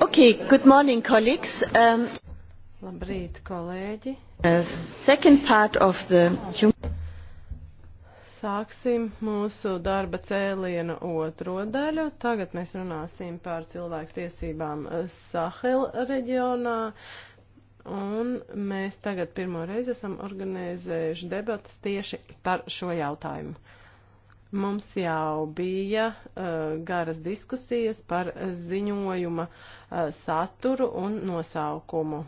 Okay, good morning, colleagues. Um, Labrīt, kolēģi. Uh, second part of the Sāksim mūsu darba cēlienu otro daļu. Tagad mēs runāsim par cilvēku tiesībām uh, Sahel reģionā. Uh, Un mēs tagad pirmo reizi esam organizējuši debatas tieši par šo jautājumu. Mums jau bija uh, garas diskusijas par ziņojuma uh, saturu un nosaukumu.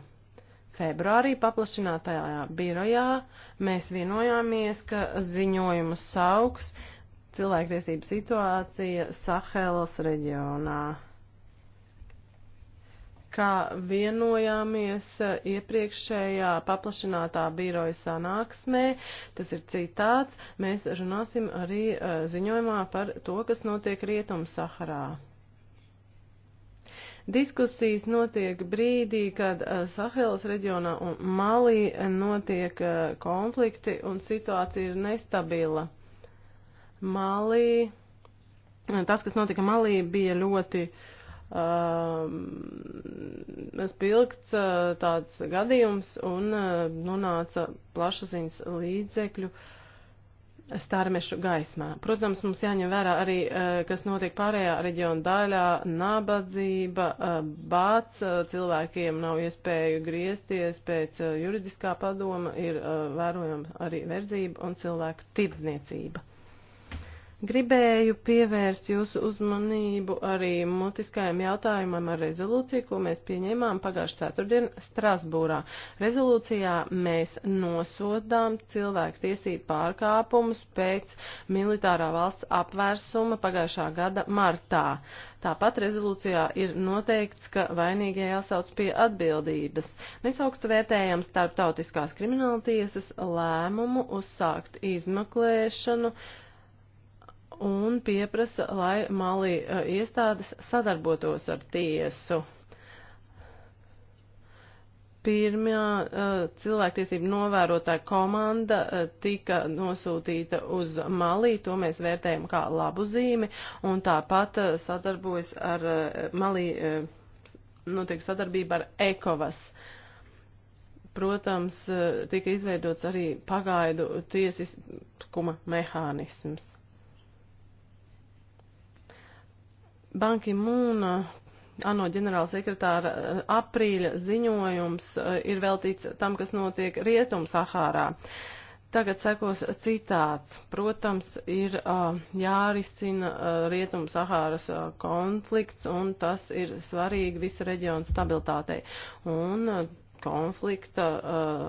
Februārī paplašinātajā birojā mēs vienojāmies, ka ziņojumu sauks cilvēktiesību situācija Sahelas reģionā kā vienojāmies eh, iepriekšējā paplašinātā biroja sanāksmē, tas ir citāts, mēs runāsim arī eh, ziņojumā par to, kas notiek Rietum Saharā. Diskusijas notiek brīdī, kad eh, Sahelas reģionā un Malī notiek konflikti un situācija ir nestabila. Malī, tas, kas notika Malī, bija ļoti uh, uh, ehm, spilgts uh, eh, tāds gadījums un uh, nonāca plašsaziņas līdzekļu starmešu gaismā. Protams, mums jāņem vērā arī, uh, kas notiek pārējā reģiona daļā - nabadzība, uh, bāts, uh, cilvēkiem nav iespēju griezties pēc uh, juridiskā padoma, ir uh, vērojama arī verdzība un cilvēku tirdzniecība. Gribēju pievērst jūsu uzmanību arī mutiskajam jautājumam ar rezolūciju, ko mēs pieņēmām pagājušā ceturtdienā Strasbūrā. Rezolūcijā mēs nosodām cilvēku tiesību pārkāpumus pēc militārā valsts apvērsuma pagājušā gada martā. Tāpat rezolūcijā ir noteikts, ka vainīgie jāsauc pie atbildības. Mēs augstu vērtējam starptautiskās krimināltiesas lēmumu uzsākt izmeklēšanu un pieprasa, lai Mali eh, iestādes sadarbotos ar tiesu. Pirmā eh, cilvēktiesība novērotāja komanda eh, tika nosūtīta uz Malī, to mēs vērtējam kā labu zīmi, un tāpat sadarbojas ar Malī, notiek sadarbība ar Ekovas protams, tika izveidots arī pagaidu tiesiskuma mehānisms. Banki Mūna, ANO ģenerālsekretāra aprīļa ziņojums eh, ir veltīts tam, kas notiek Rietum Sahārā. Tagad sekos citāts. Protams, ir uh, jārisina uh, Rietum-Sahāras uh, konflikts, un tas ir svarīgi visa reģiona stabilitātei. Un uh, konflikta uh,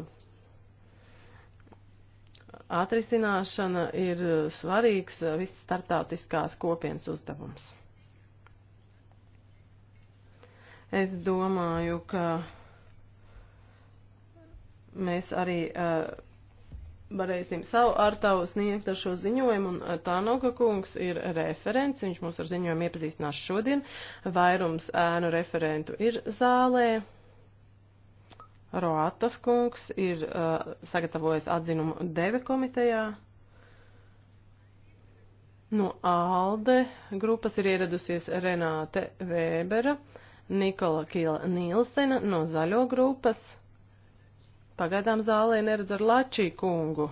atrisināšana ir svarīgs uh, viss starptautiskās kopienas uzdevums. Es domāju, ka mēs arī uh, varēsim savu ārtavu sniegt ar šo ziņojumu, un eh, Tānoka kungs ir referents, viņš mūs ar ziņojumu iepazīstinās šodien, vairums ēnu referentu ir zālē. Roatas kungs ir uh, sagatavojis atzinumu deve komitejā. No ALDE grupas ir ieradusies Renāte Vēbera. Uh, Nikola Kila Nīlsena no zaļo grupas. Pagaidām zālē neredz ar Lačī kungu.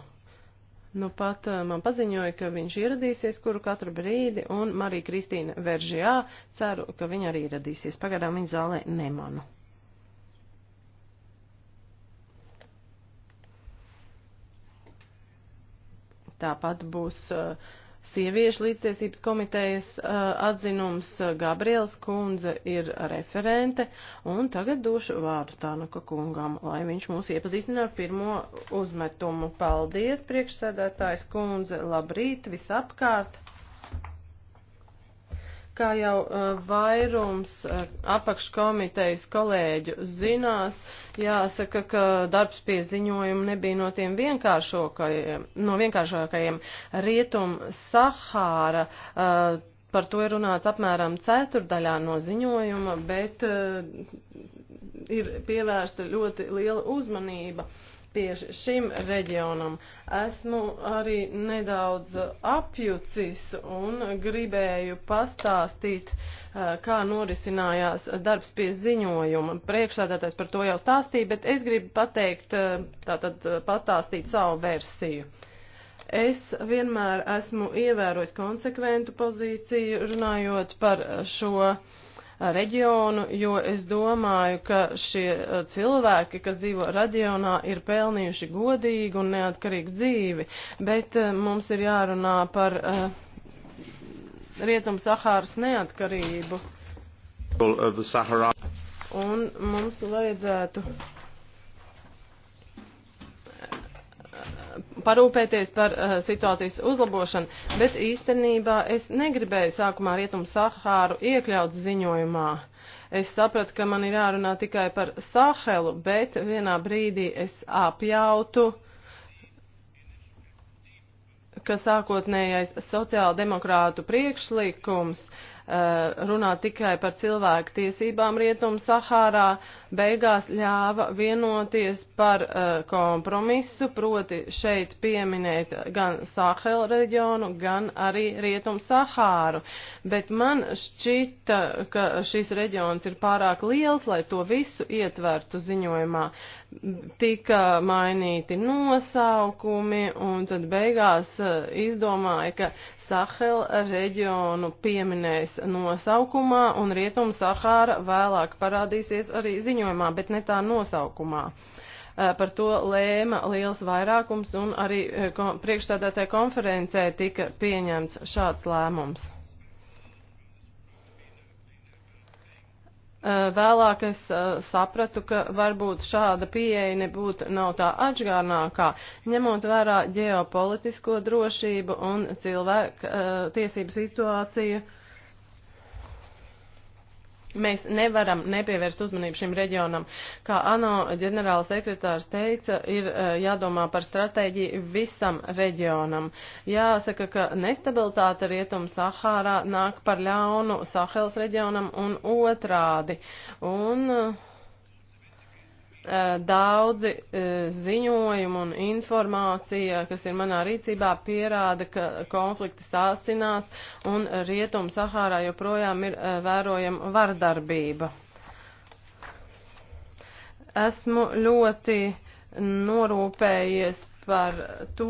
Nu pat eh, man paziņoja, ka viņš ieradīsies kuru katru brīdi, un Marija Kristīna Veržijā ceru, ka viņa arī ieradīsies. Pagaidām viņa zālē nemanu. Tāpat būs uh, sieviešu līdztiesības komitejas uh, atzinums uh, Gabrielas kundze ir referente, un tagad došu vārdu Tānuka kungam, lai viņš mūs iepazīstina ar pirmo uzmetumu. Paldies, priekšsēdētājs kundze, labrīt, visapkārt! Kā jau uh, vairums uh, apakškomitejas kolēģu zinās, jāsaka, ka darbs pie ziņojuma nebija no tiem vienkāršākajiem, no vienkāršākajiem. Rietum Sahāra uh, par to ir runāts apmēram ceturdaļā no ziņojuma, bet uh, ir pievērsta ļoti liela uzmanība. Uh, tieši šim reģionam. Esmu arī nedaudz apjucis un gribēju pastāstīt, eh, kā norisinājās darbs pie ziņojuma. Priekšsēdētājs par to jau stāstīja, bet es gribu pateikt, eh, tātad eh, pastāstīt savu versiju. Es vienmēr esmu ievērojis konsekventu pozīciju runājot par šo uh, reģionu, jo es domāju, ka šie eh, cilvēki, kas dzīvo reģionā, ir pelnījuši godīgu un neatkarīgu dzīvi, bet eh, mums ir jārunā par eh, Rietum Sahāras neatkarību. Un mums vajadzētu parūpēties par uh, situācijas uzlabošanu, bet īstenībā es negribēju sākumā Rietumu Sahāru iekļaut ziņojumā. Es sapratu, ka man ir jārunā tikai par Sahelu, bet vienā brīdī es apjautu, ka sākotnējais sociāldemokrātu priekšlikums uh, Eh, runā tikai par cilvēku tiesībām Rietumu Sahārā, beigās ļāva vienoties par eh, kompromisu, proti šeit pieminēt gan Sahel reģionu, gan arī Rietumu Sahāru. Bet man šķita, ka šis reģions ir pārāk liels, lai to visu ietvertu ziņojumā tika mainīti nosaukumi un tad beigās eh, izdomāja, ka Sahel reģionu pieminēs nosaukumā un Rietum Sahāra vēlāk parādīsies arī ziņojumā, bet ne tā nosaukumā. Eh, par to lēma liels vairākums un arī eh, priekšstādātāja konferencē tika pieņemts šāds lēmums. Vēlāk es sapratu, ka varbūt šāda pieeja nebūtu nav tā atžgārnākā, ņemot vērā ģeopolitisko drošību un cilvēku tiesību situāciju Mēs nevaram nepievērst uzmanību šim reģionam. Kā ANO ģenerāla sekretārs teica, ir eh, jādomā par stratēģiju visam reģionam. Jāsaka, ka nestabilitāte rietum Sahārā nāk par ļaunu Sahels reģionam un otrādi. Un, uh, Eh, daudzi eh, ziņojumi un informācija, kas ir manā rīcībā, pierāda, ka konflikti sāsinās un rietum Sahārā joprojām ir eh, vērojama vardarbība. Esmu ļoti norūpējies par to,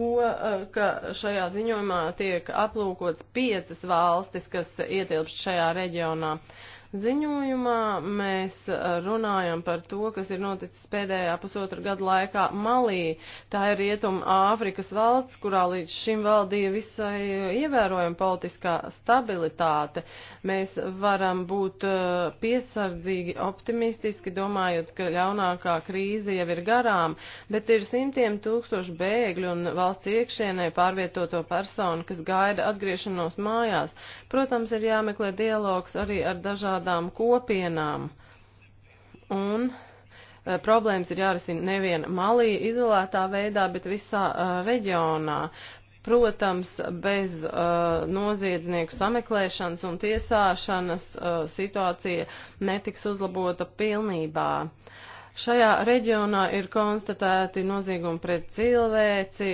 ka šajā ziņojumā tiek aplūkots piecas valstis, kas ietilpst šajā reģionā. Uh, Ziņojumā mēs uh, runājam par to, kas ir noticis pēdējā pusotra gada laikā Malī. Tā ir rietuma Āfrikas valsts, kurā līdz šim valdīja visai uh, ievērojama politiskā stabilitāte. Mēs varam būt uh, piesardzīgi, optimistiski, domājot, ka ļaunākā krīze jau ir garām, bet ir simtiem tūkstošu bēgļu un valsts iekšienē pārvietoto personu, kas gaida atgriešanos mājās. Protams, ir jāmeklē dialogs arī ar dažādiem dažādām kopienām. Un eh, problēmas ir jārisina nevien Malī izolētā veidā, bet visā uh, reģionā. Protams, bez uh, noziedznieku sameklēšanas un tiesāšanas uh, situācija netiks uzlabota pilnībā. Šajā reģionā ir konstatēti noziegumi pret cilvēci,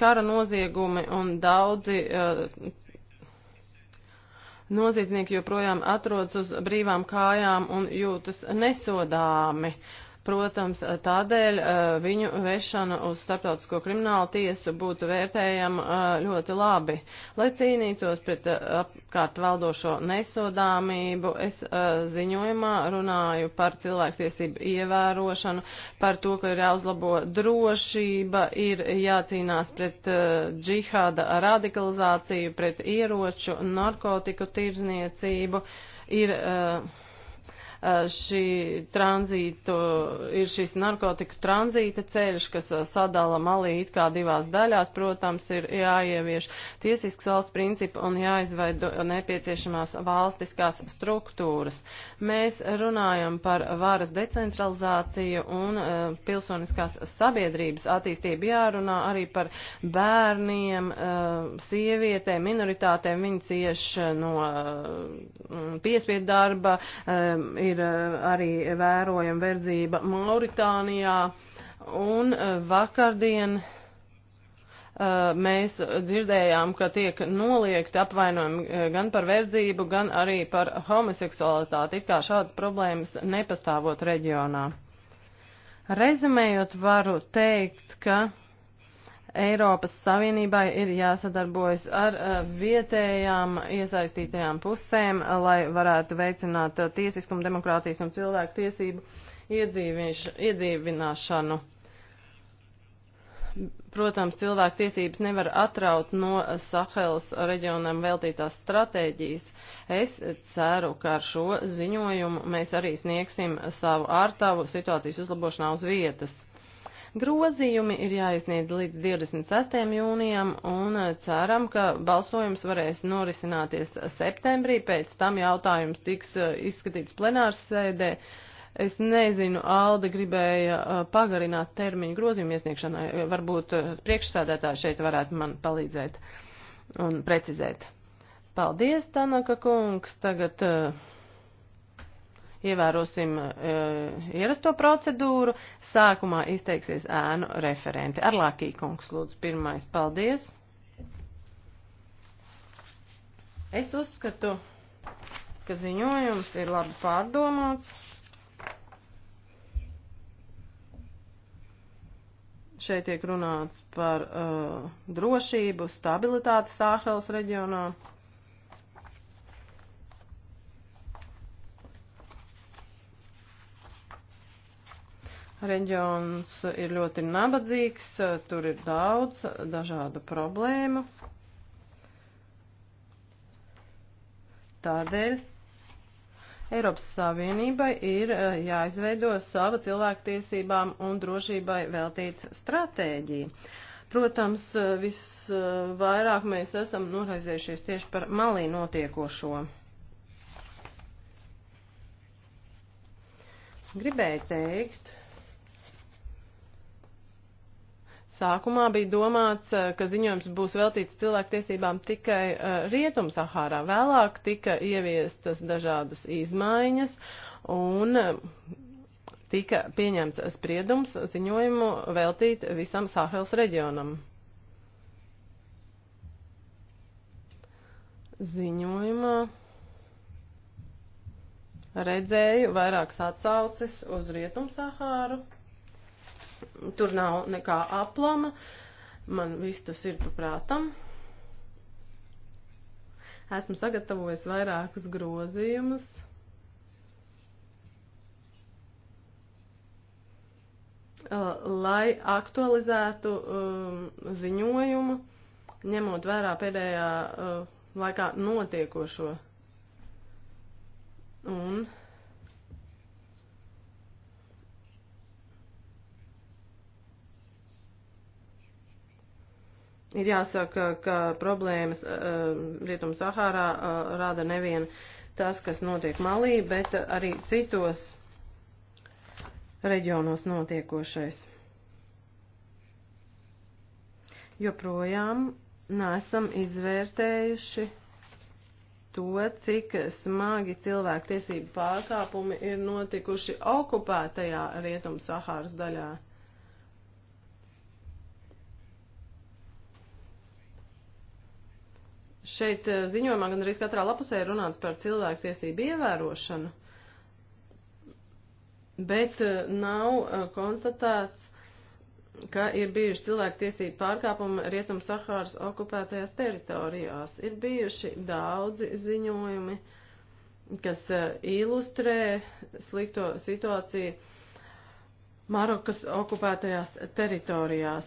kara noziegumi un daudzi uh, noziedznieki joprojām atrodas uz brīvām kājām un jūtas nesodāmi. Uh, Protams, tādēļ eh, viņu vešana uz starptautisko kriminālu tiesu būtu vērtējama eh, ļoti labi. Lai cīnītos pret eh, apkārt valdošo nesodāmību, es ziņojumā runāju par cilvēktiesību ievērošanu, par to, ka ir jāuzlabo drošība, ir jācīnās pret džihāda radikalizāciju, pret ieroču, narkotiku tirzniecību. Ir, uh, šī tranzītu, ir šis narkotiku tranzīta ceļš, kas sadala malī it kā divās daļās, protams, ir jāievieš tiesisks valsts principu un jāizveido nepieciešamās valstiskās struktūras. Mēs runājam par varas decentralizāciju un uh, pilsoniskās sabiedrības attīstību jārunā arī par bērniem, uh, sievietēm, minoritātēm, viņi cieš no uh, piespiedu darba, ir ir eh, arī vērojama verdzība Mauritānijā, un eh, vakardien eh, mēs dzirdējām, ka tiek noliegti apvainojumi gan par verdzību, gan arī par homoseksualitāti, it kā šādas problēmas nepastāvot reģionā. Rezumējot, varu teikt, ka Eiropas Savienībai ir jāsadarbojas ar eh, vietējām iesaistītajām pusēm, lai varētu veicināt eh, tiesiskumu, demokrātijas un cilvēku tiesību iedzīvināšanu. Protams, cilvēku tiesības nevar atraut no Sahels reģionam veltītās stratēģijas. Es ceru, ka ar šo ziņojumu mēs arī sniegsim savu ārtavu situācijas uzlabošanā uz vietas. Grozījumi ir jāizniedz līdz 26. jūnijam un eh, ceram, ka balsojums varēs norisināties septembrī, pēc tam jautājums tiks eh, izskatīts plenārs sēdē. Es nezinu, Alde gribēja eh, pagarināt termiņu grozījumu iesniegšanai, varbūt priekšsādētāji šeit varētu man palīdzēt un precizēt. Paldies, Tanaka kungs, tagad. Uh, Ievērosim uh, ierasto procedūru. Sākumā izteiksies ēnu referenti. Arlākī kungs, lūdzu, pirmais. Paldies. Es uzskatu, ka ziņojums ir labi pārdomāts. Šeit tiek runāts par uh, drošību, stabilitāti Sāhelas reģionā. Reģions ir ļoti nabadzīgs, tur ir daudz dažādu problēmu. Tādēļ Eiropas Savienībai ir eh, jāizveido sava cilvēktiesībām un drošībai veltīta stratēģija. Protams, visvairāk mēs esam noraizējušies tieši par malī notiekošo. Gribēju teikt, Sākumā bija domāts, eh, ka ziņojums būs veltīts cilvēktiesībām tikai eh, Rietumsahārā. Vēlāk tika ieviestas dažādas izmaiņas un eh, tika pieņemts spriedums ziņojumu veltīt visam Sāhels reģionam. Ziņojumā redzēju vairākas atsauces uz Rietumsahāru. Tur nav nekā aplama. Man viss tas ir paprātam. Esmu sagatavojis vairākus grozījumus. lai aktualizētu um, ziņojumu, ņemot vērā pēdējā uh, laikā notiekošo. Un Ir jāsaka, ka problēmas eh, Rietum Sahārā eh, rada nevien tas, kas notiek Malī, bet arī citos reģionos notiekošais. Joprojām nesam izvērtējuši to, cik smagi cilvēku tiesību pārkāpumi ir notikuši okupētajā Rietum Sahāras daļā. Šeit eh, ziņojumā gan arī katrā lapusē ir runāts par cilvēktiesību ievērošanu, bet eh, nav eh, konstatēts, ka ir bijuši cilvēktiesību pārkāpumi Rietum Sahāras okupētajās teritorijās. Ir bijuši daudzi ziņojumi, kas ilustrē slikto situāciju Marokas okupētajās teritorijās.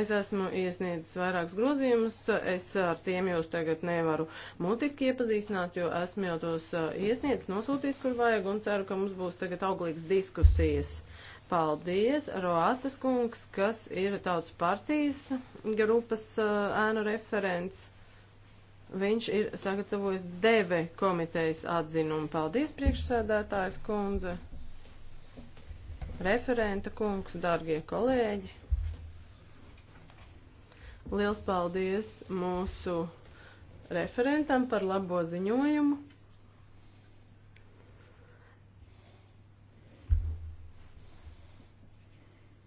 Es esmu iesniedzis vairākus grozījumus, es ar tiem jūs tagad nevaru mutiski iepazīstināt, jo esmu jau tos uh, iesniedzis, nosūtījis, kur vajag, un ceru, ka mums būs tagad auglīgas diskusijas. Paldies, Roātas kungs, kas ir tautas partijas grupas uh, ēnu referents. Viņš ir sagatavojis deve komitejas atzinumu. Paldies, priekšsēdētājs kundze referenta kungs, dārgie kolēģi. Liels paldies mūsu referentam par labo ziņojumu.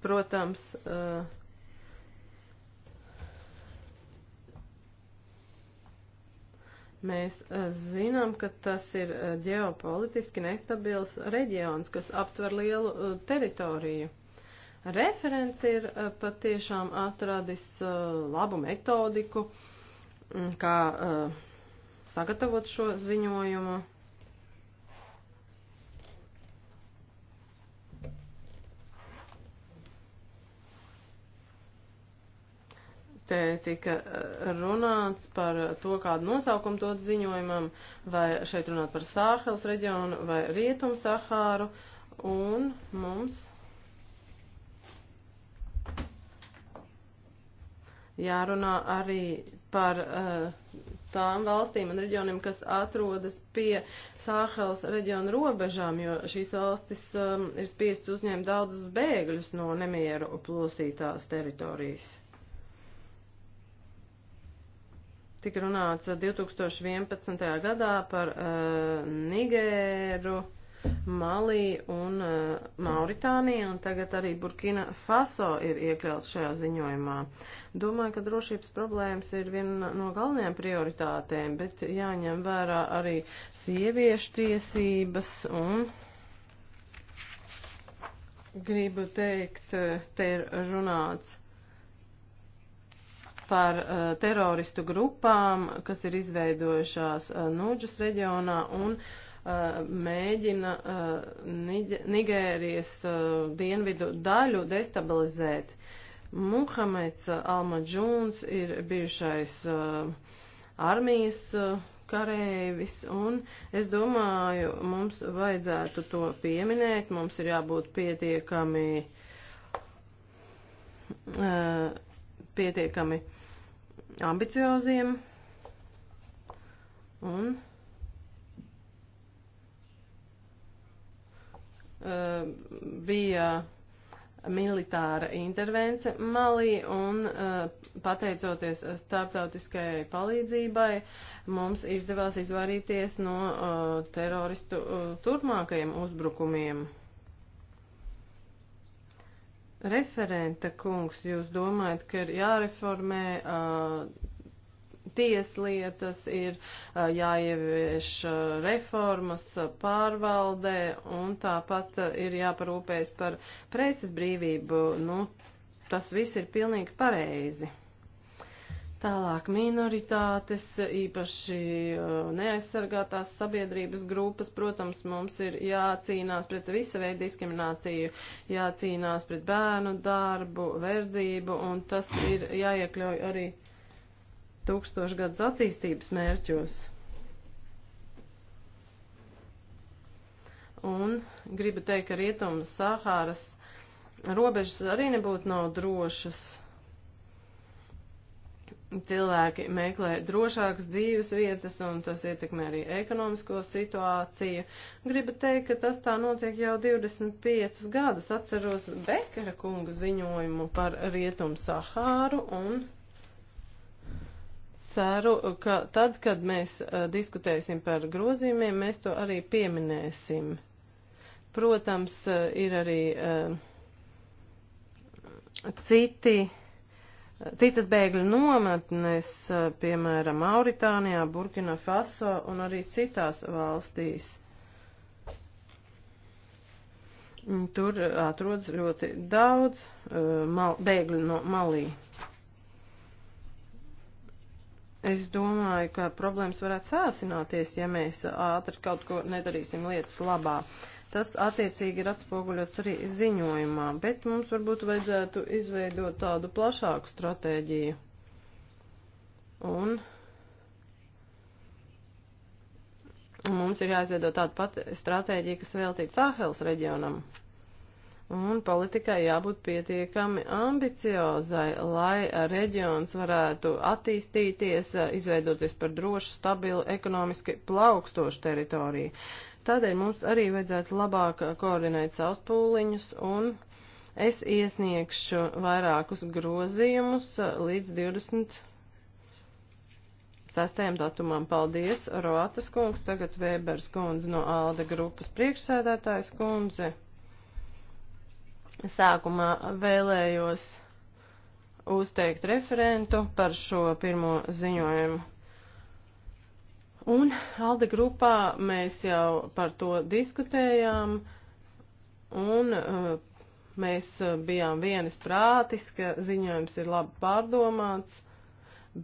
Protams, uh, Mēs eh, zinām, ka tas ir eh, ģeopolitiski nestabils reģions, kas aptver lielu eh, teritoriju. Referents ir patiešām atradis labu metodiku, mm, kā sagatavot šo ziņojumu. Te tika eh, runāts par eh, to, kādu nosaukumu dot ziņojumam, vai šeit runāt par Sāhels reģionu vai Rietumu Sahāru, un mums jārunā arī par uh, tām valstīm un reģioniem, kas atrodas pie Sāhels reģiona robežām, jo šīs valstis um, ir spiest uzņemt daudzus bēgļus no nemieru plosītās teritorijas. tika runāts 2011. gadā par uh, Nigēru, Malī un uh, Mauritāniju, un tagad arī Burkina Faso ir iekļauts šajā ziņojumā. Domāju, ka drošības problēmas ir viena no galvenajām prioritātēm, bet jāņem vērā arī sieviešu tiesības un. Gribu teikt, eh, te ir runāts par uh, teroristu grupām, kas ir izveidojušās uh, eh, Nūģas reģionā un uh, mēģina uh, Niģ Nigērijas uh, dienvidu daļu destabilizēt. Muhameds uh, Almaģūns ir bijušais uh, armijas uh, karēvis, un es domāju, mums vajadzētu to pieminēt, mums ir jābūt pietiekami. Uh, pietiekami ambicioziem un eh, bija militāra intervence Malī un eh, pateicoties starptautiskajai palīdzībai mums izdevās izvairīties no eh, teroristu turpmākajiem uzbrukumiem. Referenta kungs, jūs domājat, ka ir jāreformē uh, tieslietas, ir uh, jāievieš uh, reformas uh, pārvaldē un tāpat ir jāparūpējas par preses brīvību. Nu, tas viss ir pilnīgi pareizi. Tālāk minoritātes, īpaši uh, neaizsargātās sabiedrības grupas, protams, mums ir jācīnās pret visa veida diskrimināciju, jācīnās pret bērnu darbu, verdzību, un tas ir jāiekļauj arī tūkstošgadus attīstības mērķos. Un gribu teikt, ka rietums Sahāras robežas arī nebūtu nav drošas cilvēki meklē drošākas dzīves vietas, un tas ietekmē arī ekonomisko situāciju. Gribu teikt, ka tas tā notiek jau 25 gadus. Atceros Bekara kunga ziņojumu par Rietumu Sahāru un ceru, ka tad, kad mēs eh, diskutēsim par grozījumiem, mēs to arī pieminēsim. Protams, eh, ir arī eh, citi citas bēgļu nometnes, piemēram, Mauritānijā, Burkina Faso un arī citās valstīs. Tur atrodas ļoti daudz eh, mal, bēgļu no Malī. Es domāju, ka problēmas varētu sāsināties, ja mēs ātri kaut ko nedarīsim lietas labā. Uh, Tas attiecīgi ir atspoguļots arī ziņojumā, bet mums varbūt vajadzētu izveidot tādu plašāku stratēģiju. Un mums ir jāizveido tāda pati stratēģija, kas veltīta Sāheles reģionam. Un politikai jābūt pietiekami ambiciozai, lai reģions varētu attīstīties, izveidoties par drošu, stabilu, ekonomiski plaukstošu teritoriju. Tādēļ mums arī vajadzētu labāk koordinēt savus pūliņus un es iesniegšu vairākus grozījumus līdz 20. Sastajam datumam paldies, Roatas kungs, tagad Vēbers kundze no Alda grupas priekšsēdētājs kundze. Sākumā vēlējos uzteikt referentu par šo pirmo ziņojumu. Un Alde grupā mēs jau par to diskutējām, un uh, mēs uh, bijām vienas prātis, ka ziņojums ir labi pārdomāts,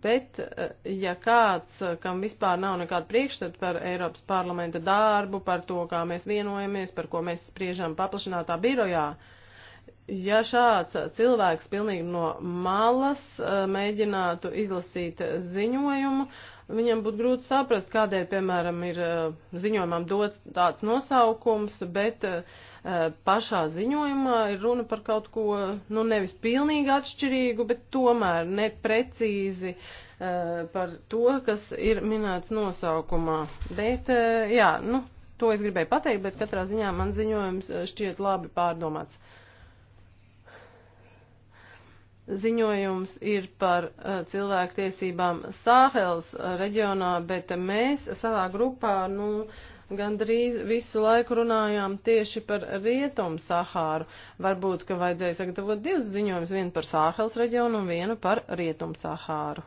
bet uh, ja kāds, uh, kam vispār nav nekāda priekšstata par Eiropas parlamenta darbu, par to, kā mēs vienojamies, par ko mēs spriežam paplašinātā birojā, uh, Ja šāds cilvēks pilnīgi no malas eh, mēģinātu izlasīt ziņojumu, viņam būtu grūti saprast, kādēļ, piemēram, ir eh, ziņojumam dots tāds nosaukums, bet eh, pašā ziņojumā ir runa par kaut ko, nu, nevis pilnīgi atšķirīgu, bet tomēr neprecīzi par to, kas ir minēts nosaukumā. Bet, jā, nu, to es gribēju pateikt, bet katrā ziņā man ziņojums šķiet labi pārdomāts ziņojums ir par uh, cilvēktiesībām Sāhels uh, reģionā, bet mēs savā grupā nu, gandrīz visu laiku runājām tieši par rietumu Sahāru. Varbūt, ka vajadzēja sagatavot divus ziņojumus, vienu par Sāhels reģionu un vienu par rietumu Sahāru.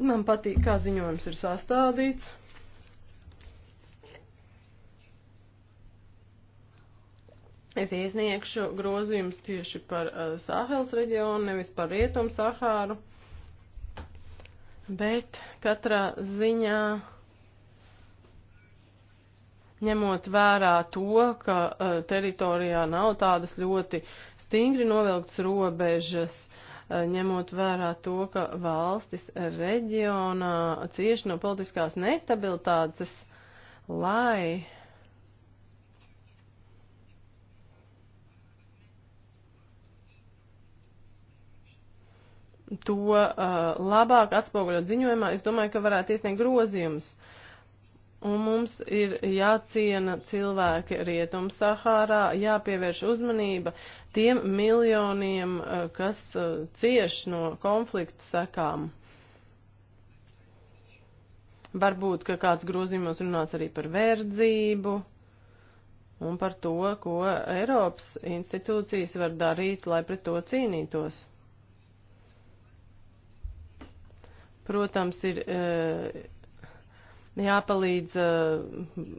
Man patīk, kā ziņojums ir sastādīts. Es iesniegšu grozījumus tieši par uh, Sāhels reģionu, nevis par Rietumu Sahāru. Bet katrā ziņā ņemot vērā to, ka uh, teritorijā nav tādas ļoti stingri novilktas robežas, uh, ņemot vērā to, ka valstis reģionā cieši no politiskās nestabilitātes, lai uh, to uh, labāk atspoguļot ziņojumā, es domāju, ka varētu iesniegt grozījums. Un mums ir jāciena cilvēki Rietum Sahārā, jāpievērš uzmanība tiem miljoniem, uh, kas uh, cieš no konfliktu sekām. Varbūt, ka kāds grozījumos runās arī par verdzību un par to, ko Eiropas institūcijas var darīt, lai pret to cīnītos. protams, ir eh, jāpalīdz eh,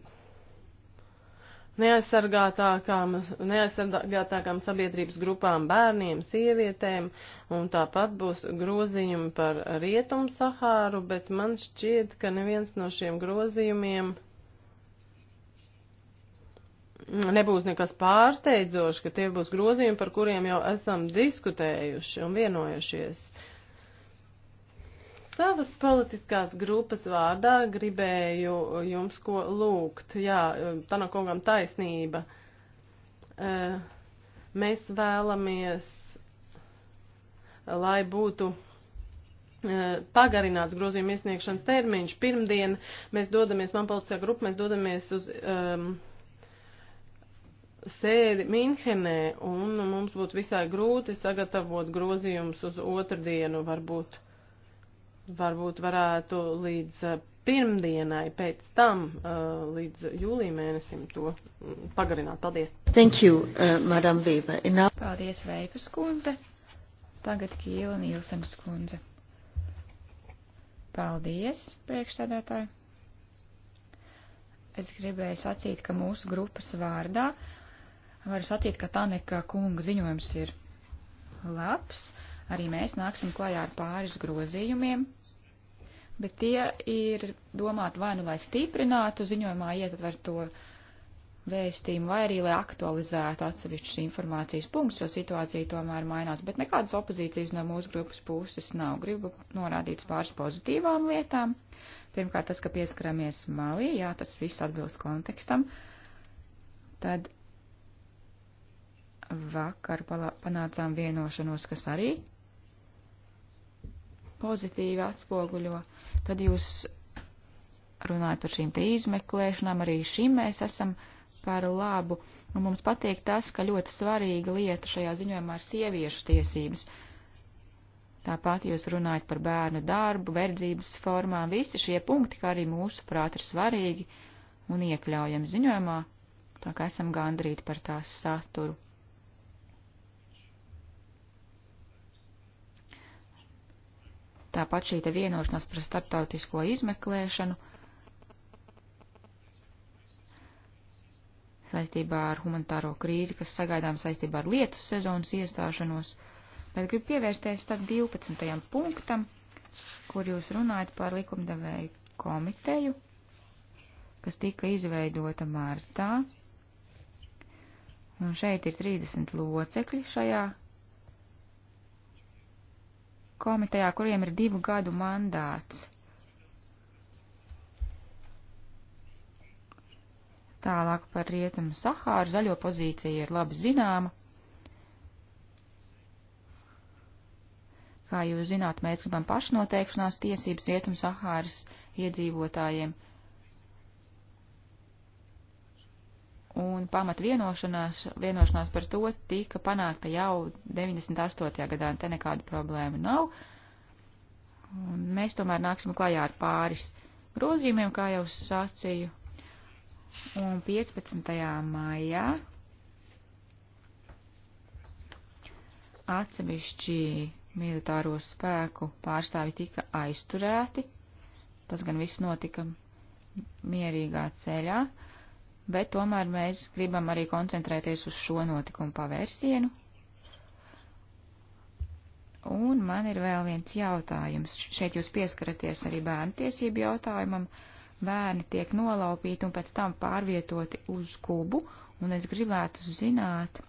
neaizsargātākām, neaizsargātākām sabiedrības grupām, bērniem, sievietēm, un tāpat būs grozījumi par rietumu Sahāru, bet man šķiet, ka neviens no šiem grozījumiem nebūs nekas pārsteidzošs, ka tie būs grozījumi, par kuriem jau esam diskutējuši un vienojušies. Uh, savas politiskās grupas vārdā gribēju uh, jums ko lūgt. Jā, uh, Tanakungam taisnība. Uh, mēs vēlamies, lai būtu pagarināts grozījuma iesniegšanas termiņš. Pirmdien mēs dodamies, man politiskā grupa, mēs dodamies uz. Um, sēdi Minhenē, un mums būtu visai grūti sagatavot grozījumus uz otrdienu, varbūt varbūt varētu līdz eh, pirmdienai, pēc tam, eh, līdz jūlija mēnesim to mm, pagarināt. Paldies! Thank you, uh, Madam Weber. Enough. Paldies, Veipas kundze. Tagad Kīla Nīlsens kundze. Paldies, priekšsēdētāji. Es gribēju sacīt, ka mūsu grupas vārdā varu sacīt, ka Taneka kunga ziņojums ir labs. Uh, Arī mēs nāksim klajā ar pāris grozījumiem, bet tie ir domāti vai nu, lai stiprinātu ziņojumā ietverto vēstījumu, vai arī, lai aktualizētu atsevišķus informācijas punktus, jo situācija tomēr mainās, bet nekādas opozīcijas no mūsu grupas puses nav. Gribu norādīt pāris pozitīvām lietām. Pirmkārt, tas, ka pieskaramies malī, jā, tas viss atbilst kontekstam. Tad vakar panācām vienošanos, kas arī pozitīvi atspoguļo, tad jūs runājat par šīm te izmeklēšanām, arī šim mēs esam par labu, un mums patīk tas, ka ļoti svarīga lieta šajā ziņojumā ir sieviešu tiesības. Tāpat jūs runājat par bērnu darbu, verdzības formām, visi šie punkti, kā arī mūsu prāt ir svarīgi un iekļaujami ziņojumā, tā kā esam gandrīt par tās saturu. Tāpat šī te vienošanās par starptautisko izmeklēšanu saistībā ar humanitāro krīzi, kas sagaidām saistībā ar lietu sezonas iestāšanos, bet gribu pievērsties tad 12. punktam, kur jūs runājat par likumdevēju komiteju, kas tika izveidota martā. Un šeit ir 30 locekļi šajā komitejā, kuriem ir divu gadu mandāts. Tālāk par rietumu Sahāru zaļo pozīcija ir labi zināma. Kā jūs zināt, mēs gribam pašnoteikšanās tiesības rietumu Sahāras iedzīvotājiem. un pamat vienošanās, vienošanās par to tika panākta jau 98. gadā, un te nekādu problēmu nav. Un mēs tomēr nāksim klajā ar pāris grozījumiem, kā jau sacīju. Un 15. maijā atsevišķi militāro spēku pārstāvi tika aizturēti. Tas gan viss notika mierīgā ceļā. Uh, bet tomēr mēs gribam arī koncentrēties uz šo notikumu pavērsienu. Un man ir vēl viens jautājums. Šeit jūs pieskaraties arī bērnu tiesību jautājumam. Bērni tiek nolaupīti un pēc tam pārvietoti uz kubu, un es gribētu zināt,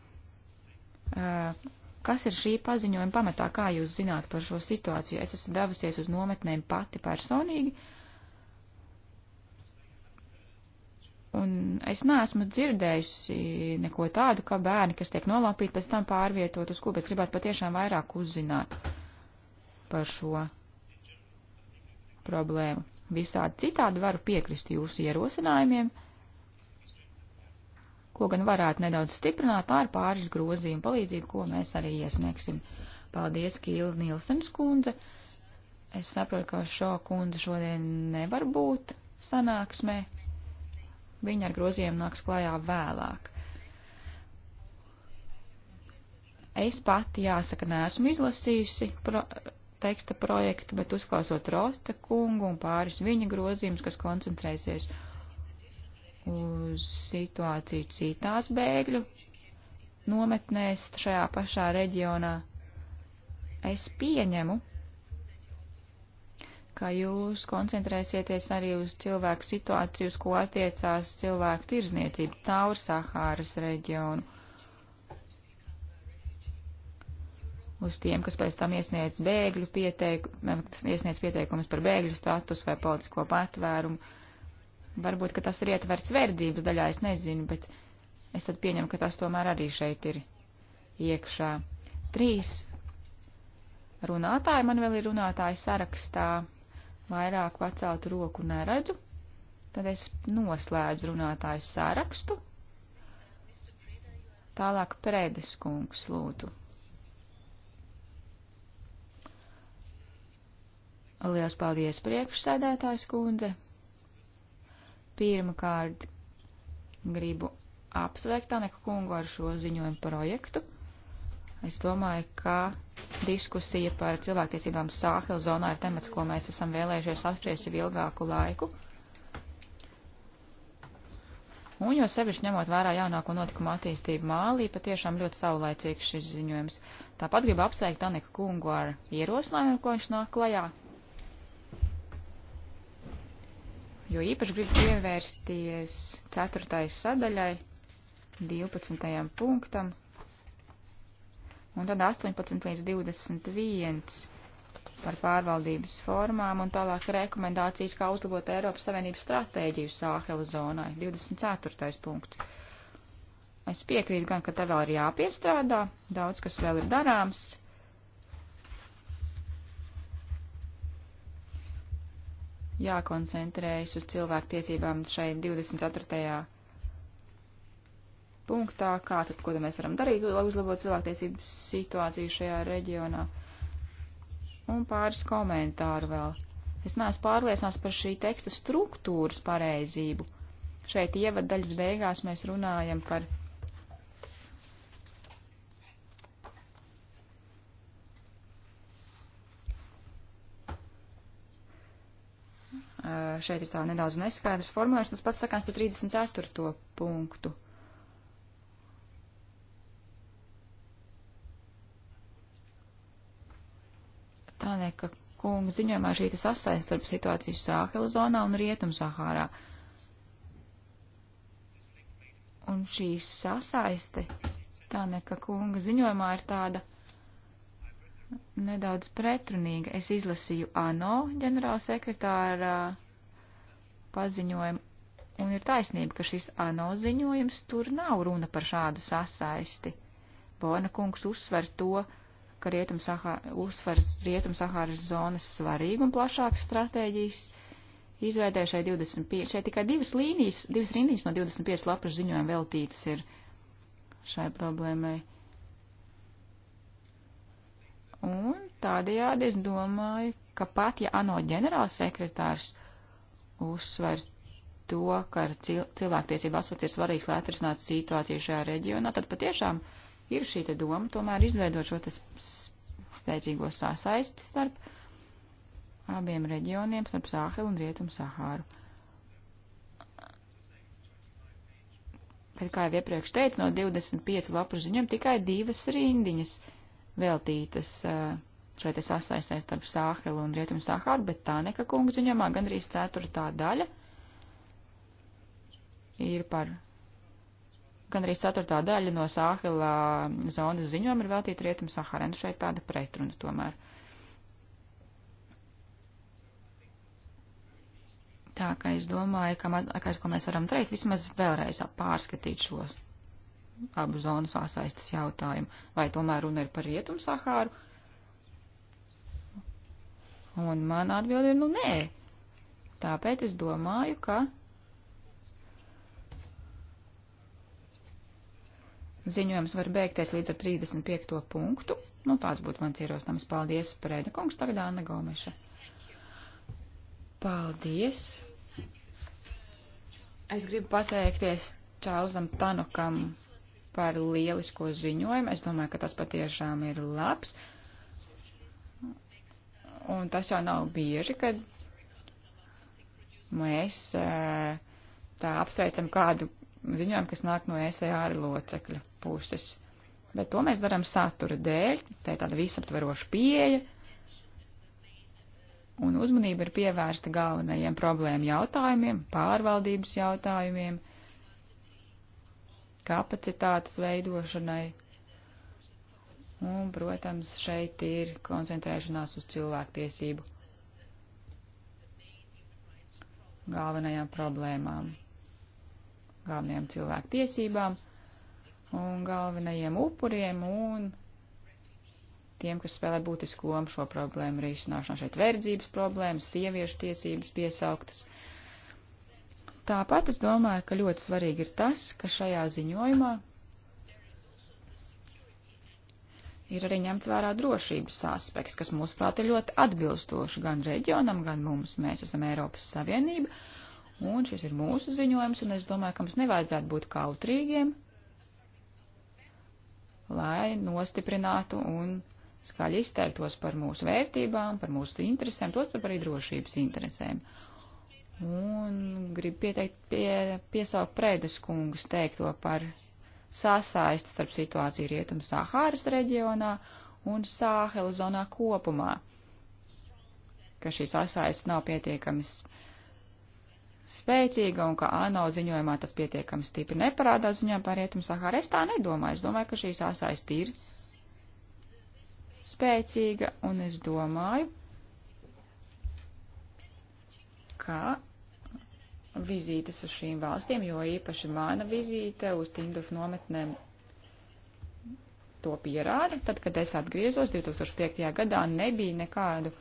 kas ir šī paziņojuma pamatā, kā jūs zināt par šo situāciju. Es esmu devusies uz nometnēm pati personīgi, uh, Un es neesmu dzirdējusi neko tādu, ka bērni, kas tiek nolaupīti, pēc tam pārvietot uz klubu. Es gribētu patiešām vairāk uzzināt par šo problēmu. Visādi citādi varu piekrist jūsu ierosinājumiem, ko gan varētu nedaudz stiprināt ar pāris grozījumu palīdzību, ko mēs arī iesniegsim. Paldies, Kīla Nilsens kundze. Es saprotu, ka šo kundze šodien nevar būt sanāksmē. Viņi ar groziem nāks klajā vēlāk. Es pati, jāsaka, neesmu izlasījusi pro teksta projektu, bet uzklausot Rosta kungu un pāris viņa grozījumus, kas koncentrēsies uz situāciju citās bēgļu nometnēs šajā pašā reģionā, es pieņemu, ka jūs koncentrēsieties arī uz cilvēku situāciju, uz ko attiecās cilvēku tirzniecība caur Sahāras reģionu. Uz tiem, kas pēc tam iesniedz bēgļu pieteikumus, iesniedz pieteikumus par bēgļu status vai politisko patvērumu. Varbūt, ka tas ir ietverts verdzības daļā, es nezinu, bet es tad pieņemu, ka tas tomēr arī šeit ir iekšā. Trīs runātāji man vēl ir runātāji sarakstā vairāk pacelt roku neredzu, tad es noslēdzu runātāju sārakstu. Tālāk Prēdes kungs lūdzu. Liels paldies priekšsēdētājs kundze. Pirmkārt gribu apsveikt Aneku kungu ar šo ziņojumu projektu. Es domāju, ka diskusija par cilvēktiesībām Sāhel zonā ir temats, ko mēs esam vēlējušies apspriest jau ilgāku laiku. Un jo sevišķi ņemot vērā jaunāko notikumu attīstību Mālī, patiešām ļoti saulēcīgs šis ziņojums. Tāpat gribu apsveikt Anika kungu ar ierosinājumiem, ko viņš nāk klajā. Jo īpaši gribu pievērsties 4. sadaļai, 12. punktam, un tad 18 līdz 21 par pārvaldības formām un tālāk rekomendācijas, kā uzlabot Eiropas Savienības stratēģiju Sāhela zonai. 24. punkts. Es piekrītu gan, ka te vēl ir jāpiestrādā, daudz kas vēl ir darāms. Jākoncentrējas uz cilvēku tiesībām šeit 24 punktā, kā tad, ko tad mēs varam darīt, lai uzlabotu cilvēktiesību situāciju šajā reģionā. Un pāris komentāru vēl. Es neesmu pārliecināts par šī teksta struktūras pareizību. Šeit ievadaļas beigās mēs runājam par šeit ir tā nedaudz neskaidrs formulējums, tas pats sakāms par 34. punktu. Taneka kunga ziņojumā šī sasaist starp situāciju Sāhelu zonā un Rietum Sahārā. Un šī sasaiste Taneka kunga ziņojumā ir tāda nedaudz pretrunīga. Es izlasīju ANO ģenerāla sekretāra paziņojumu, un ir taisnība, ka šis ANO ziņojums tur nav runa par šādu sasaisti. Bona kungs uzsver to, uh, ka uzsvars Rietum-Sahāras zonas svarīgu un plašāku stratēģijas izveidē šai 25, šeit tikai divas līnijas, divas rindiņas no 25 lapas ziņojuma veltītas ir šai problēmai. Un tādējādi es domāju, ka pat ja ANO ģenerālsekretārs uzsver to, ka cilvēktiesība aspekts ir svarīgs, lai atrisinātu situāciju šajā reģionā, tad patiešām uh, ir šī te doma tomēr izveidot šo tas spēcīgo sasaisti starp abiem reģioniem, starp Sāhelu un Rietumu Sahāru. Bet, kā jau iepriekš teicu, no 25 lapu ziņām tikai divas rindiņas veltītas eh, šai te sasaistē starp Sāhelu un Rietumu Sahāru, bet tā neka kungu ziņamā gandrīz ceturtā daļa ir par gan arī ceturtā daļa no Sāhila zonas ziņojuma ir veltīta Rietum Sahara. Nu šeit tāda pretruna tomēr. Tā kā es domāju, ka mazākais, ko mēs varam darīt, vismaz vēlreiz pārskatīt šos abu zonu sāsaistas jautājumu. Vai tomēr runa ir par Rietum Sahāru? Un man atbildi ir, nu nē. Tāpēc es domāju, ka ziņojums var beigties līdz ar 35. punktu. Nu, tāds būtu mans ierostams. Paldies, Prēda kungs, tagad Anna Gomeša. Paldies. Es gribu pateikties Čārlzam Tanukam par lielisko ziņojumu. Es domāju, ka tas patiešām ir labs. Un tas jau nav bieži, kad mēs eh, tā apsveicam kādu ziņojumi, kas nāk no ESR locekļa puses. Bet to mēs darām satura dēļ, tā ir tāda visaptveroša pieeja, un uzmanība ir pievērsta galvenajiem problēmu jautājumiem, pārvaldības jautājumiem, kapacitātes veidošanai, un, protams, šeit ir koncentrēšanās uz cilvēktiesību galvenajām problēmām galvenajām cilvēku tiesībām un galvenajiem upuriem un tiem, kas spēlē būtisku lomu šo problēmu risināšanā. Šeit verdzības problēmas, sieviešu tiesības piesauktas. Tāpat es domāju, ka ļoti svarīgi ir tas, ka šajā ziņojumā ir arī ņemts vērā drošības aspekts, kas mūsuprāt ir ļoti atbilstoši gan reģionam, gan mums. Mēs esam Eiropas Savienība Un šis ir mūsu ziņojums, un es domāju, ka mums nevajadzētu būt kautrīgiem, lai nostiprinātu un skaļi izteiktos par mūsu vērtībām, par mūsu interesēm, tos par arī drošības interesēm. Un gribu pieteikt, pie, piesaukt Prēdes kungus teikto par sasaisti starp situāciju Rietumu Sahāras reģionā un Sāhela zonā kopumā, ka šī sasaists nav pietiekams spēcīga un ka ANO ziņojumā tas pietiekami stipri neparādās ziņā par rietumu Sahāru. Es tā nedomāju. Es domāju, ka šī sāsaist ir spēcīga un es domāju, ka vizītes uz šīm valstīm, jo īpaši mana vizīte uz Tinduf nometnēm to pierāda. Tad, kad es atgriezos 2005. gadā, nebija nekādu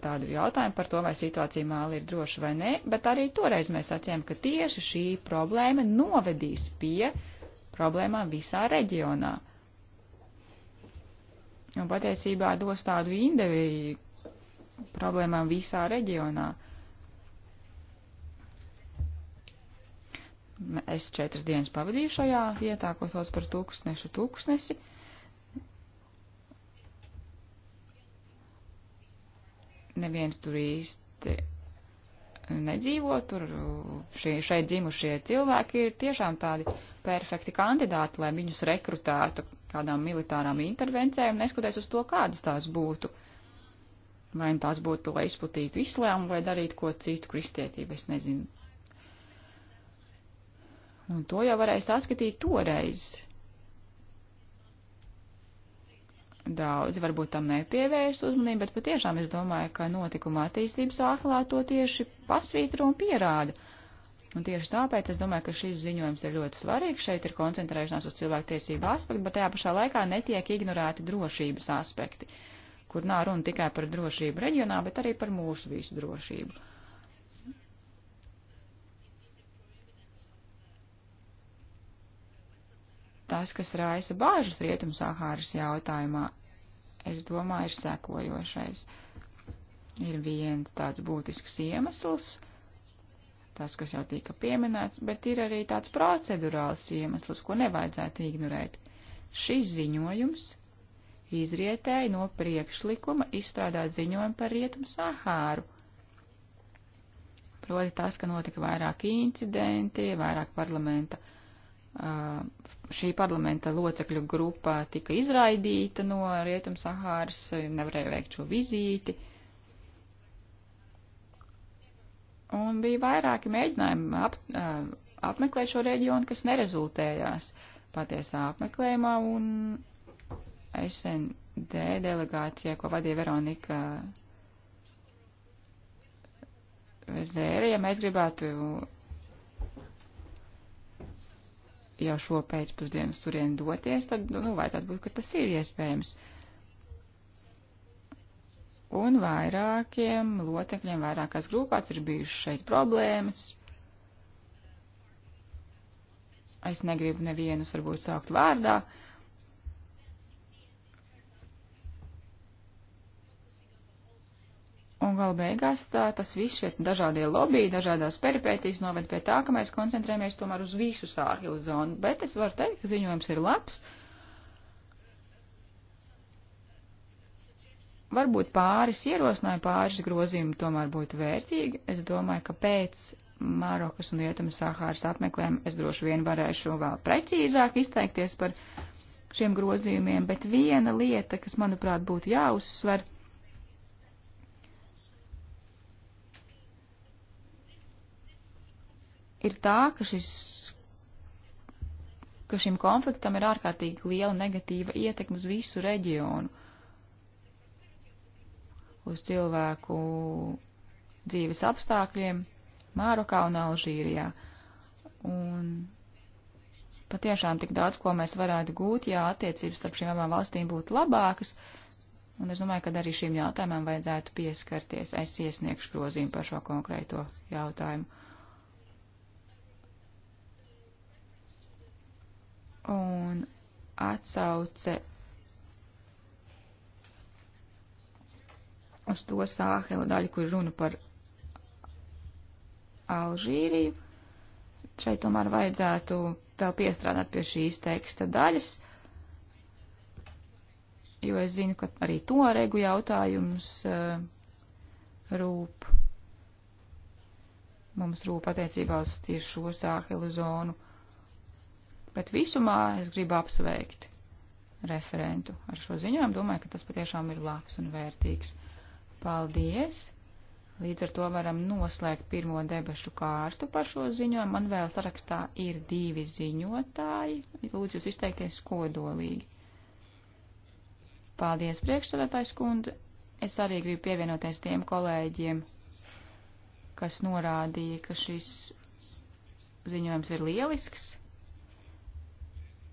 tādu jautājumu par to, vai situācija māli ir droša vai nē, bet arī toreiz mēs sacījām, ka tieši šī problēma novedīs pie problēmām visā reģionā. Un patiesībā dos tādu indeviju problēmām visā reģionā. Es četras dienas pavadīju šajā vietā, ko sauc par tūkstnešu tūkstnesi. tūkstnesi neviens tur īsti nedzīvo, tur šie, šeit dzimušie cilvēki ir tiešām tādi perfekti kandidāti, lai viņus rekrutētu kādām militārām intervencijām, neskatoties uz to, kādas tās būtu. Vai nu tās būtu, lai izplatītu islāmu vai darītu ko citu kristietību, es nezinu. Un to jau varēja saskatīt toreiz, daudzi varbūt tam nepievērs uzmanību, bet patiešām es domāju, ka notikuma attīstības āhlā to tieši pasvītro un pierāda. Un tieši tāpēc es domāju, ka šis ziņojums ir ļoti svarīgs. Šeit ir koncentrēšanās uz cilvēktiesību aspektu, bet tajā pašā laikā netiek ignorēti drošības aspekti, kur nav runa tikai par drošību reģionā, bet arī par mūsu visu drošību. tas, kas raisa bāžas Rietumsahāras jautājumā, es domāju, ir sekojošais. Ir viens tāds būtisks iemesls, tas, kas jau tika pieminēts, bet ir arī tāds procedurāls iemesls, ko nevajadzētu ignorēt. Šis ziņojums izrietēja no priekšlikuma izstrādāt ziņojumu par Rietumu Sahāru. Proti tas, ka notika vairāki incidenti, vairāk parlamenta šī parlamenta locekļu grupa tika izraidīta no Rietum Sahāras, nevarēja veikt šo vizīti. Un bija vairāki mēģinājumi ap, apmeklēt šo reģionu, kas nerezultējās patiesā apmeklējumā, un SND delegācijā, ko vadīja Veronika Zēri, ja mēs gribētu ja šo pēcpusdienu turien doties, tad, nu, vajadzētu būt, ka tas ir iespējams. Un vairākiem locekļiem vairākās grupās ir bijušas šeit problēmas. Es negribu nevienus varbūt saukt vārdā, uh, Un gala beigās tā, tas viss šie dažādie lobby, dažādās peripētīs noved pie tā, ka mēs koncentrējamies tomēr uz visu sāhilu zonu. Bet es varu teikt, ka ziņojums ir labs. Varbūt pāris ierosināja, pāris grozījumi tomēr būtu vērtīgi. Es domāju, ka pēc Mārokas un Rietumas Sahāras apmeklējuma es droši vien varēšu vēl precīzāk izteikties par šiem grozījumiem, bet viena lieta, kas manuprāt būtu jāuzsver, ir tā, ka šis ka šim konfliktam ir ārkārtīgi liela negatīva ietekme uz visu reģionu, uz cilvēku dzīves apstākļiem Mārokā un Alžīrijā. Un patiešām tik daudz, ko mēs varētu gūt, ja attiecības starp šīm abām valstīm būtu labākas, un es domāju, ka arī šīm jautājumam vajadzētu pieskarties. Es iesniegšu grozījumu par šo konkrēto jautājumu. un atsauce uz to sāhela daļu, kur runa par Alžīriju. Šeit tomēr vajadzētu vēl piestrādāt pie šīs teksta daļas, jo es zinu, ka arī to regu jautājums uh, rūp. Mums rūp attiecībā uz tieši šo sāhelu zonu. Bet visumā es gribu apsveikt referentu ar šo ziņojumu. Domāju, ka tas patiešām ir labs un vērtīgs. Paldies! Līdz ar to varam noslēgt pirmo debašu kārtu par šo ziņojumu. Man vēl sarakstā ir divi ziņotāji. Lūdzu jūs izteikties kodolīgi. Paldies, priekšsēdētājs kundze. Es arī gribu pievienoties tiem kolēģiem, kas norādīja, ka šis ziņojums ir lielisks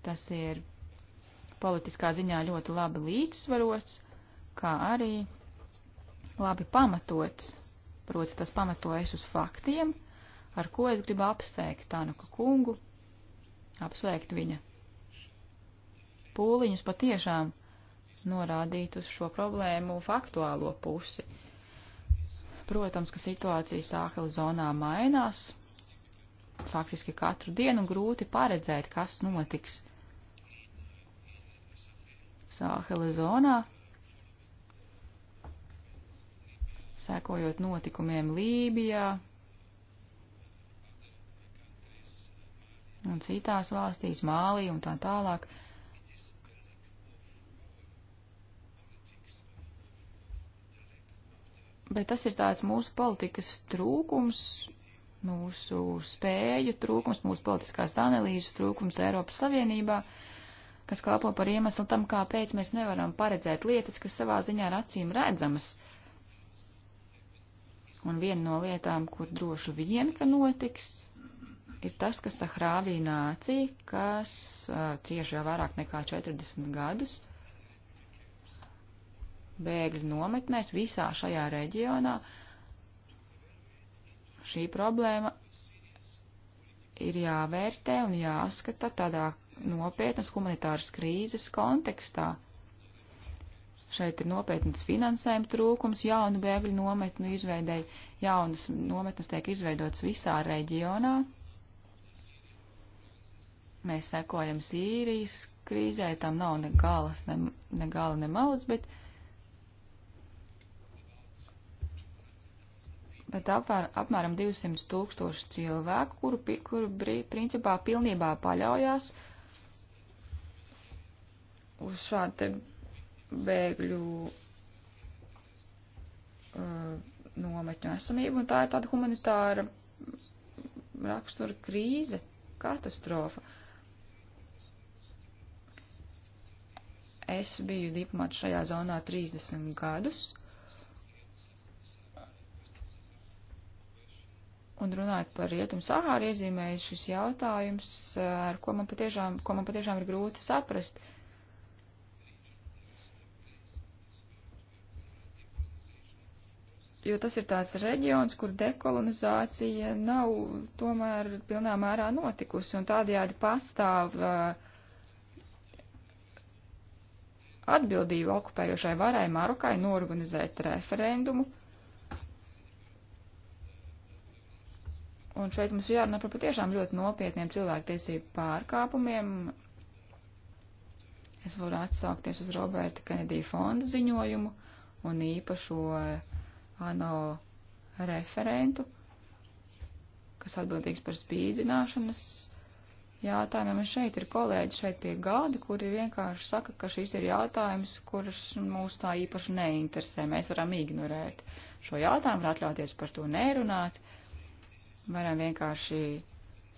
Tas ir politiskā ziņā ļoti labi līdzsvarots, kā arī labi pamatots. Proti, tas pamatojas uz faktiem, ar ko es gribu apsveikt Tanuka kungu, apsveikt viņa pūliņus patiešām norādīt uz šo problēmu faktuālo pusi. Protams, ka situācija Sāhela zonā mainās, faktiski katru dienu grūti paredzēt, kas notiks Sāhela zonā, sekojot notikumiem Lībijā un citās valstīs, Mālī un tā tālāk. Bet tas ir tāds mūsu politikas trūkums, mūsu spēju trūkums, mūsu politiskās analīzes trūkums Eiropas Savienībā. Uh, kas kalpo par iemeslu tam, kāpēc mēs nevaram paredzēt lietas, kas savā ziņā ir acīm redzamas. Un viena no lietām, kur droši vien, ka notiks, ir tas, ka Sahrāvī nācija, kas uh, cieši jau vairāk nekā 40 gadus, bēgļu nometnēs visā šajā reģionā, šī problēma ir jāvērtē un jāskata tādā nopietnas humanitāras krīzes kontekstā. Šeit ir nopietnas finansējuma trūkums, jaunu bēgļu nometnu izveidēji, jaunas nometnes tiek izveidotas visā reģionā. Mēs sekojam Sīrijas krīzē, tam nav ne galas, ne, ne gala, ne malas, bet, bet apmēr, apmēram 200 tūkstoši cilvēku, kuru, kuru principā pilnībā paļaujās uh, uz šādu te bēgļu uh, nometņu esamību, un tā ir tāda humanitāra rakstura krīze, katastrofa. Es biju diplomāts šajā zonā 30 gadus, un runājot par rietumu Sahāru iezīmēju šis jautājums, uh, ar ko man patiešām, ko man patiešām ir grūti saprast. Uh, jo tas ir tāds reģions, kur dekolonizācija nav tomēr pilnā mērā notikusi, un tādējādi pastāv uh, atbildība okupējošai varai Marokai norganizēt referendumu. Un šeit mums jārunā par patiešām ļoti nopietniem cilvēktiesību pārkāpumiem. Es varu atsaukties uz Roberta Kenedija fonda ziņojumu un īpašo uh, ANO referentu, kas atbildīgs par spīdzināšanas jautājumiem. Un šeit ir kolēģi šeit pie gada, kuri vienkārši saka, ka šis ir jautājums, kurus mūs tā īpaši neinteresē. Mēs varam ignorēt šo jautājumu, var atļauties par to nerunāt. Varam vienkārši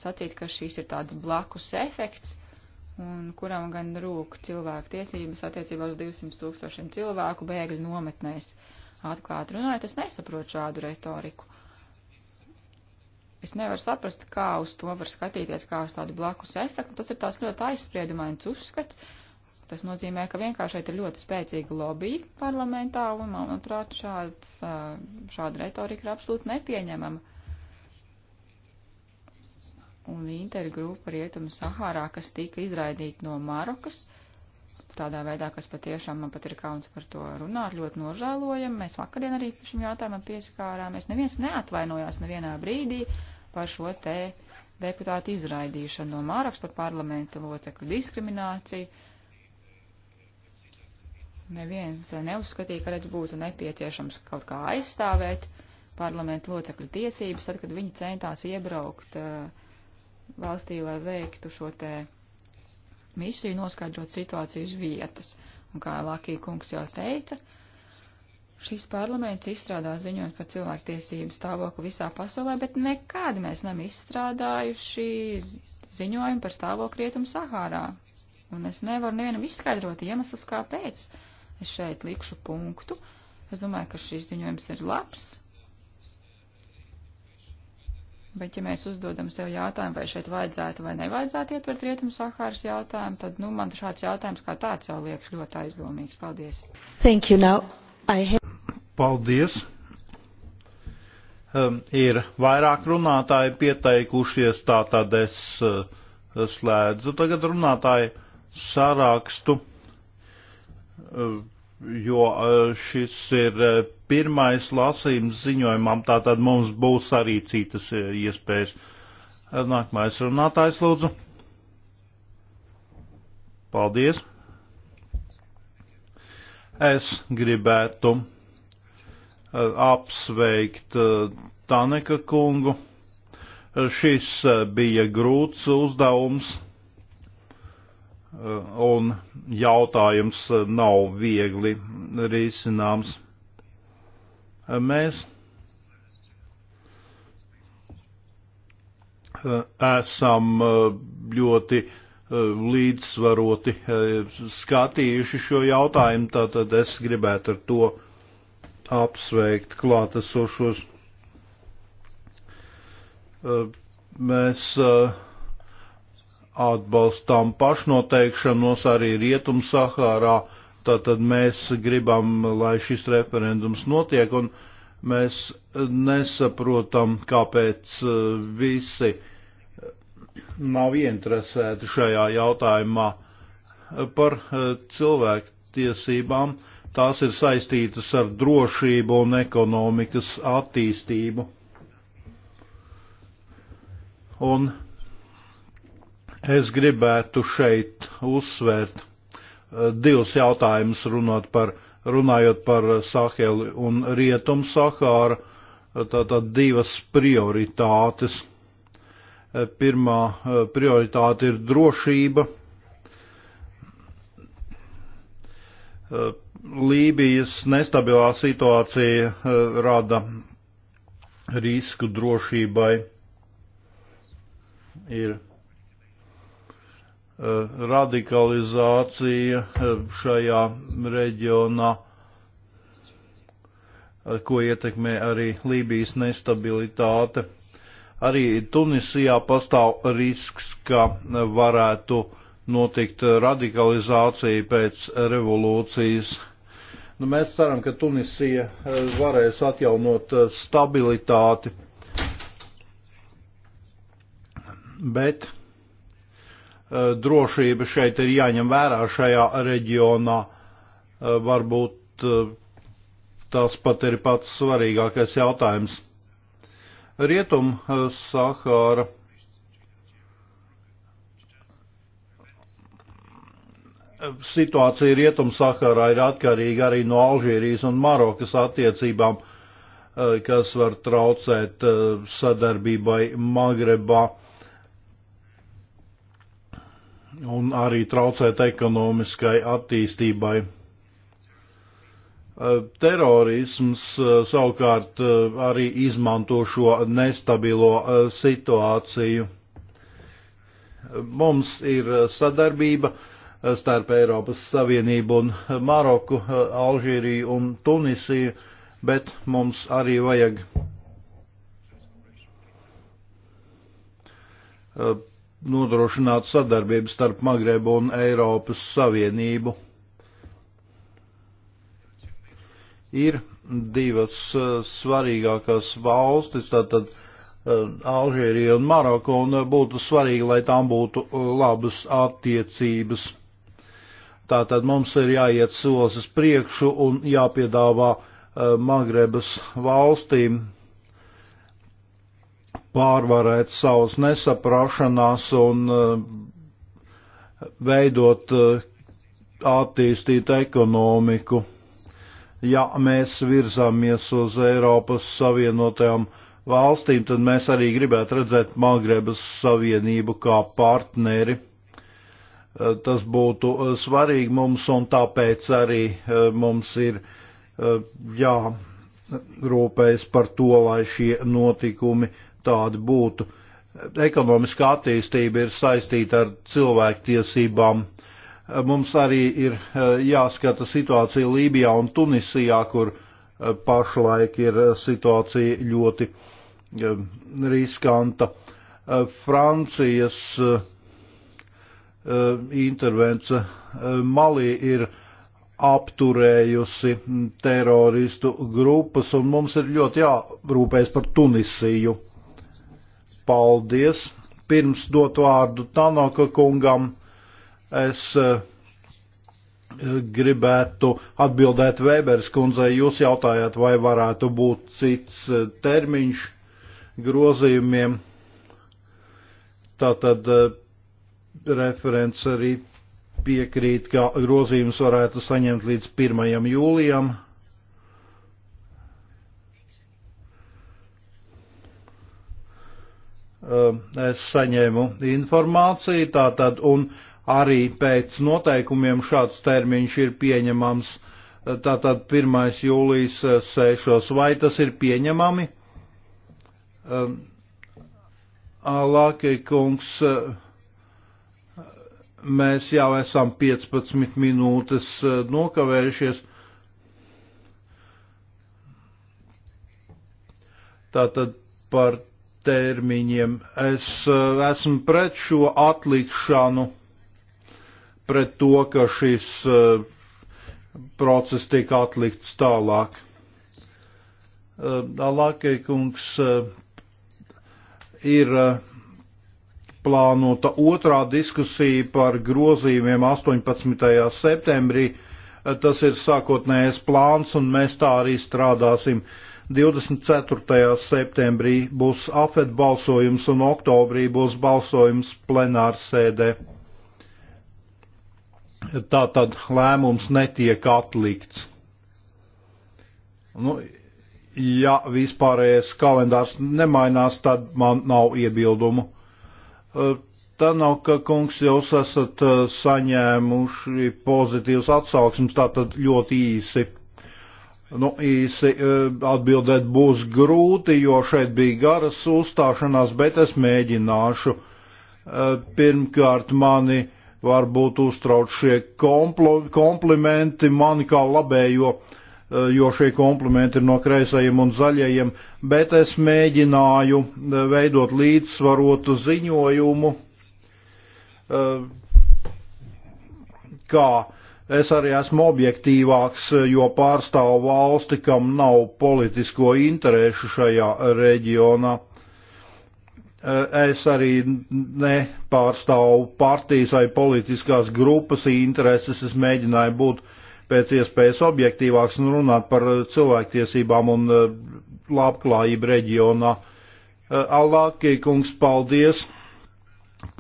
sacīt, ka šis ir tāds blakus efekts, un kuram gan rūk cilvēku tiesības attiecībā uz 200 tūkstošiem cilvēku bēgļu nometnēs. Uh, Atklāti runājot, es nesaprotu šādu retoriku. Es nevaru saprast, kā uz to var skatīties, kā uz tādu blakus efektu. Tas ir tās ļoti aizspriedumains uzskats. Tas nozīmē, ka vienkārši šeit ir ļoti spēcīga lobby parlamentā, un, manuprāt, šāds, šāda retorika ir absolūti nepieņemama. Un intergrupa Rietumu Sahārā, kas tika izraidīta no Marokas, uh, tādā veidā, kas patiešām man pat ir kauns par to runāt, ļoti nožēlojam. Mēs vakarien arī par šim jautājumam pieskārāmies. Neviens neatvainojās nevienā brīdī par šo te deputātu izraidīšanu no Mārakas par parlamenta locekļu diskrimināciju. Neviens neuzskatīja, ka redz būtu nepieciešams kaut kā aizstāvēt parlamenta locekļu tiesības, tad, kad viņi centās iebraukt uh, valstī, lai veiktu šo te misiju noskaidrot situāciju uz vietas. Un kā Lakija kungs jau teica, šis parlaments izstrādā ziņojums par cilvēktiesību stāvokli visā pasaulē, bet nekad mēs nav izstrādājuši ziņojumu par stāvokli Rietumu Sahārā. Un es nevaru nevienam izskaidrot iemeslus, kāpēc. Es šeit likšu punktu. Es domāju, ka šis ziņojums ir labs, Bet, ja mēs uzdodam sev jautājumu, vai šeit vajadzētu vai nevajadzētu ietvert rietumu Sahāras jautājumu, tad, nu, man šāds jautājums kā tāds jau liekas ļoti aizdomīgs. Paldies. Thank you now. I have... Paldies. Um, ir vairāk runātāji pieteikušies, tā tad es uh, slēdzu tagad runātāju sarakstu, uh, jo uh, šis ir uh, pirmais lasījums ziņojumam, tātad mums būs arī citas e, iespējas. E, nākamais runātājs lūdzu. Paldies. Es gribētu e, apsveikt Taneka kungu. Šis bija grūts uzdevums un jautājums nav viegli risināms. Mēs eh, esam eh, ļoti eh, līdzsvaroti skatījuši šo jautājumu, tātad es gribētu ar to apsveikt klātesošos. Mēs atbalstām pašnoteikšanos arī Rietum Sahārā Tātad mēs gribam, lai šis referendums notiek, un mēs nesaprotam, kāpēc e, visi nav ieinteresēti šajā jautājumā par e, cilvēku tiesībām. Tās ir saistītas ar drošību un ekonomikas attīstību. Un es gribētu šeit uzsvērt divus jautājumus runāt par, runājot par Saheli un Rietumu Sahāru. Tātad divas prioritātes. Pirmā eh, prioritāte ir drošība. Eh, Lībijas nestabilā situācija eh, rada risku drošībai. Ir Eh, radikalizācija eh, šajā reģionā, eh, ko ietekmē arī Lībijas nestabilitāte. Arī Tunisijā pastāv risks, ka varētu notikt radikalizācija pēc revolūcijas. Nu, mēs ceram, ka Tunisija varēs atjaunot stabilitāti, bet Eh, drošība šeit ir jāņem vērā šajā reģionā. Eh, varbūt eh, tas pat ir pats svarīgākais jautājums. Rietum Sahāra. Situācija Rietumsakarā ir atkarīga arī no Alžīrijas un Marokas attiecībām, kas var traucēt sadarbībai Magrebā un arī traucēt ekonomiskai attīstībai. Eh, terorisms eh, savukārt eh, arī izmanto šo nestabilo situāciju. Mums ir sadarbība starp Eiropas Savienību un Maroku, Alžīriju un Tunisiju, bet mums arī vajag nodrošināt sadarbību starp Magrebu un Eiropas Savienību. Ir divas uh, svarīgākās valstis, tātad uh, Alžērija un Maroko, un uh, būtu svarīgi, lai tām būtu labas attiecības. Tātad mums ir jāiet solis priekšu un jāpiedāvā Magrebas valstīm pārvarēt savus nesaprašanās un eh, veidot eh, attīstīt ekonomiku. Ja mēs virzāmies uz Eiropas Savienotajām valstīm, tad mēs arī gribētu redzēt Magrebas Savienību kā partneri. Eh, tas būtu svarīgi mums un tāpēc arī mums ir jārūpējas par to, lai šie notikumi tādi būtu. Ekonomiskā attīstība ir saistīta ar cilvēktiesībām. Mums arī ir eh, jāskata situācija Lībijā un Tunisijā, kur eh, pašlaik ir eh, situācija ļoti riskanta. Francijas intervence Malī ir apturējusi mm, teroristu grupas, un mums ir ļoti jārūpējas par Tunisiju. Paldies! Pirms dot vārdu Tanaka kungam, es eh, gribētu atbildēt Vēbers kundzei. Jūs jautājāt, vai varētu būt cits eh, termiņš grozījumiem. Tātad eh, referents arī piekrīt, ka grozījums varētu saņemt līdz 1. jūlijam Um, es saņēmu informāciju, tātad, un arī pēc noteikumiem šāds termiņš ir pieņemams, tātad 1. jūlijas 6. Uh, Vai tas ir pieņemami? Um, Alākie kungs, uh, mēs jau esam 15 minūtes uh, nokavējušies. Tātad par termiņiem. Es eh, esmu pret šo atlikšanu, pret to, ka šis eh, process tiek atlikts tālāk. Eh, Alākai kungs ir plānota otrā diskusija par grozījumiem 18. septembrī. Tas ir sākotnējais plāns un mēs tā arī strādāsim. Uh, 24. septembrī būs afet balsojums un oktobrī būs balsojums plenārsēdē. Tātad lēmums netiek atlikts. Nu, ja vispārējais kalendārs nemainās, tad man nav iebildumu. Eh, Tanaka kungs, jūs esat eh, saņēmuši pozitīvas atsauksmes, tātad ļoti īsi. Nu, īsi e, atbildēt būs grūti, jo šeit bija garas uzstāšanās, bet es mēģināšu. E, pirmkārt, mani varbūt uztrauc šie komplimenti, mani kā labējo, e, jo šie komplimenti ir no kreisajiem un zaļajiem, bet es mēģināju veidot līdzsvarotu ziņojumu, kā Es arī esmu objektīvāks, jo pārstāvu valsti, kam nav politisko interesu šajā reģionā. Es arī nepārstāvu partijas vai politiskās grupas intereses. Es mēģināju būt pēc iespējas objektīvāks un runāt par cilvēktiesībām un eh, labklājību reģionā. Eh, Alākī kungs, paldies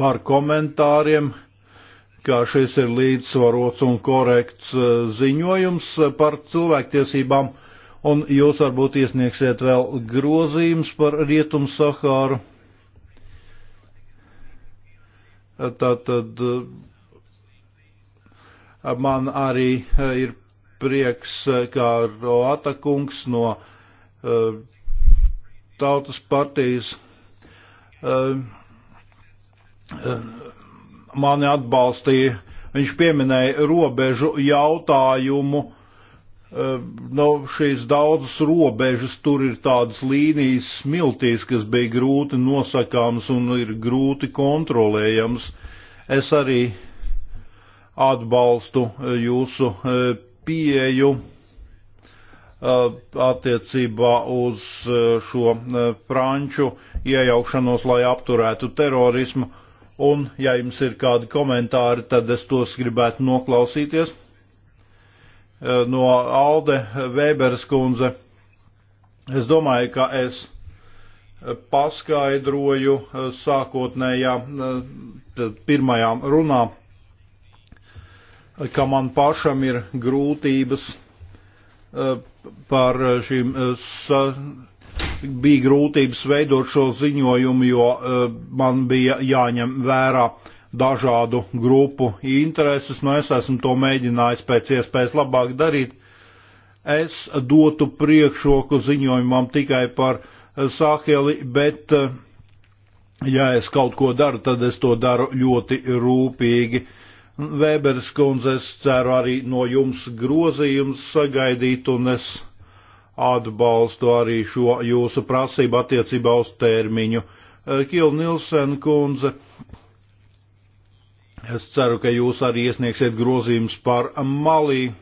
par komentāriem ka šis ir līdzsvarots un korekts e, ziņojums e, par cilvēktiesībām, un jūs varbūt iesniegsiet vēl grozījums par Rietumu Sahāru. E, tātad man arī ir prieks, kā Roata kungs no Tautas partijas mani atbalstīja. Viņš pieminēja robežu jautājumu. E, nu, šīs daudzas robežas tur ir tādas līnijas smiltīs, kas bija grūti nosakāms un ir grūti kontrolējams. Es arī atbalstu e, jūsu e, pieju attiecībā uz šo franču iejaukšanos, lai apturētu terorismu Un, ja jums ir kādi komentāri, tad es tos gribētu noklausīties. Eh, no Alde Weberas kundze. Es domāju, ka es eh, paskaidroju eh, sākotnējā pirmajā runā, ka man pašam ir grūtības par šīm sa bija grūtības veidot šo ziņojumu, jo e, man bija jāņem vērā dažādu grupu intereses, nu es esmu to mēģinājis pēc iespējas labāk darīt. Es dotu priekšroku ziņojumam tikai par e, Sāheli, bet e, ja es kaut ko daru, tad es to daru ļoti rūpīgi. Vēberis kundze, es ceru arī no jums grozījums sagaidīt, un es atbalstu arī šo jūsu prasību attiecībā uz termiņu. Eh, Kila Nilsen kundze, es ceru, ka jūs arī iesniegsiet grozījums par Malī.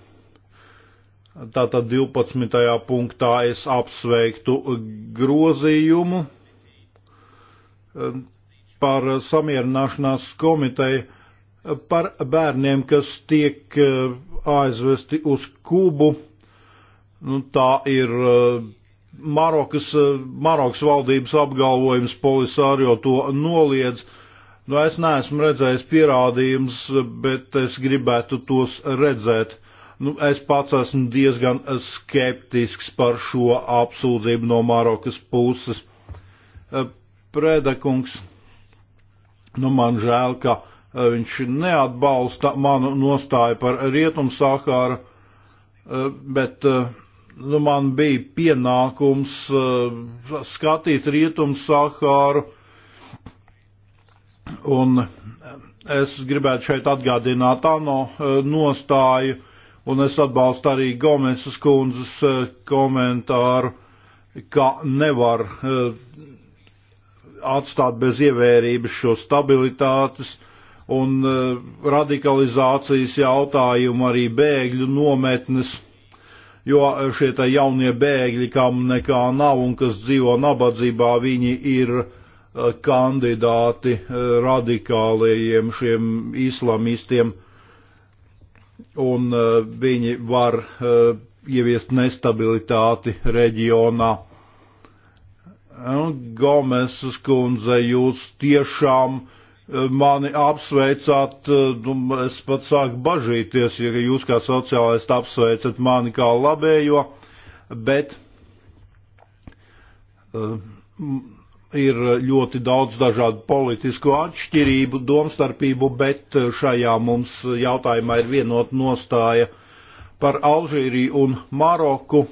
Tātad 12. punktā es apsveiktu grozījumu eh, par samierināšanās komiteju eh, par bērniem, kas tiek aizvesti uz Kubu Nu, tā ir eh, Marokas, eh, Marokas valdības apgalvojums, Polisārio to noliedz. Nu, es neesmu redzējis pierādījums, bet es gribētu tos redzēt. Nu, es pats esmu diezgan skeptisks par šo apsūdzību no Marokas puses. Eh, Predekungs, nu man žēl, ka viņš neatbalsta manu nostāju par Rietumsākāru, bet uh, nu, man bija pienākums uh, skatīt rietumu sakāru, un es gribētu šeit atgādināt ANO uh, nostāju, un es atbalstu arī Gomesas kundzes uh, komentāru, ka nevar uh, atstāt bez ievērības šo stabilitātes un uh, radikalizācijas jautājumu arī bēgļu nometnes. Uh, jo šie jaunie bēgļi, kam nekā nav un kas dzīvo nabadzībā, viņi ir e, kandidāti e, radikālajiem šiem islamistiem, un e, viņi var ieviest nestabilitāti reģionā. Gomes skundze, jūs tiešām uh, mani apsveicāt, eh, nu, es pat sāku bažīties, ja jūs kā sociālisti apsveicat mani kā labējo, bet uh, ir ļoti daudz dažādu politisku atšķirību, domstarpību, bet šajā mums jautājumā ir vienot nostāja par Alžīriju un Maroku.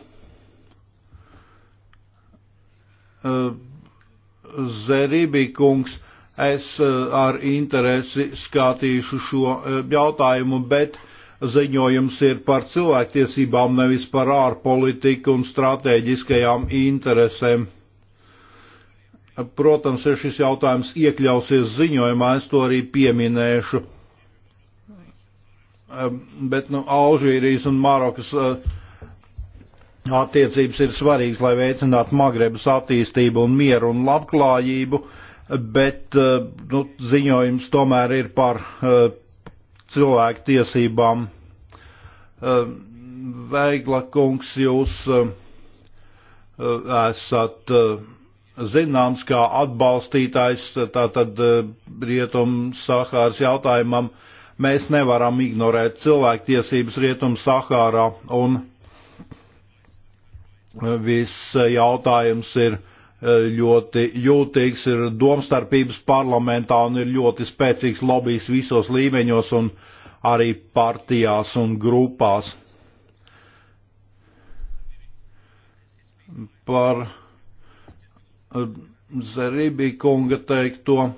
Uh, eh, Zerībikungs kungs Es eh, ar interesi skatīšu šo eh, jautājumu, bet ziņojums ir par cilvēktiesībām, nevis par ārpolitiku un stratēģiskajām interesēm. Protams, ja šis jautājums iekļausies ziņojumā, es to arī pieminēšu. Eh, bet, nu, Alžīrijas un Marokas attiecības ir svarīgas, lai veicinātu Magrebas attīstību un mieru un labklājību. Uh, bet eh, nu, ziņojums tomēr ir par eh, cilvēku tiesībām. Eh, Veigla kungs, jūs esat zināms kā atbalstītājs tātad Rietum Sahāras jautājumam. Mēs nevaram ignorēt cilvēktiesības Rietum Sahārā un viss jautājums ir ļoti jūtīgs, ir domstarpības parlamentā un ir ļoti spēcīgs lobijs visos līmeņos un arī partijās un grupās. Par eh, Zeribī kunga teikto,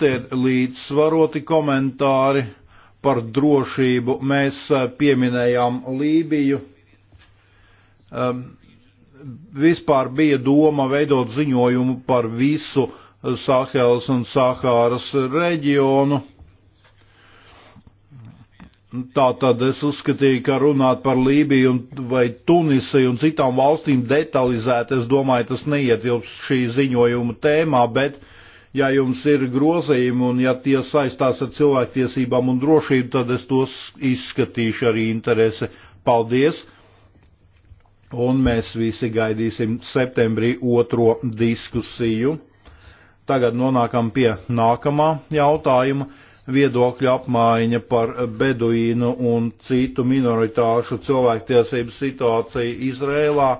tie ir līdzsvaroti komentāri par drošību. Mēs eh, pieminējām Lībiju. Um, vispār bija doma veidot ziņojumu par visu Sahelas un Sahāras reģionu. Tā tad es uzskatīju, ka runāt par Lībiju un, vai Tunisiju un citām valstīm detalizēt, es domāju, tas neietilps šī ziņojuma tēmā, bet ja jums ir grozījumi un ja tie saistās ar cilvēktiesībām un drošību, tad es tos izskatīšu arī interesi. Paldies! un mēs visi gaidīsim septembrī otro diskusiju. Tagad nonākam pie nākamā jautājuma - viedokļa apmaiņa par beduīnu un citu minoritāšu cilvēktiesību situāciju Izrēlā.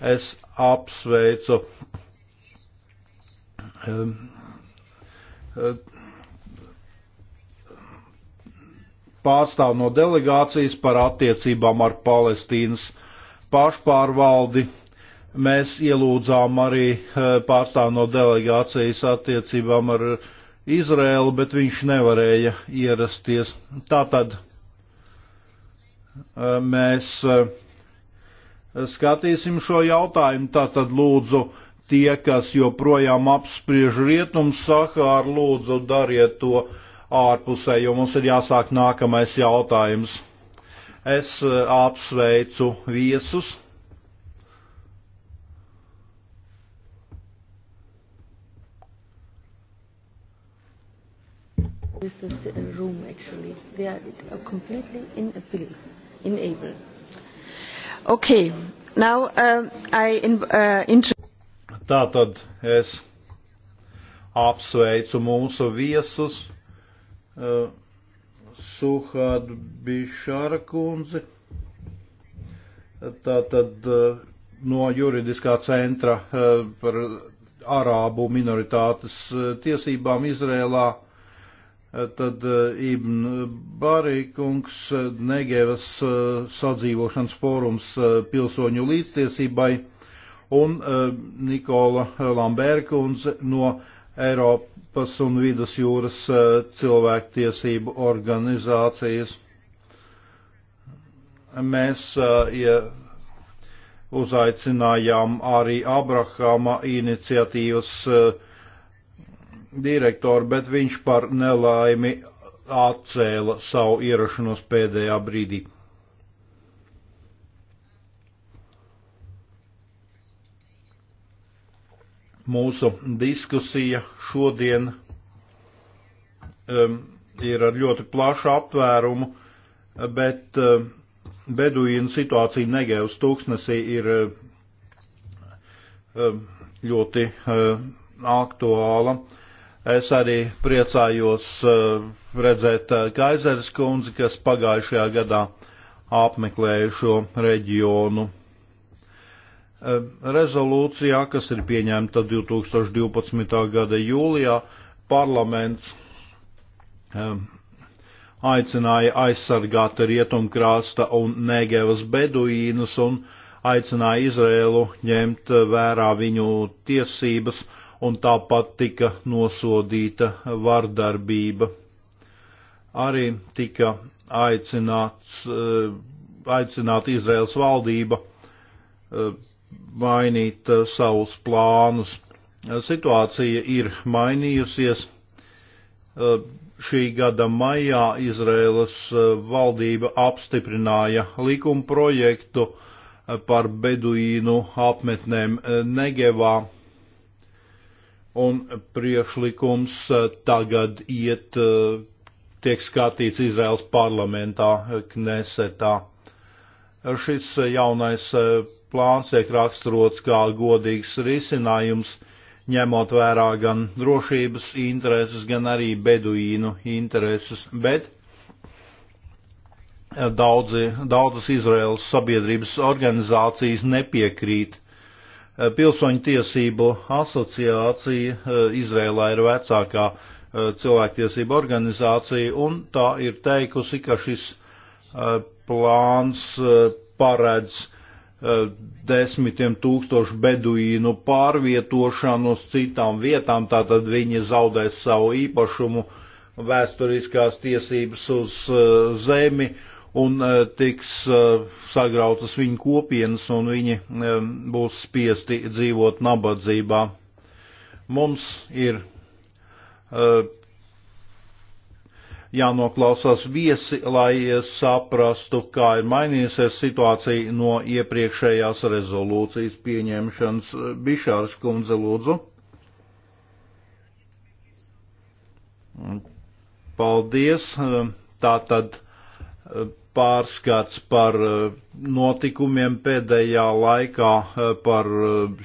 Es apsveicu ehm, ehm, pārstāv no delegācijas par attiecībām ar Palestīnas uh, pašpārvaldi. Mēs ielūdzām arī eh, pārstāvu no delegācijas attiecībām ar Izraēlu, bet viņš nevarēja ierasties. Tātad eh, mēs eh, skatīsim šo jautājumu. Tātad lūdzu tie, kas joprojām apspriež rietums Sahāru, lūdzu dariet to ārpusē, jo mums ir jāsāk nākamais jautājums. Es eh, apsveicu viesus. This is a room actually. They are completely inable. inable. Okay. Now uh, I in, uh, inter- Tātad es apsveicu mūsu viesus. Uh, Suhādu Bišāra kundzi. Tātad eh, no juridiskā centra eh, par arābu minoritātes eh, tiesībām Izrēlā. Tad Ibn Barikungs Negevas sadzīvošanas fórums pilsoņu līdztiesībai un Nikola Lamberkundze no Eiropas un Vidus jūras eh, cilvēktiesību organizācijas. Mēs ja eh, uzaicinājām arī Abrahama iniciatīvas eh, direktoru, bet viņš par nelaimi atcēla savu ierašanos pēdējā brīdī. mūsu diskusija šodien um, ir ar ļoti plašu aptvērumu, bet um, beduīnu situācija Negevas tūkstnesī ir um, ļoti um, aktuāla. Es arī priecājos um, redzēt uh, Kaizeres kundzi, kas pagājušajā gadā apmeklēja šo reģionu Eh, rezolūcijā, kas ir pieņemta 2012. gada jūlijā, parlaments eh, aicināja aizsargāt rietumkrāsta un Negevas beduīnas un aicināja Izrēlu ņemt vērā viņu tiesības un tāpat tika nosodīta vardarbība. Arī tika aicināts, eh, aicināt Izraels valdība mainīt eh, savus plānus. Eh, situācija ir mainījusies. Eh, šī gada maijā Izraēlas valdība apstiprināja likuma projektu par beduīnu apmetnēm Negevā, un priekšlikums tagad iet, tiek skatīts Izraels parlamentā, Knesetā. Šis jaunais plāns tiek raksturots kā godīgs risinājums, ņemot vērā gan drošības intereses, gan arī beduīnu intereses, bet daudzi, daudzas Izraels sabiedrības organizācijas nepiekrīt. Pilsoņu tiesību asociācija eh, Izrēlā ir vecākā eh, cilvēktiesība organizācija, un tā ir teikusi, ka šis eh, plāns paredz desmitiem tūkstošu beduīnu pārvietošanu uz citām vietām, tātad viņi zaudēs savu īpašumu, vēsturiskās tiesības uz eh, zemi un eh, tiks eh, sagrautas viņu kopienas un viņi būs spiesti dzīvot nabadzībā. Mums ir jānoklausās viesi, lai saprastu, kā ir mainījusies situācija no iepriekšējās rezolūcijas pieņemšanas. Bišārs kundze, lūdzu. Paldies. Tātad pārskats par notikumiem pēdējā laikā par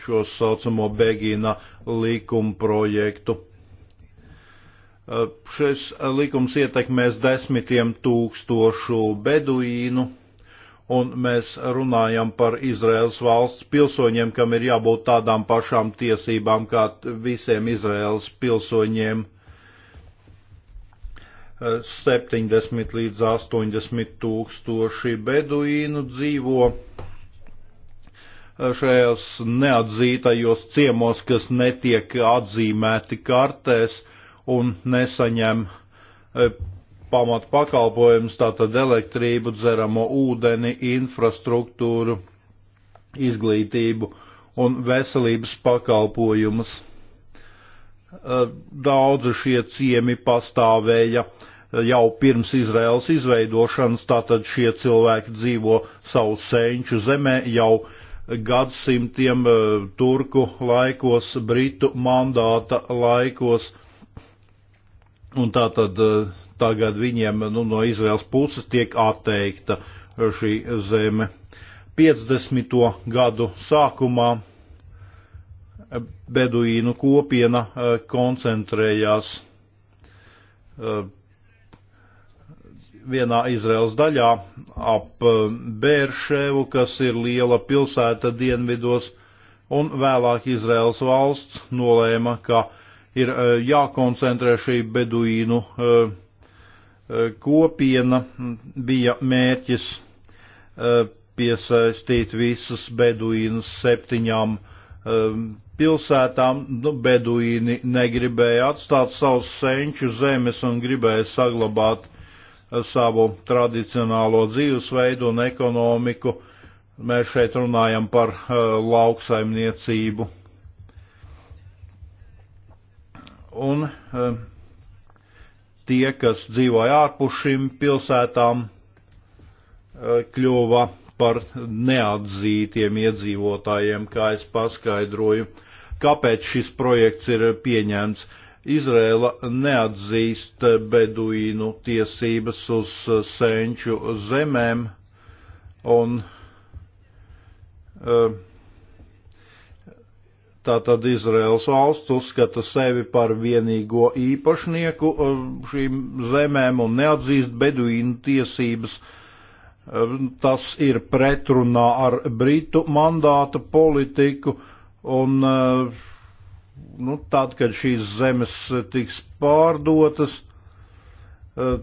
šo saucamo Begina likuma projektu Uh, šis uh, likums ietekmēs desmitiem tūkstošu beduīnu, un mēs runājam par Izraels valsts pilsoņiem, kam ir jābūt tādām pašām tiesībām kā visiem Izraels pilsoņiem. 70 uh, līdz 80 tūkstoši beduīnu dzīvo šajās neatzītajos ciemos, kas netiek atzīmēti kartēs un nesaņem e, pamat pakalpojumus, tātad elektrību, dzeramo ūdeni, infrastruktūru, izglītību un veselības pakalpojumus. E, daudzi šie ciemi pastāvēja e, jau pirms Izraels izveidošanas, tātad šie cilvēki dzīvo savu senču zemē jau gadsimtiem turku laikos, britu mandāta laikos Un tā tad eh, tagad viņiem nu, no Izraels puses tiek atteikta šī zeme. 50. gadu sākumā eh, beduīnu kopiena eh, koncentrējās vienā Izraels daļā ap Bēršēvu, kas ir liela pilsēta dienvidos, un vēlāk Izraels valsts nolēma, ka ir eh, jākoncentrē šī beduīnu eh, eh, kopiena, bija mērķis piesaistīt visas beduīnas septiņām pilsētām. Nu, beduīni negribēja atstāt savus senču zemes un gribēja saglabāt savu tradicionālo dzīvesveidu un ekonomiku. Mēs šeit runājam par uh, lauksaimniecību. Un eh, tie, kas dzīvoja ārpus šīm pilsētām, eh, kļuva par neatzītiem iedzīvotājiem, kā es paskaidroju, kāpēc šis projekts ir pieņemts. Izrēla neatzīst beduīnu tiesības uz eh, senču zemēm, un uh, Tātad Izraels valsts uzskata sevi par vienīgo īpašnieku um, šīm zemēm un neatzīst beduīnu tiesības. Um, tas ir pretrunā ar Britu mandāta politiku un uh, nu, tad, kad šīs zemes tiks pārdotas, uh,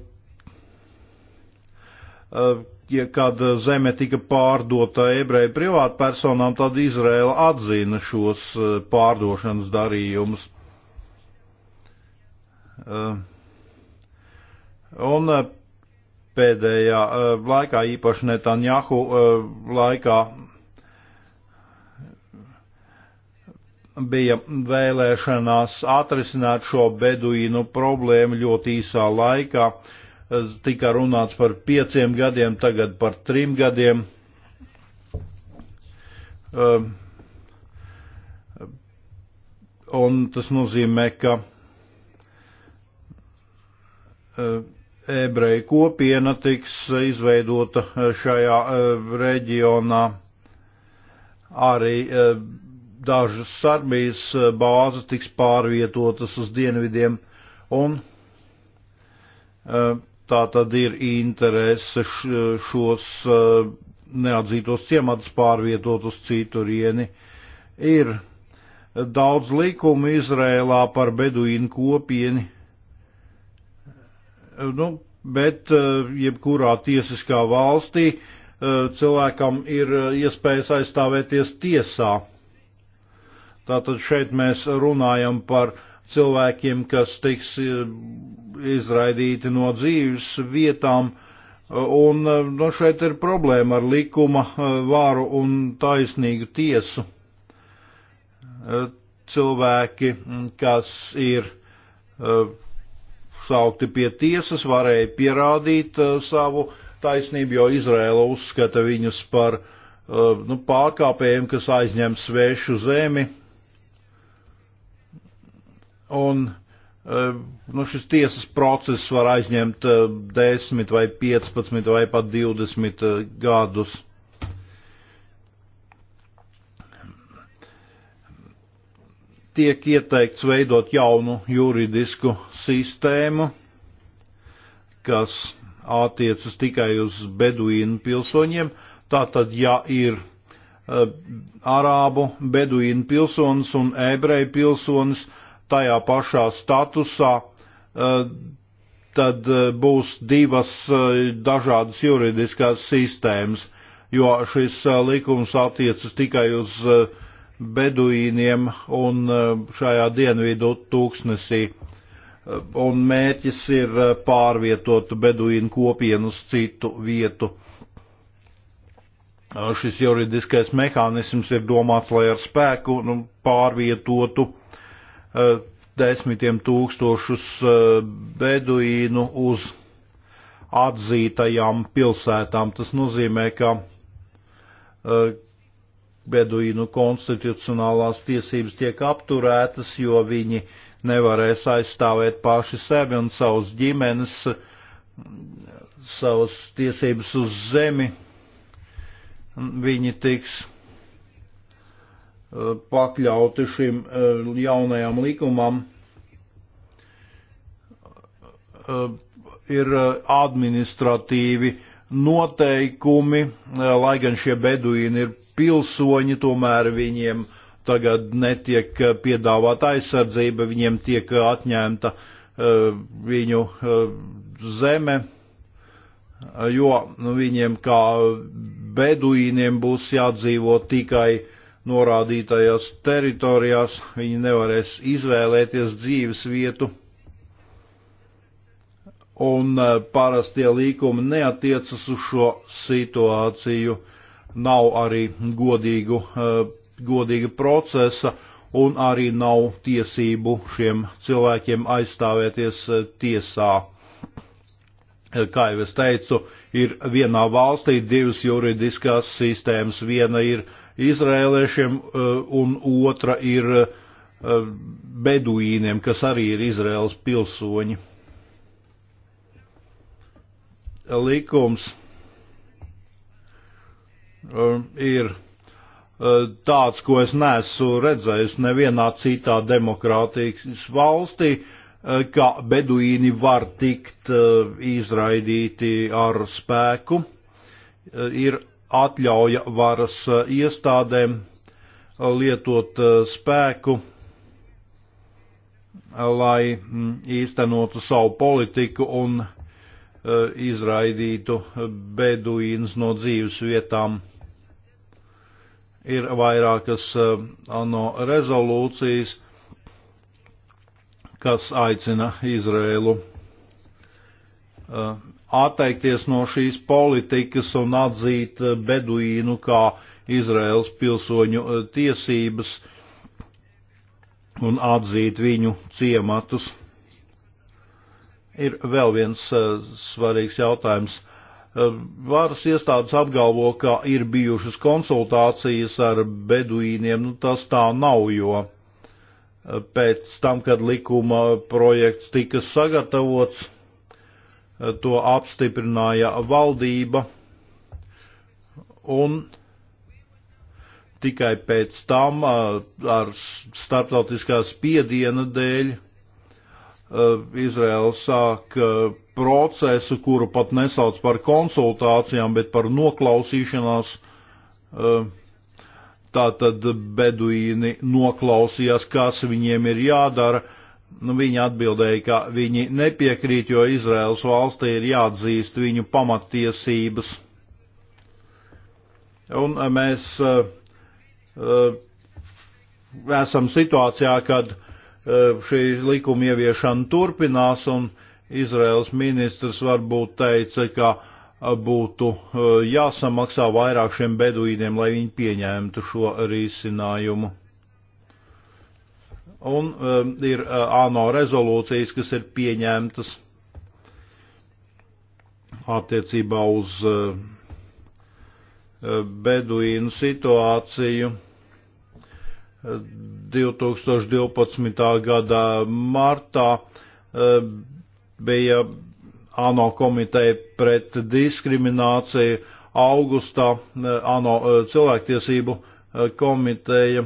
uh, ja kad eh, zeme tika pārdota ebreju privātpersonām, tad Izraela atzina šos eh, pārdošanas darījumus. Eh, un pēdējā laikā, īpaši Netanjahu laikā, bija vēlēšanās atrisināt šo beduīnu problēmu ļoti īsā laikā. Uh, Eh, tika runāts par pieciem gadiem, tagad par trim gadiem. Eh, un tas nozīmē, ka eh, ebreju kopiena tiks izveidota šajā reģionā. Arī dažas armijas bāzes tiks pārvietotas uz dienvidiem un tā tad ir interese šos e, neatzītos ciematus pārvietot uz citurieni. Ir daudz likumu Izrēlā par beduīnu kopieni, e, nu, bet e, jebkurā tiesiskā valstī cilvēkam ir iespējas aizstāvēties tiesā. Tātad šeit mēs runājam par uh, cilvēkiem, kas tiks e, izraidīti no dzīves vietām. Un e, no nu, šeit ir problēma ar likuma e, vāru un taisnīgu tiesu. Cilvēki, kas ir saukti pie tiesas, varēja pierādīt savu taisnību, jo Izraela uzskata viņus par nu, pārkāpējiem, kas aizņem svešu zemi Un e, nu, šis tiesas process var aizņemt 10 e, vai 15 vai pat 20 e, gadus. Tiek ieteikts veidot jaunu juridisku sistēmu, kas attiecas tikai uz beduīnu pilsoņiem. Tātad, ja ir arābu beduīnu pilsonis un ebreju pilsonis, uh, tajā pašā statusā, e, tad e, būs divas e, dažādas juridiskās sistēmas, jo šis likums attiecas tikai uz beduīniem un šajā dienvidu tūkstnesī. Un mērķis ir pārvietot beduīnu kopienu uz citu vietu. Šis juridiskais mehānisms ir domāts, lai ar spēku nu, pārvietotu uh, desmitiem tūkstošus eh, beduīnu uz atzītajām pilsētām. Tas nozīmē, ka eh, beduīnu konstitucionālās tiesības tiek apturētas, jo viņi nevarēs aizstāvēt paši sevi un savus ģimenes, savas tiesības uz zemi. Viņi tiks pakļauti šim eh, jaunajam likumam, eh, ir eh, administratīvi noteikumi, lai gan šie beduīni ir pilsoņi, tomēr viņiem tagad netiek piedāvāta aizsardzība, viņiem tiek atņemta viņu zeme, jo viņiem kā beduīniem būs jādzīvo tikai uh, norādītajās teritorijās, viņi nevarēs izvēlēties dzīves vietu, un e, parastie līkumi neatiecas uz šo situāciju, nav arī godīgu, e, godīga procesa, un arī nav tiesību šiem cilvēkiem aizstāvēties e, tiesā. Kā jau es teicu, ir vienā valstī divas juridiskās sistēmas. Viena ir uh, izrēlēšiem, eh, un otra ir eh, beduīniem, kas arī ir Izraels pilsoņi. Likums eh, ir tāds, ko es nesu redzējis nevienā citā demokrātīgas valstī, ka beduīni var tikt izraidīti ar spēku. Ir atļauja varas eh, iestādēm eh, lietot eh, spēku, lai mm, īstenotu savu politiku un izraidītu beduīnus no dzīves vietām. Ir vairākas ANO rezolūcijas, kas aicina Izrēlu atteikties no šīs politikas un atzīt eh, beduīnu kā Izraels pilsoņu eh, tiesības un atzīt viņu ciematus. Ir vēl viens eh, svarīgs jautājums. Varas iestādes apgalvo, ka ir bijušas konsultācijas ar beduīniem, nu tas tā nav, jo pēc tam, kad likuma projekts tika sagatavots, to apstiprināja valdība, un tikai pēc tam ar starptautiskās piediena dēļ Izraela sāk procesu, kuru pat nesauc par konsultācijām, bet par noklausīšanās. Tātad beduīni noklausījās, kas viņiem ir jādara, uh, Nu, viņi atbildēja, ka viņi nepiekrīt, jo Izraels valstī ir jāatzīst viņu pamattiesības. Un eh, mēs uh, uh, esam situācijā, kad uh, šī likuma ieviešana turpinās, un Izraels ministrs varbūt teica, ka uh, būtu jāsamaksā vairāk šiem beduīniem, lai viņi pieņemtu šo risinājumu un um, ir uh, ANO rezolūcijas, kas ir pieņemtas attiecībā uz uh, uh beduīnu situāciju. 2012. Uh, gada martā uh, bija ANO komiteja pret diskrimināciju, augustā uh, ANO uh, cilvēktiesību uh, Eh, komiteja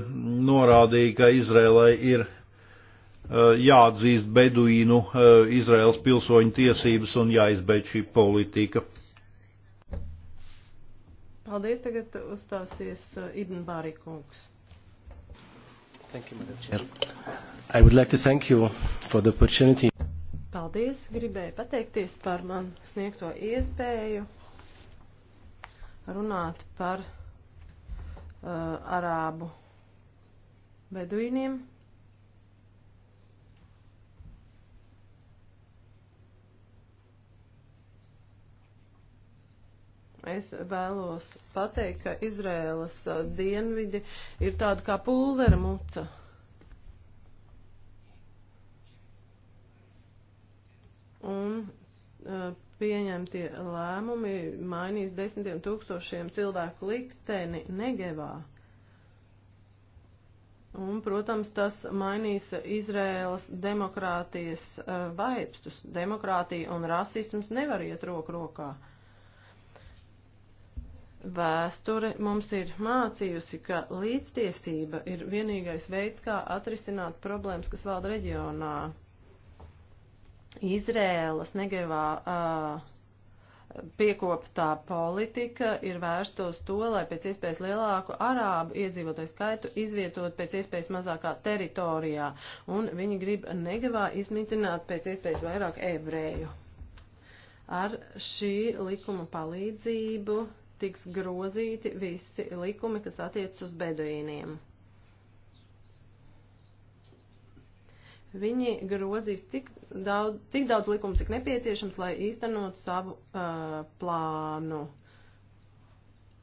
norādīja, ka Izrēlai ir eh, jāatzīst beduīnu eh, Izraels pilsoņu tiesības un jāizbeidz šī politika. Paldies, tagad uzstāsies Ibn Bāri kungs. Thank you, Madam Chair. I would like to thank you for the opportunity. Paldies, gribēju pateikties par man sniegto iespēju runāt par uh, arābu beduīniem. es vēlos pateikt, ka Izrēlas uh, dienvidi ir tāda kā pulvera muca. Un uh, pieņemtie lēmumi mainīs desmitiem tūkstošiem cilvēku likteni Negevā. Un, protams, tas mainīs Izrēlas demokrātijas uh, eh, vaipstus. Demokrātija un rasisms nevar iet roku rokā. Vēsture mums ir mācījusi, ka līdztiesība ir vienīgais veids, kā atrisināt problēmas, kas valda reģionā. Izrēlas negavā uh, piekoptā politika ir vērsta uz to, lai pēc iespējas lielāku arābu iedzīvotāju skaitu izvietot pēc iespējas mazākā teritorijā, un viņi grib negavā izmitināt pēc iespējas vairāk ebreju. Ar šī likuma palīdzību tiks grozīti visi likumi, kas attiec uz beduīniem. Viņi grozīs tik daudz, tik daudz likumu, cik nepieciešams, lai īstenot savu uh, plānu.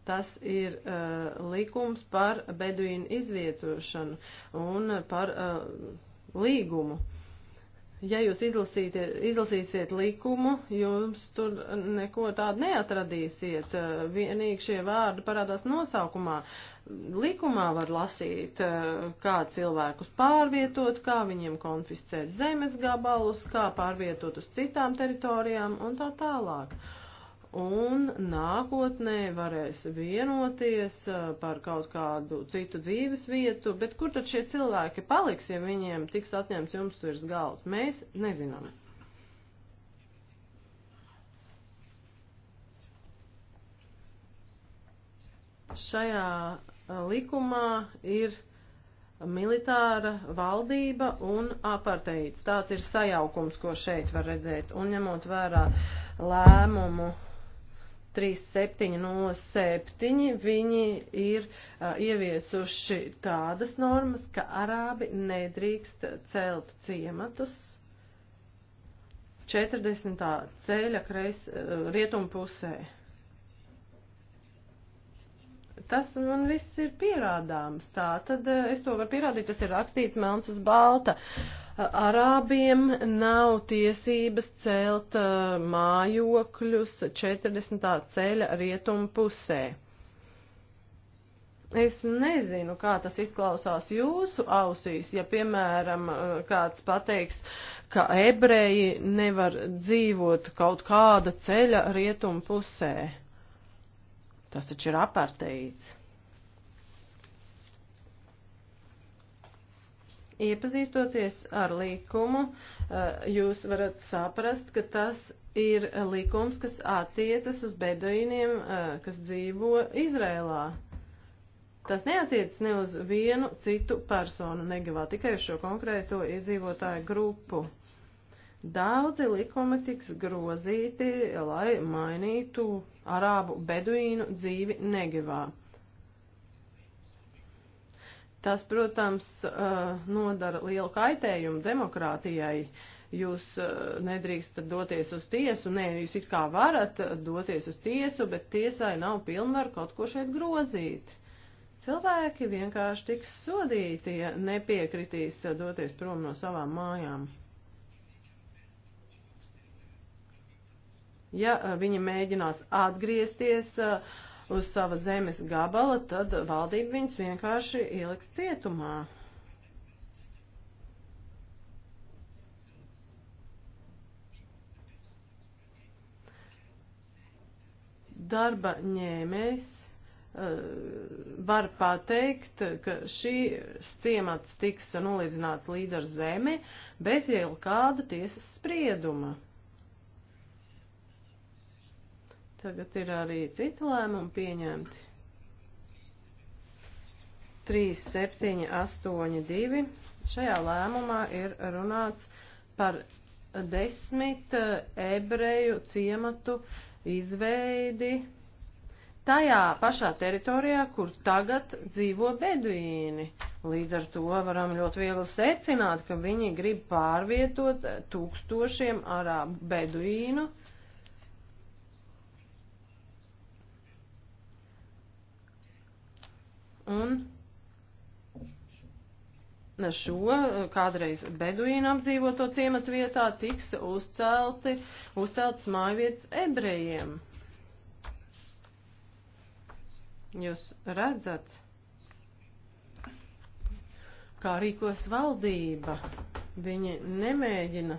Tas ir uh, likums par beduīnu izvietošanu un par uh, līgumu ja jūs izlasīsiet likumu, jums tur neko tādu neatradīsiet. Vienīgi šie vārdi parādās nosaukumā. Likumā var lasīt, kā cilvēkus pārvietot, kā viņiem konfiscēt zemes gabalus, kā pārvietot uz citām teritorijām un tā tālāk. Uh, un nākotnē varēs vienoties uh, par kaut kādu citu dzīves vietu, bet kur tad šie cilvēki paliks, ja viņiem tiks atņemts jums virs galvas? Mēs nezinām. Šajā uh, likumā ir militāra valdība un aparteids. Tāds ir sajaukums, ko šeit var redzēt. Un ņemot vērā lēmumu 3707, viņi ir uh, ieviesuši tādas normas, ka arābi nedrīkst celt ciematus 40. ceļa kreis uh, rietumu pusē. Tas man viss ir pierādāms, tā tad uh, es to varu pierādīt, tas ir rakstīts melns uz balta. Uh, Arābiem nav tiesības celt uh, mājokļus 40. ceļa rietumu pusē. Es nezinu, kā tas izklausās jūsu ausīs, ja, piemēram, uh, kāds pateiks, ka ebreji nevar dzīvot kaut kāda ceļa rietumu pusē. Tas taču ir aparteids. Iepazīstoties ar likumu, eh, jūs varat saprast, ka tas ir likums, kas attiecas uz beduīniem, eh, kas dzīvo Izrēlā. Tas neatiecas ne uz vienu citu personu negavā, tikai uz šo konkrēto iedzīvotāju grupu. Daudzi likumi tiks grozīti, lai mainītu arābu beduīnu dzīvi negavā. Tas, protams, eh, nodara lielu kaitējumu demokrātijai. Jūs eh, nedrīkstat doties uz tiesu, nē, jūs it kā varat doties uz tiesu, bet tiesai nav pilnvaru kaut ko šeit grozīt. Cilvēki vienkārši tiks sodīti, ja nepiekritīs doties prom no savām mājām. Ja eh, viņi mēģinās atgriezties, uh, uz sava zemes gabala, tad valdība viņus vienkārši ieliks cietumā. Darba ņēmējs eh, var pateikt, ka šīs ciemats tiks nolīdzināts līdz ar zemi bez jau kāda tiesas sprieduma. Tagad ir arī citi lēmumi pieņemti. 3, 7, 8, 2. Šajā lēmumā ir runāts par desmit eh, ebreju ciematu izveidi tajā pašā teritorijā, kur tagad dzīvo beduīni. Līdz ar to varam ļoti viegli secināt, ka viņi grib pārvietot eh, tūkstošiem arābu beduīnu Un šo eh, kādreiz beduīnu apdzīvoto ciematu vietā tiks uzcelti, uzceltas mājvietas ebrejiem. Jūs redzat, kā rīkos valdība. Viņi nemēģina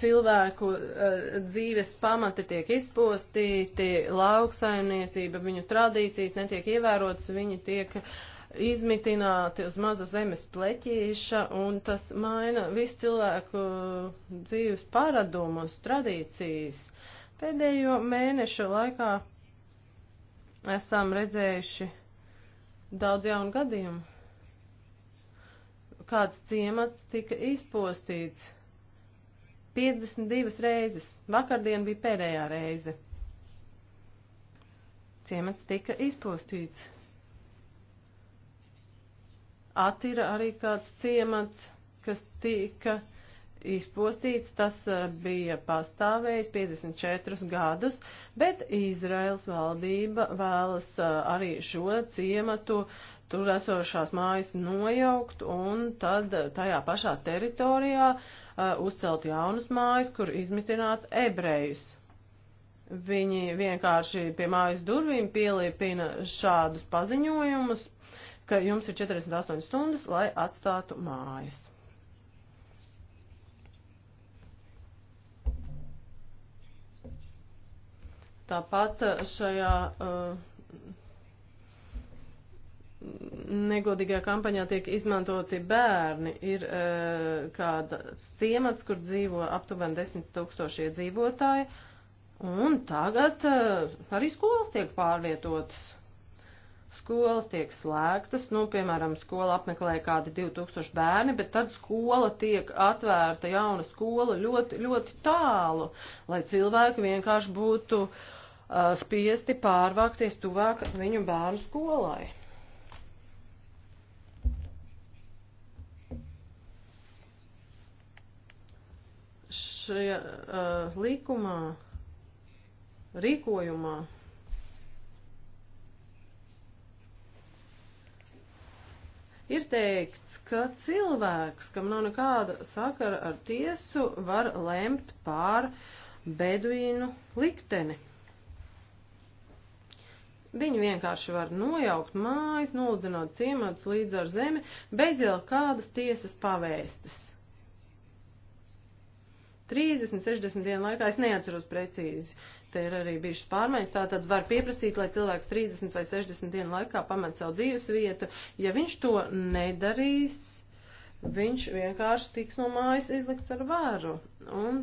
cilvēku uh, dzīves pamati tiek izpostīti, lauksaimniecība, viņu tradīcijas netiek ievērotas, viņi tiek izmitināti uz maza zemes pleķīša, un tas maina visu cilvēku eh, dzīves paradumus, tradīcijas. Pēdējo mēnešu laikā esam redzējuši daudz jaunu gadījumu. Kāds ciemats tika izpostīts 52 reizes. Vakardien bija pēdējā reize. Ciemats tika izpostīts. Atira arī kāds ciemats, kas tika izpostīts, tas eh, bija pastāvējis 54 gadus, bet Izraels valdība vēlas eh, arī šo ciematu tur esošās mājas nojaukt un tad eh, tajā pašā teritorijā uh, Uh, uzcelt jaunas mājas, kur izmitināt ebrejus. Viņi vienkārši pie mājas durvīm pielīpina šādus paziņojumus, ka jums ir 48 stundas, lai atstātu mājas. Tāpat uh, šajā uh, negodīgajā kampaņā tiek izmantoti bērni. Ir e, kāda ciemats, kur dzīvo aptuveni 10 tūkstošie dzīvotāji, un tagad e, arī skolas tiek pārvietotas. Skolas tiek slēgtas, nu, piemēram, skola apmeklē kādi 2000 bērni, bet tad skola tiek atvērta, jauna skola ļoti, ļoti tālu, lai cilvēki vienkārši būtu uh, spiesti pārvākties tuvāk viņu bērnu skolai. šajā uh, likumā, rīkojumā, ir teikts, ka cilvēks, kam nav nekāda sakara ar tiesu, var lemt pār beduīnu likteni. Viņi vienkārši var nojaukt mājas, nodzināt ciemats līdz ar zemi, bez jau kādas tiesas pavēstas. 30, 60 dienu laikā, es neatceros precīzi, te ir arī bijušas pārmaiņas, tā tad var pieprasīt, lai cilvēks 30 vai 60 dienu laikā pamet savu dzīves vietu. Ja viņš to nedarīs, viņš vienkārši tiks no mājas izlikts ar varu. Un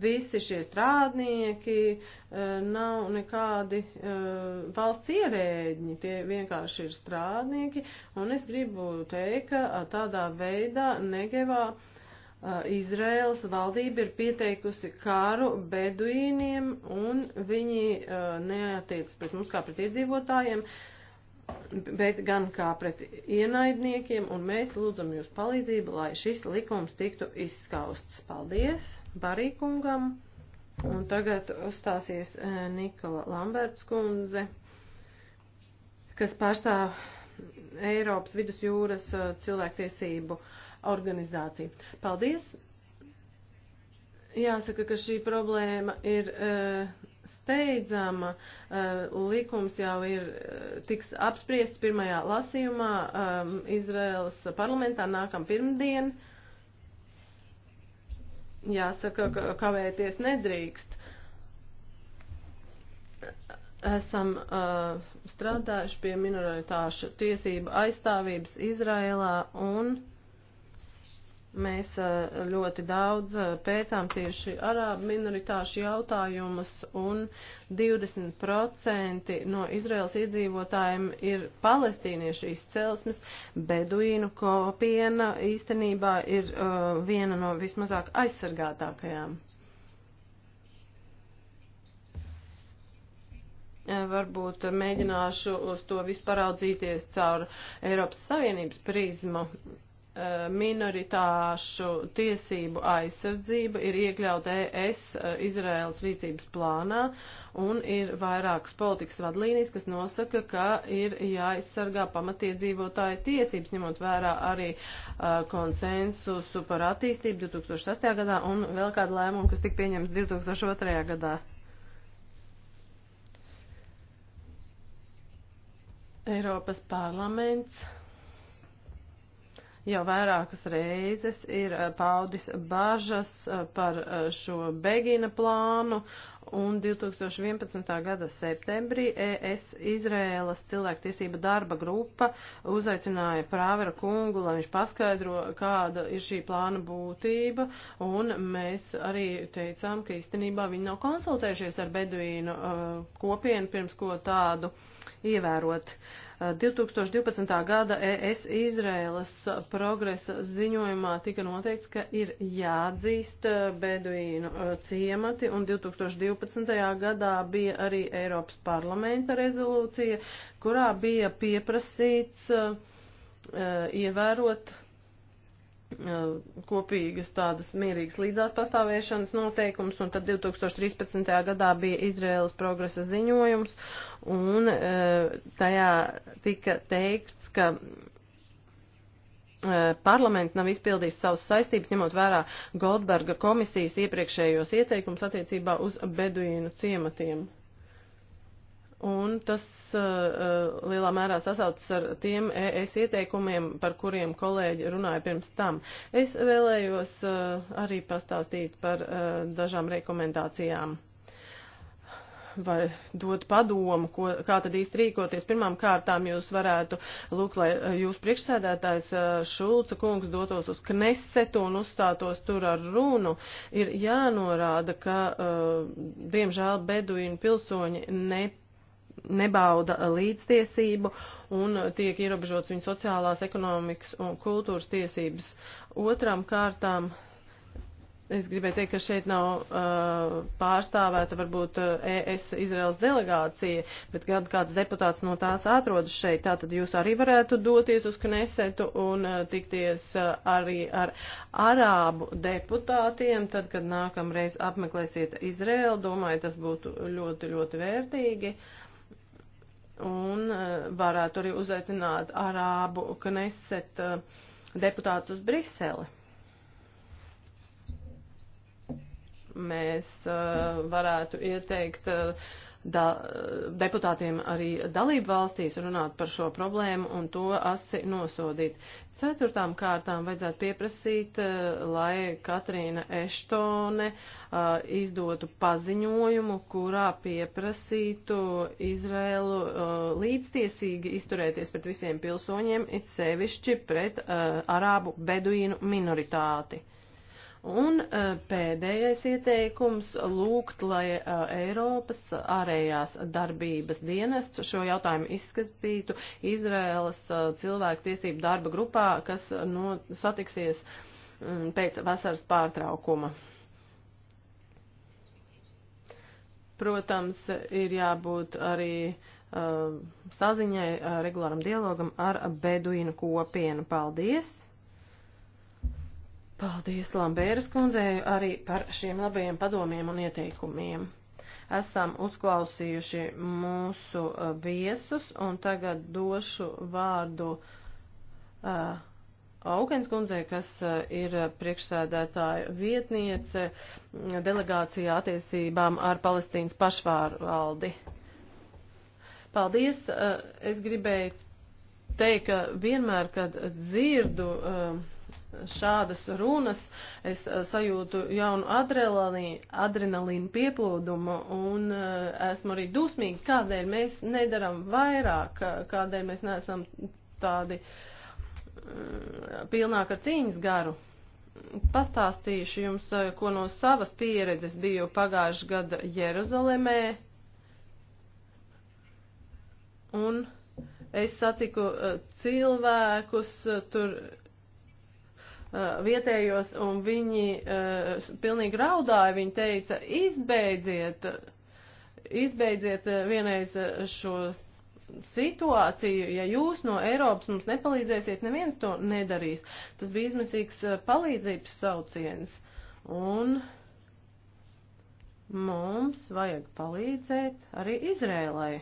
visi šie strādnieki eh, nav nekādi eh, valsts ierēģi, tie vienkārši ir strādnieki, un es gribu teikt, ka tādā veidā Negevā uh, Uh, Izraēlas valdība ir pieteikusi kāru beduīniem un viņi uh, neatiec pret mums kā pret iedzīvotājiem, bet gan kā pret ienaidniekiem un mēs lūdzam jūs palīdzību, lai šis likums tiktu izskausts. Paldies Barīkungam un tagad uzstāsies uh, Nikola Lamberts kundze, kas pārstāv Eiropas vidusjūras cilvēktiesību uh, organizāciju. Paldies! Jāsaka, ka šī problēma ir uh, steidzama. Uh, likums jau ir uh, tiks apspriests pirmajā lasījumā um, Izraels parlamentā nākam pirmdien. Jāsaka, ka kavēties nedrīkst esam uh, strādājuši pie minoritāšu tiesību aizstāvības Izrēlā un Mēs ļoti daudz pētām tieši arābu minoritāšu jautājumus, un 20% no Izraels iedzīvotājiem ir palestīniešu izcelsmes. Beduīnu kopiena īstenībā ir uh, viena no vismazāk aizsargātākajām. varbūt mēģināšu uz to vispār audzīties caur Eiropas Savienības prizmu. Eh, minoritāšu tiesību aizsardzība ir iekļauta ES eh, Izraēlas rīcības plānā un ir vairākas politikas vadlīnijas, kas nosaka, ka ir jāaizsargā pamatiedzīvotāju tiesības, ņemot vērā arī uh, konsensusu par attīstību 2008. gadā un vēl kādu lēmumu, kas tika pieņemts 2002. gadā. Eiropas parlaments jau vairākas reizes ir eh, paudis bažas eh, par eh, šo Begina plānu, un 2011. gada septembrī ES Izrēlas cilvēktiesība darba grupa uzaicināja Prāvera kungu, lai viņš paskaidro, kāda ir šī plāna būtība, un mēs arī teicām, ka īstenībā viņi nav konsultējušies ar Beduīnu uh, kopienu pirms ko tādu. Uh, ievērot. 2012. Uh, gada ES Izrēlas progresa ziņojumā tika noteikts, ka ir jāatzīst uh, beduīnu uh, ciemati, un 2012. gadā bija arī Eiropas parlamenta rezolūcija, kurā bija pieprasīts uh, ievērot kopīgas tādas mierīgas līdzās pastāvēšanas noteikums, un tad 2013. gadā bija Izraēlas progresa ziņojums, un tajā tika teikts, ka parlaments nav izpildījis savus saistības, ņemot vērā Goldberga komisijas iepriekšējos ieteikums attiecībā uz beduīnu ciematiem. Un tas uh, uh, lielā mērā sasaucas ar tiem ES ieteikumiem, par kuriem kolēģi runāja pirms tam. Es vēlējos uh, arī pastāstīt par uh, dažām rekomendācijām vai dot padomu, ko, kā tad īsti rīkoties. Pirmām kārtām jūs varētu lūgt, lai uh, jūs priekšsēdētājs uh, Šulca kungs dotos uz Knesetu un uzstātos tur ar runu. Ir jānorāda, ka, diemžēl, beduīnu pilsoņi nepārāk nebauda līdztiesību un tiek ierobežots viņu sociālās, ekonomikas un kultūras tiesības. Otram kārtām es gribēju teikt, ka šeit nav uh, pārstāvēta varbūt uh, ES Izraels delegācija, bet gan kāds deputāts no tās atrodas šeit. Tātad jūs arī varētu doties uz Knesetu un uh, tikties uh, arī ar arābu deputātiem, tad, kad nākamreiz apmeklēsiet Izraelu, domāju, tas būtu ļoti, ļoti vērtīgi. Uh, un eh, varētu arī uzaicināt arābu kneset eh, deputātus uz Briseli. Mēs eh, varētu ieteikt da, eh, deputātiem arī dalību valstīs runāt par šo problēmu un to asi nosodīt. Ceturtām kārtām vajadzētu pieprasīt, eh, lai Katrīna Eštone eh, izdotu paziņojumu, kurā pieprasītu Izrēlu līdztiesīgi izturēties pret visiem pilsoņiem, it sevišķi pret arābu beduīnu minoritāti. Un eh, pēdējais ieteikums - lūgt, lai eh, Eiropas ārējās darbības dienests šo jautājumu izskatītu Izraēlas eh, cilvēku tiesību darba grupā, kas no, satiksies mm, pēc vasaras pārtraukuma. Protams, ir jābūt arī uh, saziņai, uh, regulāram dialogam ar beduīnu kopienu. Paldies! Paldies Lambēras kundzei arī par šiem labajiem padomiem un ieteikumiem. Esam uzklausījuši mūsu uh, viesus un tagad došu vārdu uh, Augens kundze, kas uh, ir priekšsēdētāja vietniece delegācijā attiecībām ar Palestīnas pašvārvaldi. Paldies! Uh, es gribēju teikt, ka vienmēr, kad dzirdu uh, šādas runas, es eh, sajūtu jaunu adrenalīnu, adrenalīnu pieplūdumu un eh, esmu arī dusmīgi, kādēļ mēs nedaram vairāk, kādēļ mēs neesam tādi eh, pilnāk ar cīņas garu. Pastāstīšu jums, ko no savas pieredzes biju pagājuši gada Jeruzalemē. Un es satiku cilvēkus, tur Uh, vietējos, un viņi uh, pilnīgi raudāja. Viņi teica, izbeidziet, izbeidziet uh, vienreiz uh, šo situāciju, ja jūs no Eiropas mums nepalīdzēsiet, neviens to nedarīs. Tas bija izmisīgs palīdzības sauciens, un mums vajag palīdzēt arī Izrēlai.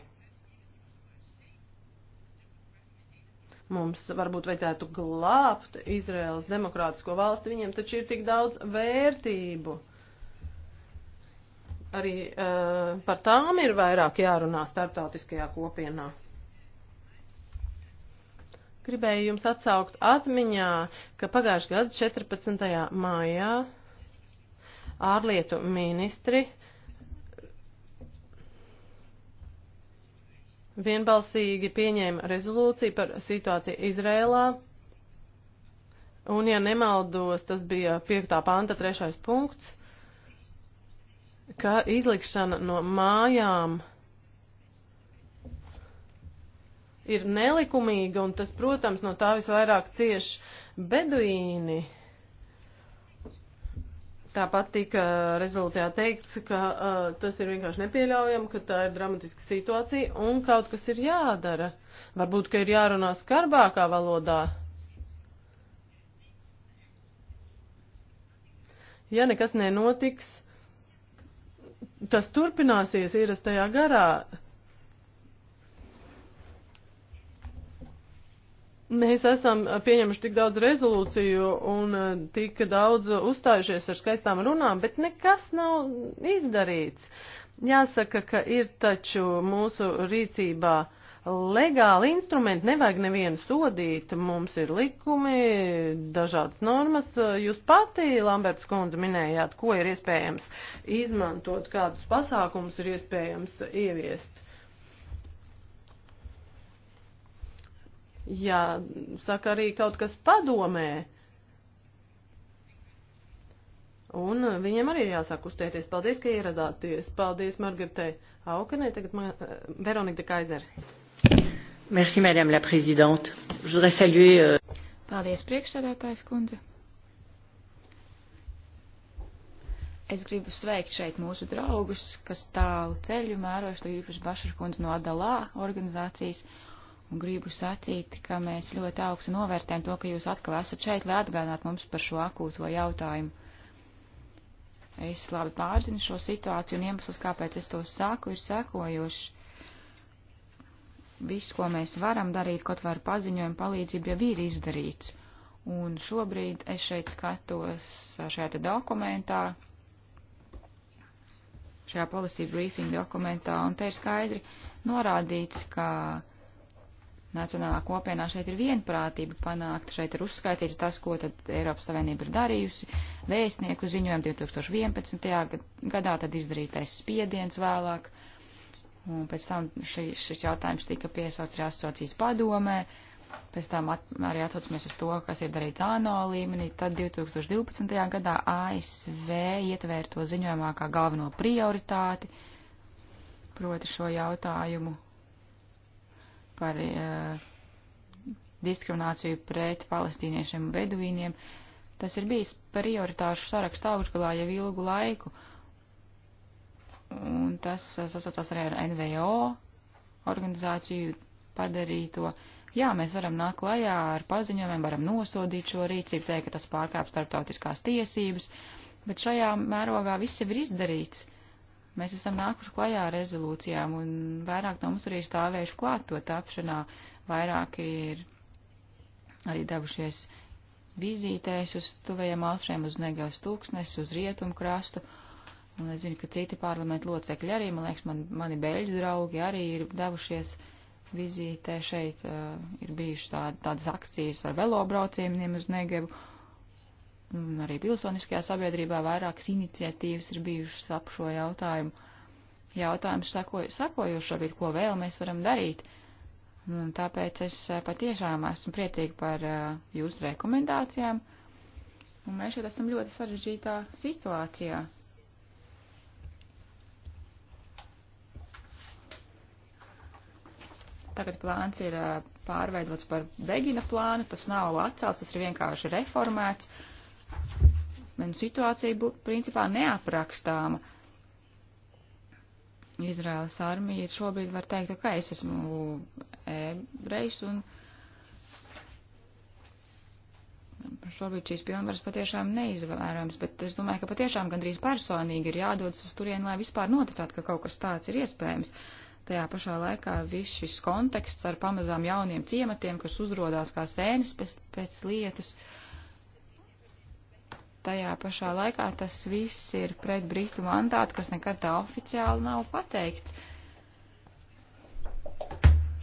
Mums varbūt vajadzētu glābt Izraels demokrātisko valsti, viņiem taču ir tik daudz vērtību. Arī uh, par tām ir vairāk jārunā starptautiskajā kopienā. Gribēju jums atsaukt atmiņā, ka pagājušajā gadā 14. maijā ārlietu ministri uh, vienbalsīgi pieņēma rezolūciju par situāciju Izrēlā. Un, ja nemaldos, tas bija 5. panta trešais punkts, ka izlikšana no mājām ir nelikumīga, un tas, protams, no tā visvairāk cieš beduīni. Tāpat tika rezultātā teikts, ka uh, tas ir vienkārši nepieļaujami, ka tā ir dramatiska situācija un kaut kas ir jādara. Varbūt, ka ir jārunā skarbākā valodā. Ja nekas nenotiks, tas turpināsies ierastajā garā. Mēs esam eh, pieņemuši tik daudz rezolūciju un eh, tik daudz uzstājušies ar skaistām runām, bet nekas nav izdarīts. Jāsaka, ka ir taču mūsu rīcībā legāli instrumenti, nevajag nevienu sodīt, mums ir likumi, dažādas normas. Jūs pati, Lamberts kundze, minējāt, ko ir iespējams izmantot, kādus pasākumus ir iespējams ieviest. jāsaka arī kaut kas padomē. Un viņiem arī ir jāsāk uzstēties. Paldies, ka ieradāties. Paldies, Margaretē Aukenē. Tagad man, eh, Veronika de Kaiser. Merci, madame la présidente. Je voudrais saluer. Euh... Paldies, priekšsēdētājs kundze. Es gribu sveikt šeit mūsu draugus, kas tālu ceļu mēroši, īpaši Bašarkundze no Adalā organizācijas un gribu sacīt, ka mēs ļoti augstu novērtējam to, ka jūs atkal esat šeit, lai atgādinātu mums par šo akūto jautājumu. Es labi pārzinu šo situāciju, un iemesls, kāpēc es to saku, ir sekojošs. Viss, ko mēs varam darīt, kaut vai ar paziņojumu palīdzību, jau ir izdarīts. Un šobrīd es šeit skatos šajā dokumentā, šajā policy briefing dokumentā, un te ir skaidri norādīts, ka nacionālā kopienā šeit ir vienprātība panākta, šeit ir uzskaitīts tas, ko tad Eiropas Savienība ir darījusi, vēstnieku ziņojumu 2011. gadā, tad izdarītais spiediens vēlāk, un pēc tam ši, šis jautājums tika piesauts arī asociācijas padomē, pēc tam at, arī atsaucamies uz to, kas ir darīts ANO līmenī, tad 2012. gadā ASV ietvēra to ziņojumā kā galveno prioritāti, proti šo jautājumu par uh, diskrimināciju pret palestīniešiem un beduīniem. Tas ir bijis prioritāšu sarakstā augšgalā jau ilgu laiku. Un tas eh, sasaucās arī ar NVO organizāciju padarīto. Jā, mēs varam nākt klajā ar paziņojumiem, varam nosodīt šo rīcību, teikt, ka tas pārkāp starptautiskās tiesības, bet šajā mērogā viss jau ir izdarīts. Uh, Mēs esam nākuši klajā ar rezolūcijām, un vairāk no mums arī stāvējuši klāt to tapšanā, vairāk ir arī devušies vizītēs uz tuvajiem austriem, uz Negavas tūksnes, uz rietumu krastu. Un es zinu, ka citi parlamentu locekļi arī, man liekas, man, mani beļģu draugi arī ir devušies vizītē šeit. Uh, ir bijušas tā, tādas akcijas ar velobraucieniem uz Negavu arī pilsoniskajā sabiedrībā vairākas iniciatīvas ir bijušas ap šo jautājumu. Jautājums sako, sakojuši šobrīd, ko vēl mēs varam darīt. Un tāpēc es eh, patiešām esmu priecīgi par eh, jūsu rekomendācijām. Un mēs šeit esam ļoti sarežģītā situācijā. Tagad plāns ir eh, pārveidots par Begina plānu, tas nav atcelts, tas ir vienkārši reformēts. Uh, Un nu situācija būtu principā neaprakstāma. Izraels armija ir šobrīd, var teikt, ka es esmu ebrejs un šobrīd šīs pilnvaras patiešām neizvērams, bet es domāju, ka patiešām gandrīz personīgi ir jādodas uz turieni, lai vispār noticētu, ka kaut kas tāds ir iespējams. Tajā pašā laikā viss šis konteksts ar pamazām jauniem ciematiem, kas uzrodās kā sēnes pēc, pēc lietas, uh, tajā pašā laikā tas viss ir pret Britu mandātu, kas nekad tā oficiāli nav pateikts.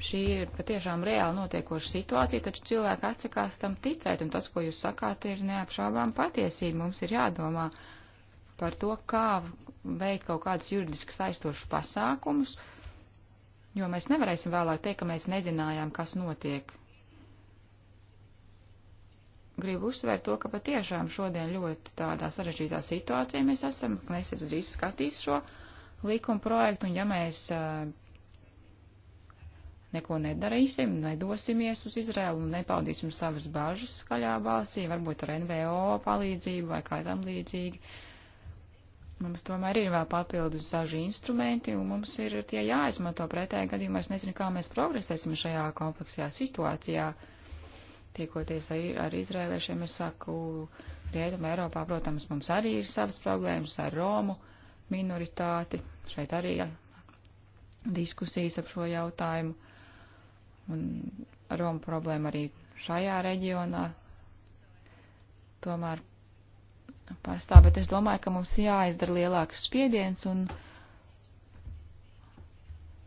Šī ir patiešām reāli notiekoša situācija, taču cilvēki atsakās tam ticēt, un tas, ko jūs sakāt, ir neapšaubām patiesība. Mums ir jādomā par to, kā veikt kaut kādus juridiski saistošus pasākumus, jo mēs nevarēsim vēlāk teikt, ka mēs nezinājām, kas notiek gribu uzsvērt to, ka patiešām šodien ļoti tādā sarežģītā situācijā mēs esam, ka mēs drīz skatīs šo likuma projektu, un ja mēs eh, neko nedarīsim, nedosimies uz Izraelu un nepaudīsim savas bažas skaļā balsī, varbūt ar NVO palīdzību vai kā tam līdzīgi. Mums tomēr ir vēl papildus daži instrumenti, un mums ir tie jāizmanto pretēji gadījumā. Es nezinu, kā mēs progresēsim šajā kompleksajā situācijā. Uh, tiekoties ar izrēliešiem, es saku, Rietumē Eiropā, protams, mums arī ir savas problēmas ar Romu minoritāti. Šeit arī diskusijas ap šo jautājumu. Un Roma problēma arī šajā reģionā tomēr pastāv, bet es domāju, ka mums jāizdara lielāks spiediens un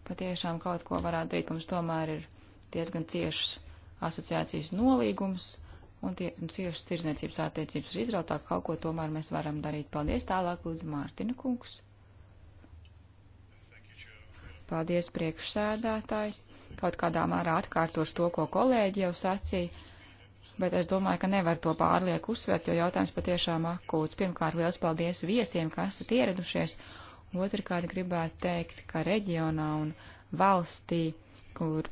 patiešām kaut ko varētu darīt. Mums tomēr ir diezgan ciešas asociācijas nolīgums un tie un ciešas tirzniecības attiecības ir izrautāk, kaut ko tomēr mēs varam darīt. Paldies tālāk, lūdzu, Mārtina kungs. Paldies priekšsēdētāji. Kaut kādā mērā atkārtošu to, ko kolēģi jau sacīja, bet es domāju, ka nevar to pārlieku uzsvērt, jo jautājums patiešām akūts. Pirmkārt, liels paldies viesiem, kas esat ieradušies. Otrakārt, gribētu teikt, ka reģionā un valstī, kur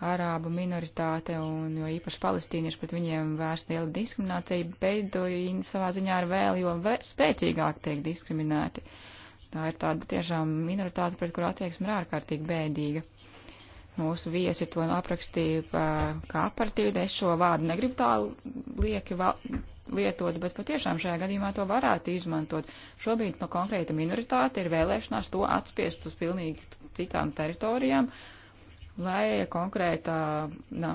arābu minoritāte un jo īpaši palestīnieši pret viņiem vērst liela diskriminācija, beidojīni savā ziņā ar vēl, jo vēl spēcīgāk tiek diskriminēti. Tā ir tāda tiešām minoritāte, pret kuru attieksme ir ārkārtīgi bēdīga. Mūsu viesi to aprakstīja kā apartīdu. Es šo vārdu negribu tā lieki lietot, bet patiešām šajā gadījumā to varētu izmantot. Šobrīd no konkrēta minoritāte ir vēlēšanās to atspiest uz pilnīgi citām teritorijām, uh, lai konkrētā, nā,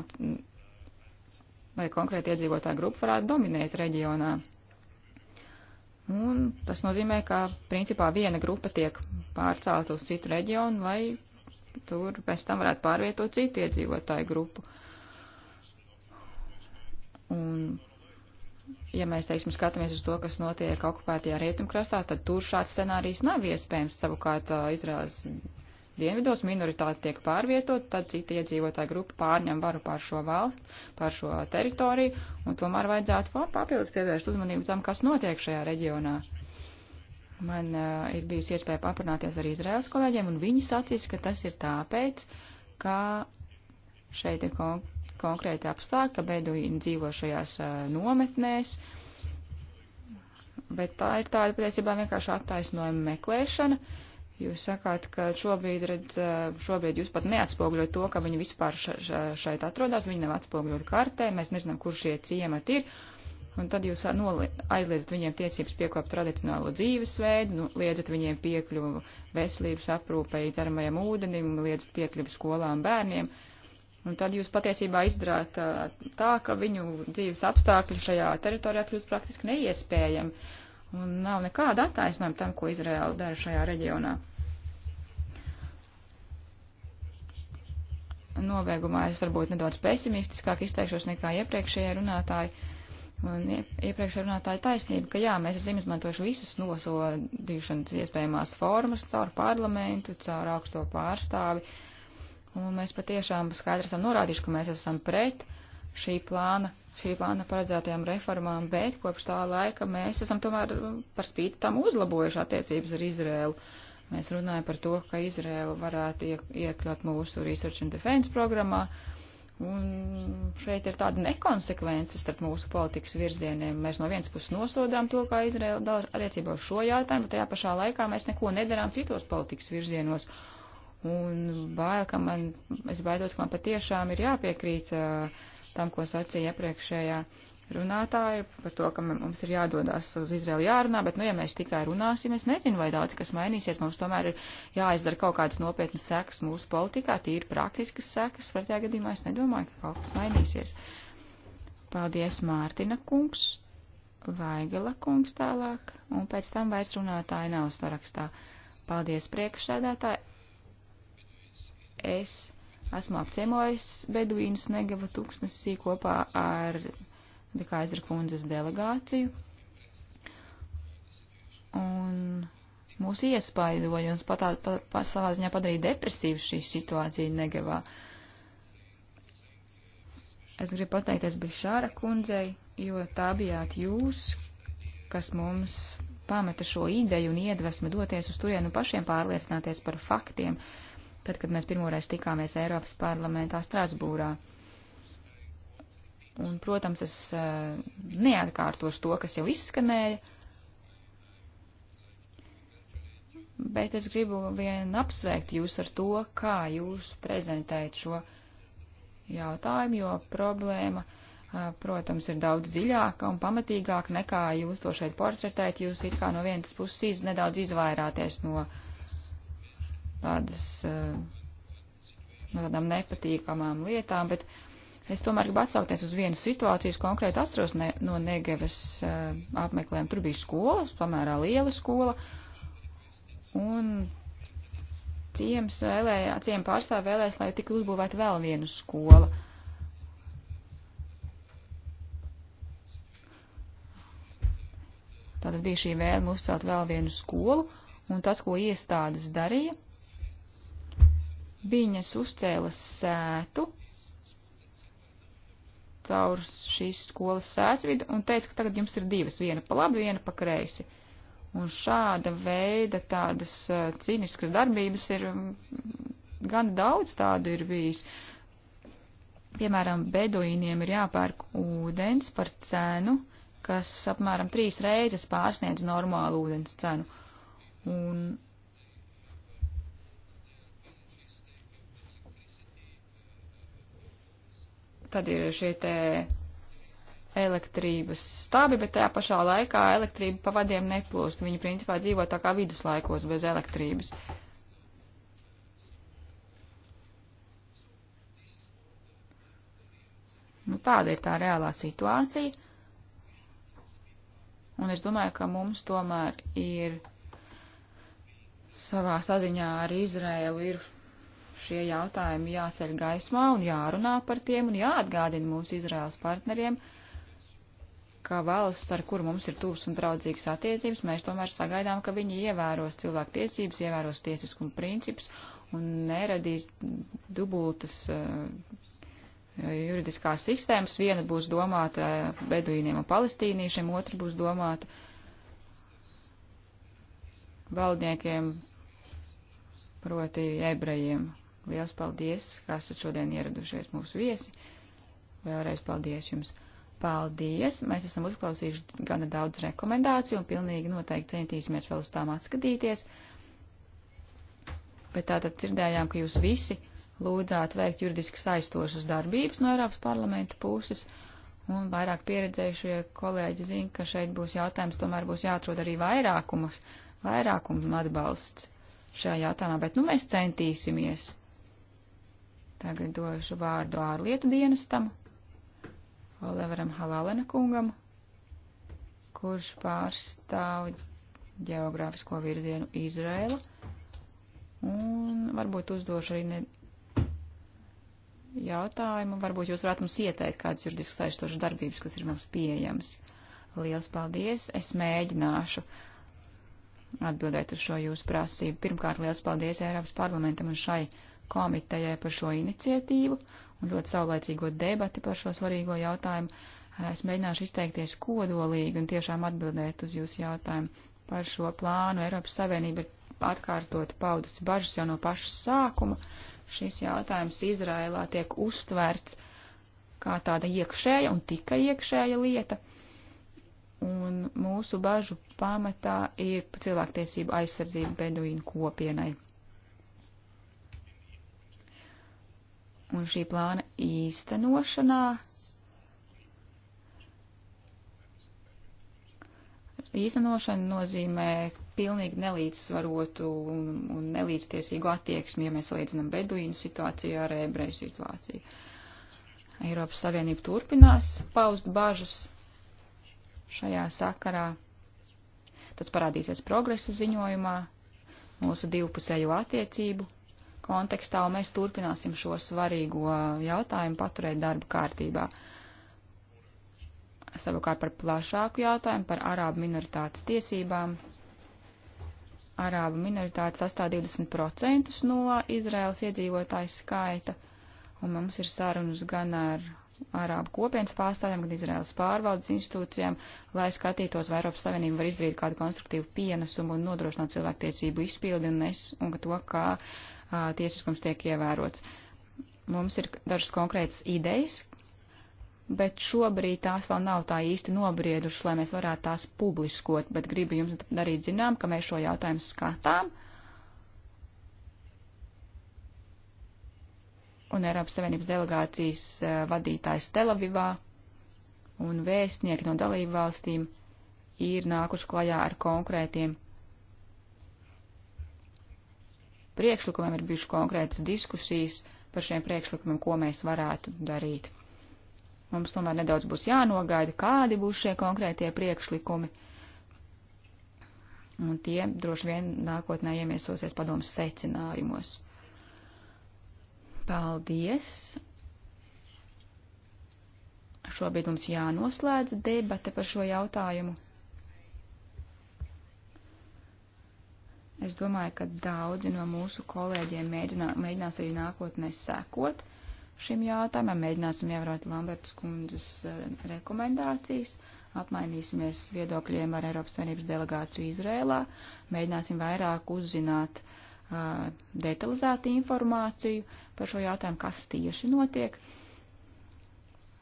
lai konkrēti iedzīvotāju grupa varētu dominēt reģionā. Un tas nozīmē, ka principā viena grupa tiek pārcelta uz citu reģionu, lai tur pēc tam varētu pārvietot citu iedzīvotāju grupu. Un, ja mēs, teiksim, skatāmies uz to, kas notiek okupētajā rietumkrastā, tad tur šāds scenārijs nav iespējams. Savukārt Izraels Dienvidos minoritāte tiek pārvietot, tad cita iedzīvotāja grupa pārņem varu pār šo valstu, pār šo teritoriju, un tomēr vajadzētu papildus pievērst uzmanību tam, kas notiek šajā reģionā. Man uh, ir bijusi iespēja paprunāties ar Izraels kolēģiem, un viņi sacīs, ka tas ir tāpēc, ka šeit ir kon konkrēti apstākļi, ka beduīni dzīvo šajās uh, nometnēs, bet tā ir tāda patiesībā vienkārši attaisnojuma meklēšana. Uh, Jūs sakāt, ka šobrīd, redz, šobrīd jūs pat neatspogļot to, ka viņi vispār šeit atrodas, viņi nav atspogļot kartē, mēs nezinām, kur šie ciemati ir. Un tad jūs aizliedzat viņiem tiesības piekopt tradicionālo dzīvesveidu, nu, liedzat viņiem piekļuvu veselības aprūpei, dzeramajam ūdenim, liedzat piekļuvu skolām bērniem. Un tad jūs patiesībā izdarāt tā, ka viņu dzīves apstākļi šajā teritorijā kļūst praktiski neiespējami un nav nekāda attaisnojuma tam, ko Izraēla dara šajā reģionā. novēgumā es varbūt nedaudz pesimistiskāk izteikšos nekā iepriekšējie runātāji. Un iepriekšējā runātāja taisnība, ka jā, mēs esam izmantojuši visus nosodīšanas iespējamās formas caur parlamentu, caur augsto pārstāvi. Un mēs patiešām skaidri esam norādījuši, ka mēs esam pret šī plāna, šī plāna paredzētajām reformām, bet kopš tā laika mēs esam tomēr par spīti tam uzlabojuši attiecības ar Izrēlu. Uh, Mēs runājam par to, ka Izrēla varētu iekļaut mūsu Research and Defense programmā. Un šeit ir tāda nekonsekvence starp mūsu politikas virzieniem. Mēs no vienas puses nosodām to, kā Izraela dala attiecībā uz šo jautājumu, bet tajā pašā laikā mēs neko nedarām citos politikas virzienos. Un bail, ka man, es baidos, ka man patiešām ir jāpiekrīt uh, tam, ko sacīja iepriekšējā uh, runātāju par to, ka mums ir jādodas uz Izraeli jārunā, bet, nu, ja mēs tikai runāsim, es nezinu, vai daudz kas mainīsies. Mums tomēr ir jāizdara kaut kādas nopietnas sekas mūsu politikā, tīri praktiskas sekas. Pretējā gadījumā es nedomāju, ka kaut kas mainīsies. Paldies, Mārtina kungs, Vaigela kungs tālāk, un pēc tam vairs runātāji nav sarakstā. Paldies, priekšsēdētāji. Es esmu apciemojis beduīnus Negava tūkstnesī kopā ar Dekaizra kundzes delegāciju. Un mūs iespaidoja un pat, pat, pat savā ziņā padarīja depresīvu šī situācija Negevā. Es gribu pateikties Bišāra kundzei, jo tā bijāt jūs, kas mums pameta šo ideju un iedvesmi doties uz turienu pašiem pārliecināties par faktiem, tad, kad mēs pirmoreiz tikāmies Eiropas parlamentā Strasbūrā. Un, protams, es eh, neatkārtošu to, kas jau izskanēja, bet es gribu vien apsveikt jūs ar to, kā jūs prezentējat šo jautājumu, jo problēma, eh, protams, ir daudz dziļāka un pamatīgāka nekā jūs to šeit portretējat. Jūs it kā no vienas puses iz, nedaudz izvairāties no tādas, eh, no tādām nepatīkamām lietām, bet Es tomēr gribu atsaukties uz vienu situāciju, es konkrēti atceros ne, no Negevas uh, eh, apmeklējuma. Tur bija skola, pamērā liela skola, un ciems, vēlējā, ciems pārstāv vēlēs, lai tik uzbūvētu vēl vienu skolu. Tātad bija šī vēlme uzcelt vēl vienu skolu, un tas, ko iestādes darīja, viņas uzcēla sētu caur šīs skolas sēdzvidu un teica, ka tagad jums ir divas, viena pa labi, viena pa kreisi. Un šāda veida tādas cīniskas darbības ir gan daudz tādu ir bijis. Piemēram, beduīniem ir jāpērk ūdens par cenu, kas apmēram trīs reizes pārsniedz normālu ūdens cenu. Un Tad ir šie te elektrības stābi, bet tajā pašā laikā elektrība pa vadiem neplūst. Viņi principā dzīvo tā kā viduslaikos bez elektrības. Nu, tāda ir tā reālā situācija. Un es domāju, ka mums tomēr ir savā saziņā ar Izrēlu ir šie jautājumi jāceļ gaismā un jārunā par tiem un jāatgādina mūsu Izraels partneriem, ka valsts, ar kuru mums ir tuvs un draudzīgs attiecības, mēs tomēr sagaidām, ka viņi ievēros cilvēku tiesības, ievēros tiesiskumu principus un neradīs dubultas uh, juridiskās sistēmas. Viena būs domāta beduīniem un palestīniešiem, otra būs domāta valdniekiem, proti ebrejiem. Liels paldies, kā esat šodien ieradušies mūsu viesi. Vēlreiz paldies jums. Paldies! Mēs esam uzklausījuši gana daudz rekomendāciju un pilnīgi noteikti centīsimies vēl uz tām atskatīties. Bet tātad dzirdējām, ka jūs visi lūdzāt veikt juridiski saistošas darbības no Eiropas parlamenta puses, un vairāk pieredzējušie kolēģi zina, ka šeit būs jautājums, tomēr būs jāatrod arī vairākumus, vairākuma atbalsts šajā jautājumā, bet nu mēs centīsimies. Tagad došu vārdu ārlietu dienestam, Oliveram Halalena kungam, kurš pārstāv geogrāfisko virdienu Izraela. Un varbūt uzdošu arī ne jautājumu, varbūt jūs varat mums ieteikt kādas juridiski saistošas darbības, kas ir mums pieejamas. Liels paldies! Es mēģināšu atbildēt uz šo jūsu prasību. Pirmkārt, liels paldies Eiropas parlamentam un šai komitejai par šo iniciatīvu un ļoti saulēcīgo debati par šo svarīgo jautājumu. Es mēģināšu izteikties kodolīgi un tiešām atbildēt uz jūsu jautājumu par šo plānu. Eiropas Savienība ir atkārtot paudusi bažas jau no paša sākuma. Šis jautājums Izrēlā tiek uztverts kā tāda iekšēja un tikai iekšēja lieta. Un mūsu bažu pamatā ir cilvēktiesība aizsardzība beduīnu kopienai. Un šī plāna īstenošanā īstenošana nozīmē pilnīgi nelīdzsvarotu un, un nelīdztiesīgu attieksmi, ja mēs salīdzinām beduīnu situāciju ar ebreju situāciju. Eiropas Savienība turpinās paust bažas šajā sakarā. Tas parādīsies progresa ziņojumā, mūsu divpusējo attiecību kontekstā, un mēs turpināsim šo svarīgo jautājumu paturēt darba kārtībā. Savukārt par plašāku jautājumu par arābu minoritātes tiesībām. Arābu minoritāte sastāv 20% no Izraels iedzīvotāju skaita, un mums ir sarunas gan ar Arābu kopienas pārstāvjiem, gan Izraels pārvaldes institūcijām, lai skatītos, vai Eiropas Savienība var izdarīt kādu konstruktīvu pienesumu un nodrošināt cilvēktiesību izpildi un, es, un to, kā uh, tiesiskums tiek ievērots. Mums ir dažas konkrētas idejas, bet šobrīd tās vēl nav tā īsti nobriedušas, lai mēs varētu tās publiskot, bet gribu jums darīt zinām, ka mēs šo jautājumu skatām. Un Eiropas Savienības delegācijas vadītājs Telavivā un vēstnieki no dalību valstīm ir nākuši klajā ar konkrētiem priekšlikumiem, ir bijušas konkrētas diskusijas par šiem priekšlikumiem, ko mēs varētu darīt. Mums tomēr nedaudz būs jānogaida, kādi būs šie konkrētie priekšlikumi, un tie droši vien nākotnē iemiesosies padomus secinājumos. Paldies! Šobrīd mums jānoslēdz debate par šo jautājumu. Es domāju, ka daudzi no mūsu kolēģiem mēģinā, mēģinās arī nākotnē sekot šim jautājumam, mēģināsim ievērot Lambertas kundzes eh, rekomendācijas, apmainīsimies viedokļiem ar Eiropas Savienības delegāciju Izrēlā, mēģināsim vairāk uzzināt uh, detalizētu informāciju par šo jautājumu, kas tieši notiek.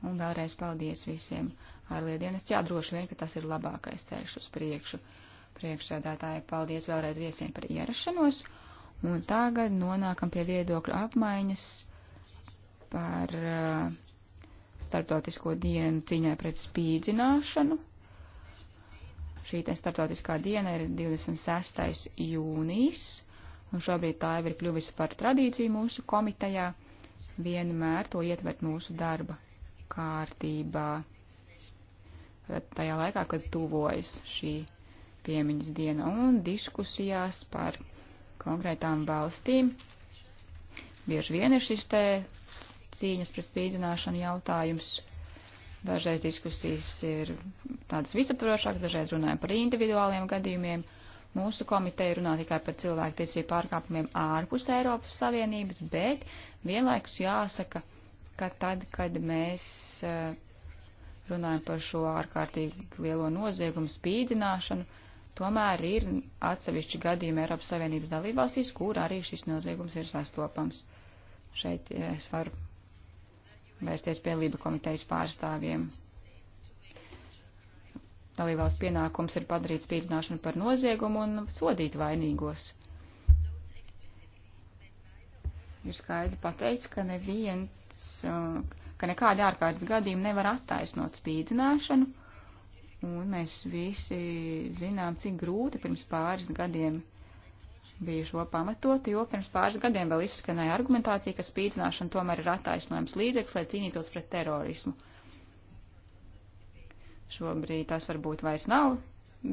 Un vēlreiz paldies visiem ārlietdienas. Jā, droši vien, ka tas ir labākais ceļš uz priekšu. Uh, Priekšsēdētāji, paldies vēlreiz viesiem par ierašanos. Un tagad nonākam pie viedokļu apmaiņas par uh, starptautisko dienu cīņai pret spīdzināšanu. Šī te starptautiskā diena ir 26. jūnijas, un šobrīd tā jau ir kļuvusi par tradīciju mūsu komitejā. Vienmēr to ietvert mūsu darba kārtībā. Tajā laikā, kad tuvojas šī piemiņas dienu un diskusijās par konkrētām valstīm. Bieži vien ir šis te cīņas pret spīdzināšanu jautājums. Dažreiz diskusijas ir tādas visaptvarošākas, dažreiz runājam par individuāliem gadījumiem. Mūsu komiteja runā tikai par cilvēktiesību pārkāpumiem ārpus Eiropas Savienības, bet vienlaikus jāsaka, ka tad, kad mēs eh, runājam par šo ārkārtīgi lielo noziegumu spīdzināšanu, Tomēr ir atsevišķi gadījumi Eiropas Savienības dalībvalstīs, kur arī šis noziegums ir sastopams. Šeit es varu vērsties pie Lība komitejas pārstāvjiem. Dalībvalsts pienākums ir padarīt spīdzināšanu par noziegumu un sodīt vainīgos. Ir skaidri pateikts, ka neviens, ka nekādi ārkārtas gadījumi nevar attaisnot spīdzināšanu Un mēs visi zinām, cik grūti pirms pāris gadiem bija šo pamatot, jo pirms pāris gadiem vēl izskanēja argumentācija, ka spīdzināšana tomēr ir attaisnojums līdzeklis, lai cīnītos pret terorismu. Šobrīd tas varbūt vairs nav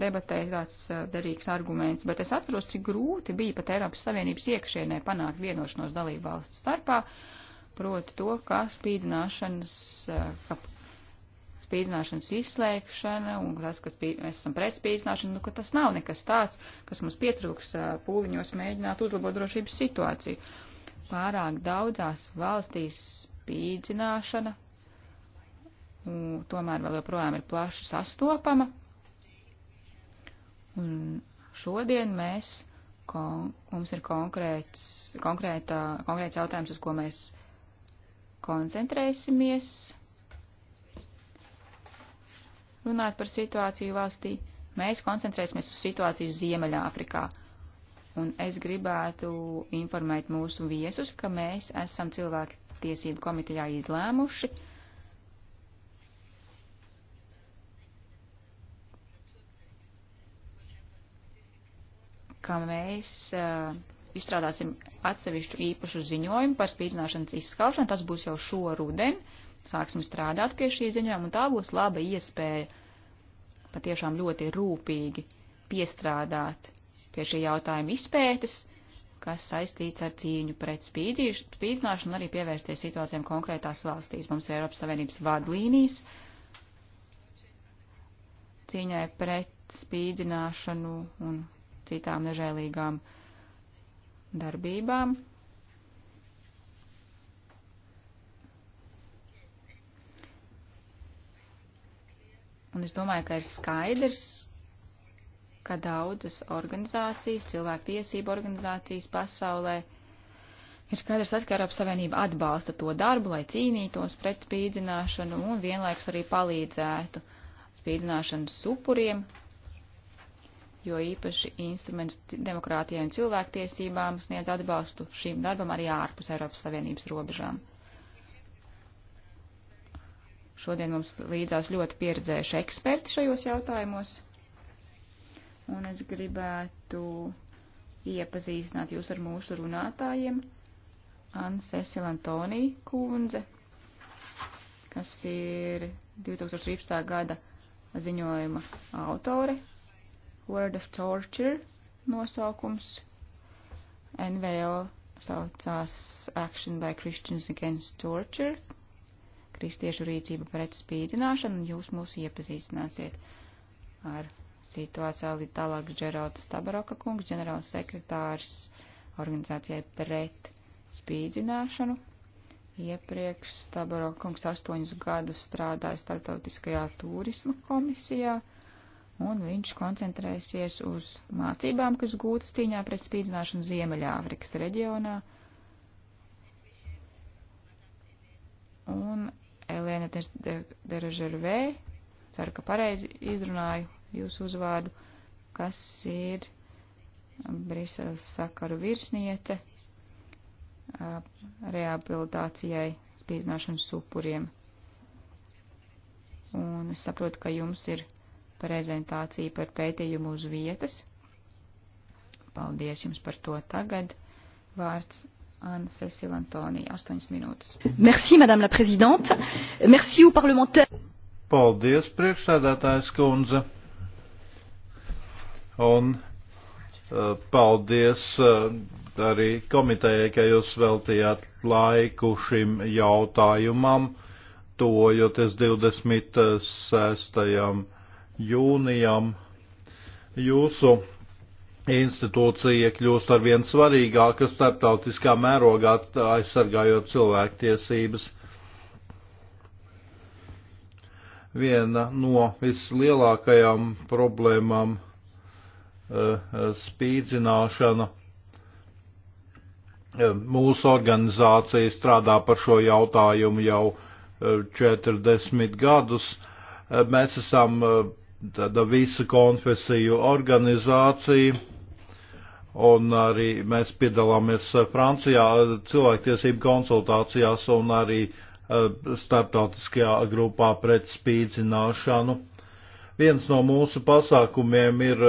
debatē tāds derīgs arguments, bet es atceros, cik grūti bija pat Eiropas Savienības iekšienē panākt vienošanos dalību valsts starpā, proti to, ka spīdzināšanas, ka spīdzināšanas izslēgšana un tas, ka spī, mēs esam pret spīdzināšanu, nu, ka tas nav nekas tāds, kas mums pietrūks pūliņos mēģināt uzlabot drošības situāciju. Pārāk daudzās valstīs spīdzināšana un, tomēr vēl joprojām ir plaši sastopama. Un šodien mēs, kon, mums ir konkrēts, konkrēta, konkrēts jautājums, uz ko mēs koncentrēsimies runāt par situāciju valstī. Mēs koncentrēsimies uz situāciju Ziemeļāfrikā. Un es gribētu informēt mūsu viesus, ka mēs esam cilvēku tiesību komitejā izlēmuši, ka mēs uh, izstrādāsim atsevišķu īpašu ziņojumu par spīdzināšanas izskaušanu. Tas būs jau šo rudenu sāksim strādāt pie šī ziņojuma, un tā būs laba iespēja patiešām ļoti rūpīgi piestrādāt pie šī jautājuma izpētes, kas saistīts ar cīņu pret spīdzināšanu, arī pievērsties situācijām konkrētās valstīs. Mums ir Eiropas Savienības vadlīnijas cīņai pret spīdzināšanu un citām nežēlīgām darbībām. Un es domāju, ka ir skaidrs, ka daudzas organizācijas, cilvēktiesību organizācijas pasaulē, ir skaidrs tas, ka Eiropas Savienība atbalsta to darbu, lai cīnītos pret spīdzināšanu un vienlaiks arī palīdzētu spīdzināšanas upuriem, jo īpaši instruments demokrātijai un cilvēktiesībām sniedz atbalstu šīm darbam arī ārpus Eiropas Savienības robežām. Šodien mums līdzās ļoti pieredzējuši eksperti šajos jautājumos. Un es gribētu iepazīstināt jūs ar mūsu runātājiem. Anna Cecil Antonija kundze, kas ir 2013. gada ziņojuma autore, Word of Torture nosaukums. NVO saucās Action by Christians Against Torture, kristiešu rīcība pret spīdzināšanu, un jūs mūs iepazīstināsiet ar situāciju. Tālāk Džerauds Tabaroka kungs, ģenerāls sekretārs organizācijai pret spīdzināšanu. Iepriekš Tabaroka kungs astoņus gadus strādāja starptautiskajā turisma komisijā, un viņš koncentrēsies uz mācībām, kas gūtas cīņā pret spīdzināšanu Ziemeļāfrikas reģionā. Un Benetes Derežervē, ceru, ka pareizi izrunāju jūsu uzvārdu, kas ir Briseles sakaru virsniece rehabilitācijai spīdzināšanas upuriem. Un es saprotu, ka jums ir prezentācija par pētījumu uz vietas. Paldies jums par to tagad. Vārds Anna Cecil Antoni, 8 minūtes. Merci, madame la prezidente. Merci, u parlamentēr. Paldies, priekšsēdētājs kundze. Un eh, paldies eh, arī komitejai, ka jūs veltījāt laiku šim jautājumam, tojoties 26. jūnijam jūsu institūcija kļūst ar vien svarīgāka starptautiskā mērogā aizsargājot cilvēktiesības. Viena no vislielākajām problēmām eh, - spīdzināšana. Eh, mūsu organizācija strādā par šo jautājumu jau 40 eh, gadus. Mēs esam tāda visu konfesiju organizācija un arī mēs piedalāmies eh, Francijā eh, cilvēktiesību konsultācijās un arī eh, starptautiskajā grupā pret spīdzināšanu. Viens no mūsu pasākumiem ir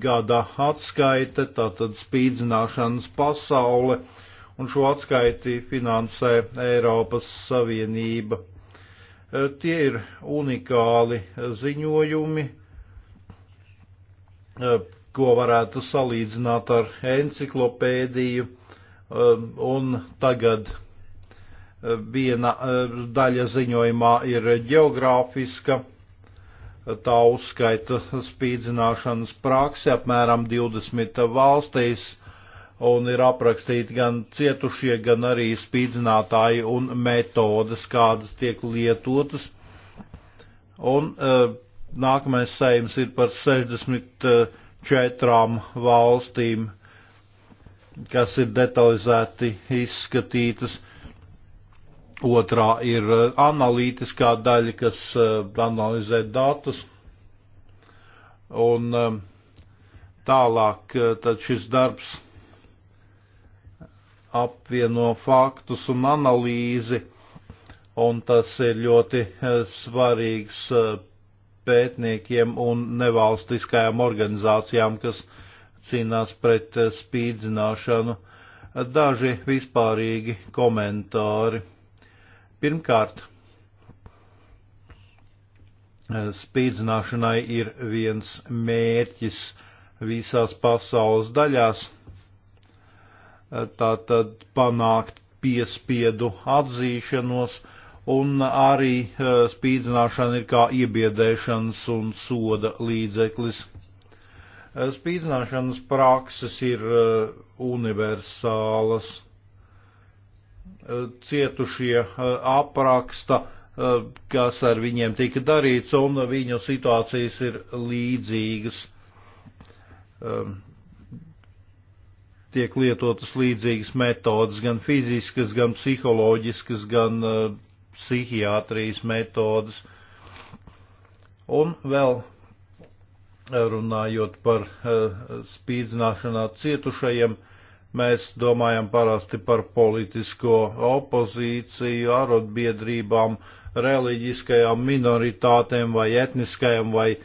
gada atskaite, tātad spīdzināšanas pasaule, un šo atskaiti finansē Eiropas Savienība. Tie ir unikāli ziņojumi, ko varētu salīdzināt ar enciklopēdiju, um, un tagad uh, viena uh, daļa ziņojumā ir geogrāfiska, tā uzskaita spīdzināšanas praksi apmēram 20 valstīs, un ir aprakstīti gan cietušie, gan arī spīdzinātāji un metodas, kādas tiek lietotas. Un, uh, Nākamais sējums ir par 60 četrām valstīm, kas ir detalizēti izskatītas. Otrā ir eh, analītiskā daļa, kas eh, analizē datus. Un eh, tālāk tad šis darbs apvieno faktus un analīzi, un tas ir ļoti svarīgs pētniekiem un nevalstiskajām organizācijām, kas cīnās pret eh, spīdzināšanu. Daži vispārīgi komentāri. Pirmkārt, eh, spīdzināšanai ir viens mērķis visās pasaules daļās eh, - tātad panākt piespiedu atzīšanos, un arī eh, spīdzināšana ir kā iebiedēšanas un soda līdzeklis. Eh, spīdzināšanas prakses ir eh, universālas. Cietušie apraksta, kas ar viņiem tika darīts, un viņu situācijas ir līdzīgas. Tiek lietotas līdzīgas metodas, gan fiziskas, gan psiholoģiskas, gan psihiatrijas metodas. Un vēl eh, runājot par eh, spīdzināšanā cietušajiem, mēs domājam parasti par politisko opozīciju, arotbiedrībām, reliģiskajām minoritātēm vai etniskajām vai eh,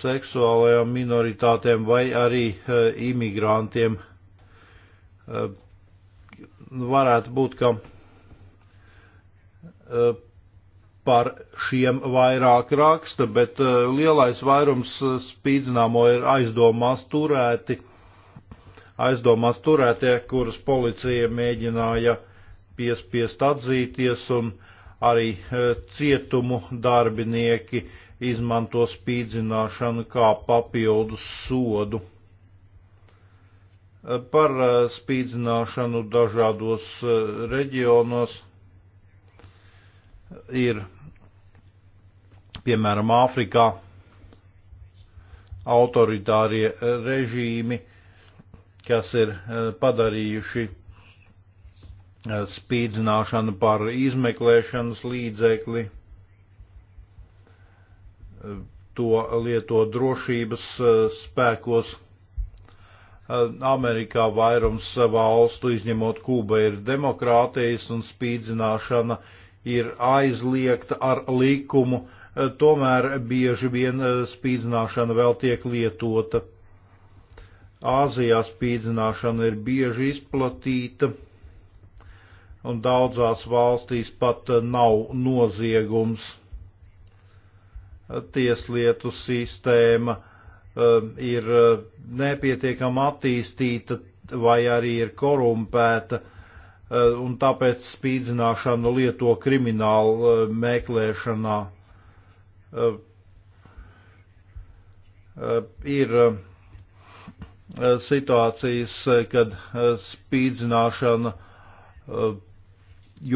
seksuālajām minoritātēm vai arī imigrantiem. Varētu būt, ka Eh, par šiem vairāk raksta, bet eh, lielais vairums eh, spīdzināmo ir aizdomās turēti, aizdomās turētie, kurus policija mēģināja piespiest atzīties, un arī cietumu darbinieki izmanto spīdzināšanu kā papildus sodu. Par spīdzināšanu dažādos reģionos ir, piemēram, Āfrikā autoritārie eh, režīmi, kas ir eh, padarījuši eh, spīdzināšanu par izmeklēšanas līdzekli, to lieto drošības spēkos. Amerikā vairums valstu, izņemot Kūba, ir demokrātijas un spīdzināšana uh, ir aizliegta ar likumu, eh, tomēr bieži vien eh, spīdzināšana vēl tiek lietota. Āzijā spīdzināšana ir bieži izplatīta, un daudzās valstīs pat eh, nav noziegums. Tieslietu sistēma ir nepietiekama attīstīta vai arī ir korumpēta, Eh, un tāpēc spīdzināšanu lieto kriminālu eh, meklēšanā. Eh, ir situācijas, kad spīdzināšana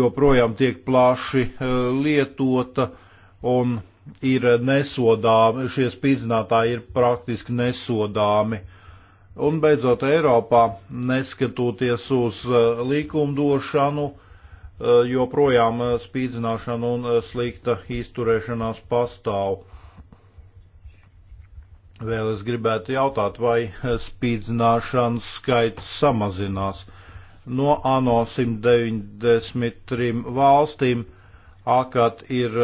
joprojām tiek plaši lietota un ir nesodāmi, šie spīdzinātāji ir praktiski nesodāmi. Uh, Un beidzot, Eiropā, neskatoties uz uh, likumdošanu, uh, joprojām uh, spīdzināšana un slikta izturēšanās pastāv. Vēl es gribētu jautāt, vai spīdzināšanas skaits samazinās. No ANO 193 valstīm AKAT ir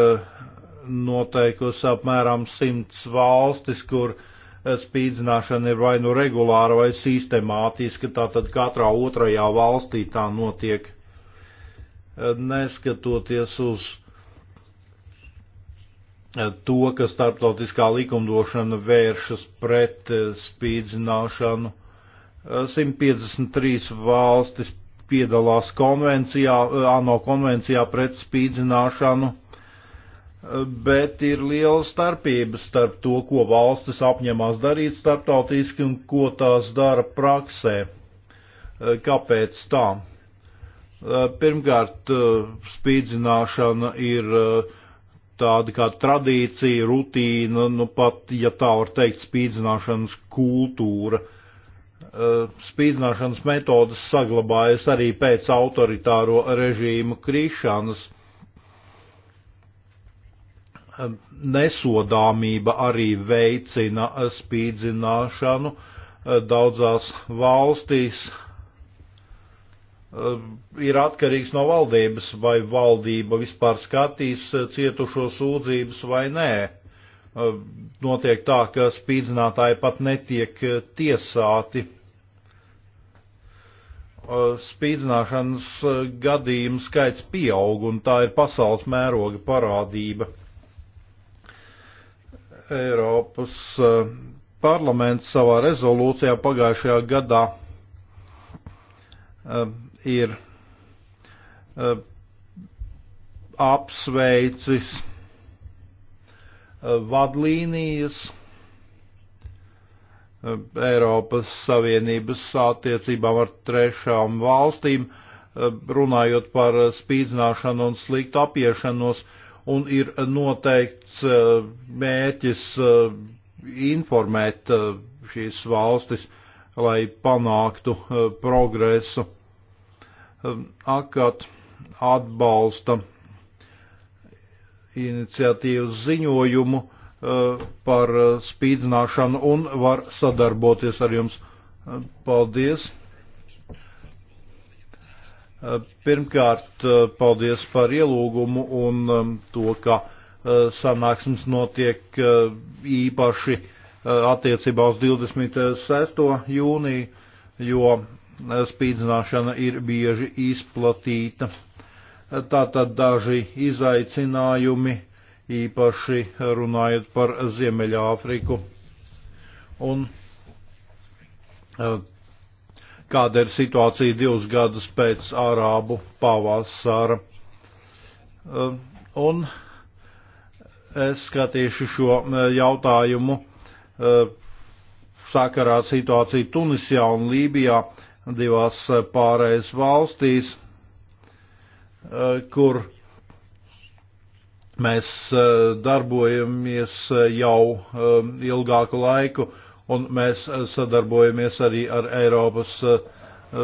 noteikusi apmēram 100 valstis, kur uh, spīdzināšana ir vai nu regulāra vai sistemātiska, tātad katrā otrajā valstī tā notiek, neskatoties uz eh, to, ka starptautiskā likumdošana vēršas pret eh, spīdzināšanu. 153 eh, valstis piedalās konvencijā, ANO konvencijā pret spīdzināšanu bet ir liela starpība starp to, ko valstis apņemās darīt starptautiski un ko tās dara praksē. Eh, kāpēc tā? Eh, pirmkārt, eh, spīdzināšana ir tāda kā tradīcija, rutīna, nu pat, ja tā var teikt, spīdzināšanas kultūra. Spīdzināšanas metodas saglabājas arī pēc autoritāro režīmu krišanas. Um, nesodāmība arī veicina spīdzināšanu uh, daudzās valstīs. Um, ir atkarīgs no valdības, vai valdība vispār skatīs uh, cietušo sūdzības vai nē. Um, notiek tā, ka spīdzinātāji pat netiek uh, tiesāti. Spīdzināšanas gadījumu skaits pieaug, un tā ir pasaules mēroga parādība. Eiropas eh, parlaments savā rezolūcijā pagājušajā gadā eh, ir eh, apsveicis vadlīnijas Eiropas Savienības attiecībām ar trešām valstīm, runājot par spīdzināšanu un sliktu apiešanos. No un ir noteikts eh, mēķis eh, informēt eh, šīs valstis, lai panāktu progresu. Akat atbalsta iniciatīvas ziņojumu par spīdzināšanu un var sadarboties ar jums. Paldies! Eh, pirmkārt, eh, paldies par ielūgumu un eh, to, ka sanāksmes notiek īpaši attiecībā uz 26. jūniju, jo spīdzināšana ir bieži izplatīta. Tātad daži izaicinājumi, īpaši runājot par Ziemeļāfriku. Un kāda ir situācija divus gadus pēc Arābu pavasara. Um, un es skatīšu šo um, jautājumu um, sakarā situāciju Tunisijā un Lībijā, divās pārējais valstīs, kur mēs darbojamies jau ilgāku laiku un mēs eh, sadarbojamies arī ar Eiropas eh,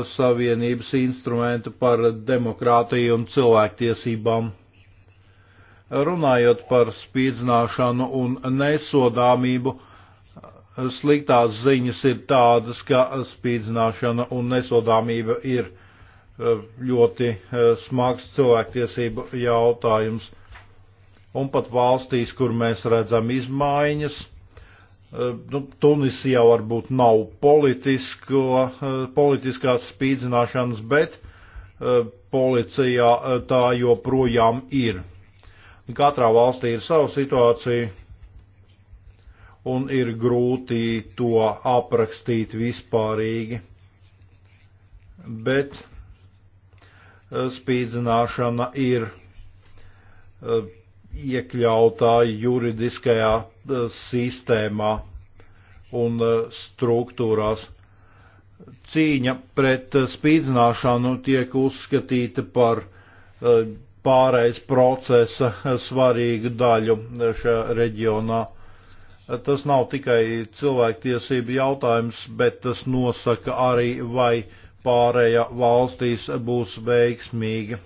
Savienības instrumentu par demokrātiju un cilvēktiesībām. Runājot par spīdzināšanu un nesodāmību, eh, sliktās ziņas ir tādas, ka spīdzināšana un nesodāmība ir ļoti smags cilvēktiesību jautājums. Un pat valstīs, kur mēs redzam izmaiņas, Eh, nu, Tunisijā varbūt nav politisko, eh, politiskās spīdzināšanas, bet eh, policijā tā joprojām ir. Katrā valstī ir sava situācija un ir grūti to aprakstīt vispārīgi. Bet spīdzināšana ir iekļautā juridiskajā eh, sistēmā un eh, struktūrās. Cīņa pret eh, spīdzināšanu tiek uzskatīta par pārējais procesa svarīgu daļu šajā reģionā. Tas nav tikai cilvēktiesību jautājums, bet tas nosaka arī, vai pārējā valstīs būs veiksmīga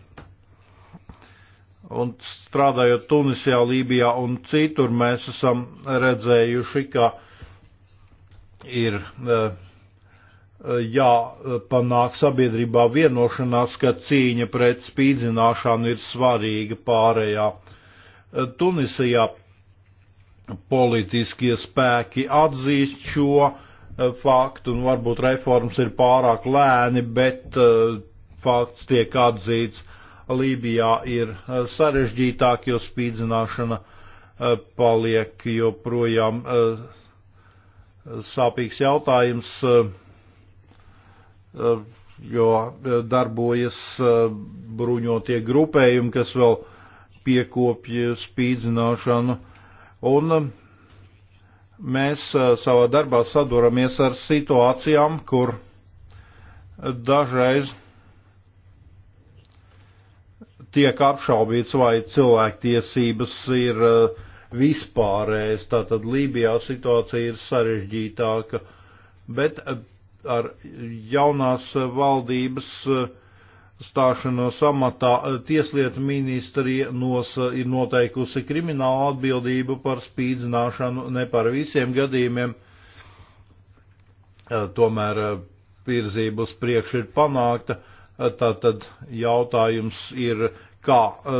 Un strādājot Tunisijā, Lībijā un citur, mēs esam redzējuši, ka ir e, e, jāpanāk sabiedrībā vienošanās, ka cīņa pret spīdzināšanu ir svarīga pārējā. E, Tunisijā politiskie spēki atzīst šo faktu, un varbūt reformas ir pārāk lēni, bet fakts tiek atzīts Lībijā ir eh, sarežģītāk, jo spīdzināšana eh, paliek joprojām eh, sāpīgs jautājums, jo darbojas bruņotie grupējumi, kas vēl piekopja spīdzināšanu. Un mēs savā darbā saduramies ar situācijām, kur dažreiz tiek apšaubīts, vai cilvēktiesības ir eh, vispārējas. Tātad Lībijā situācija ir sarežģītāka, bet eh, ar jaunās valdības eh, stāšanos amatā tieslietu ministrija nos, ir noteikusi kriminālu atbildību par spīdzināšanu, ne par visiem gadījumiem. Tomēr virzība uz priekšu ir panākta. Tātad jautājums ir, kā e,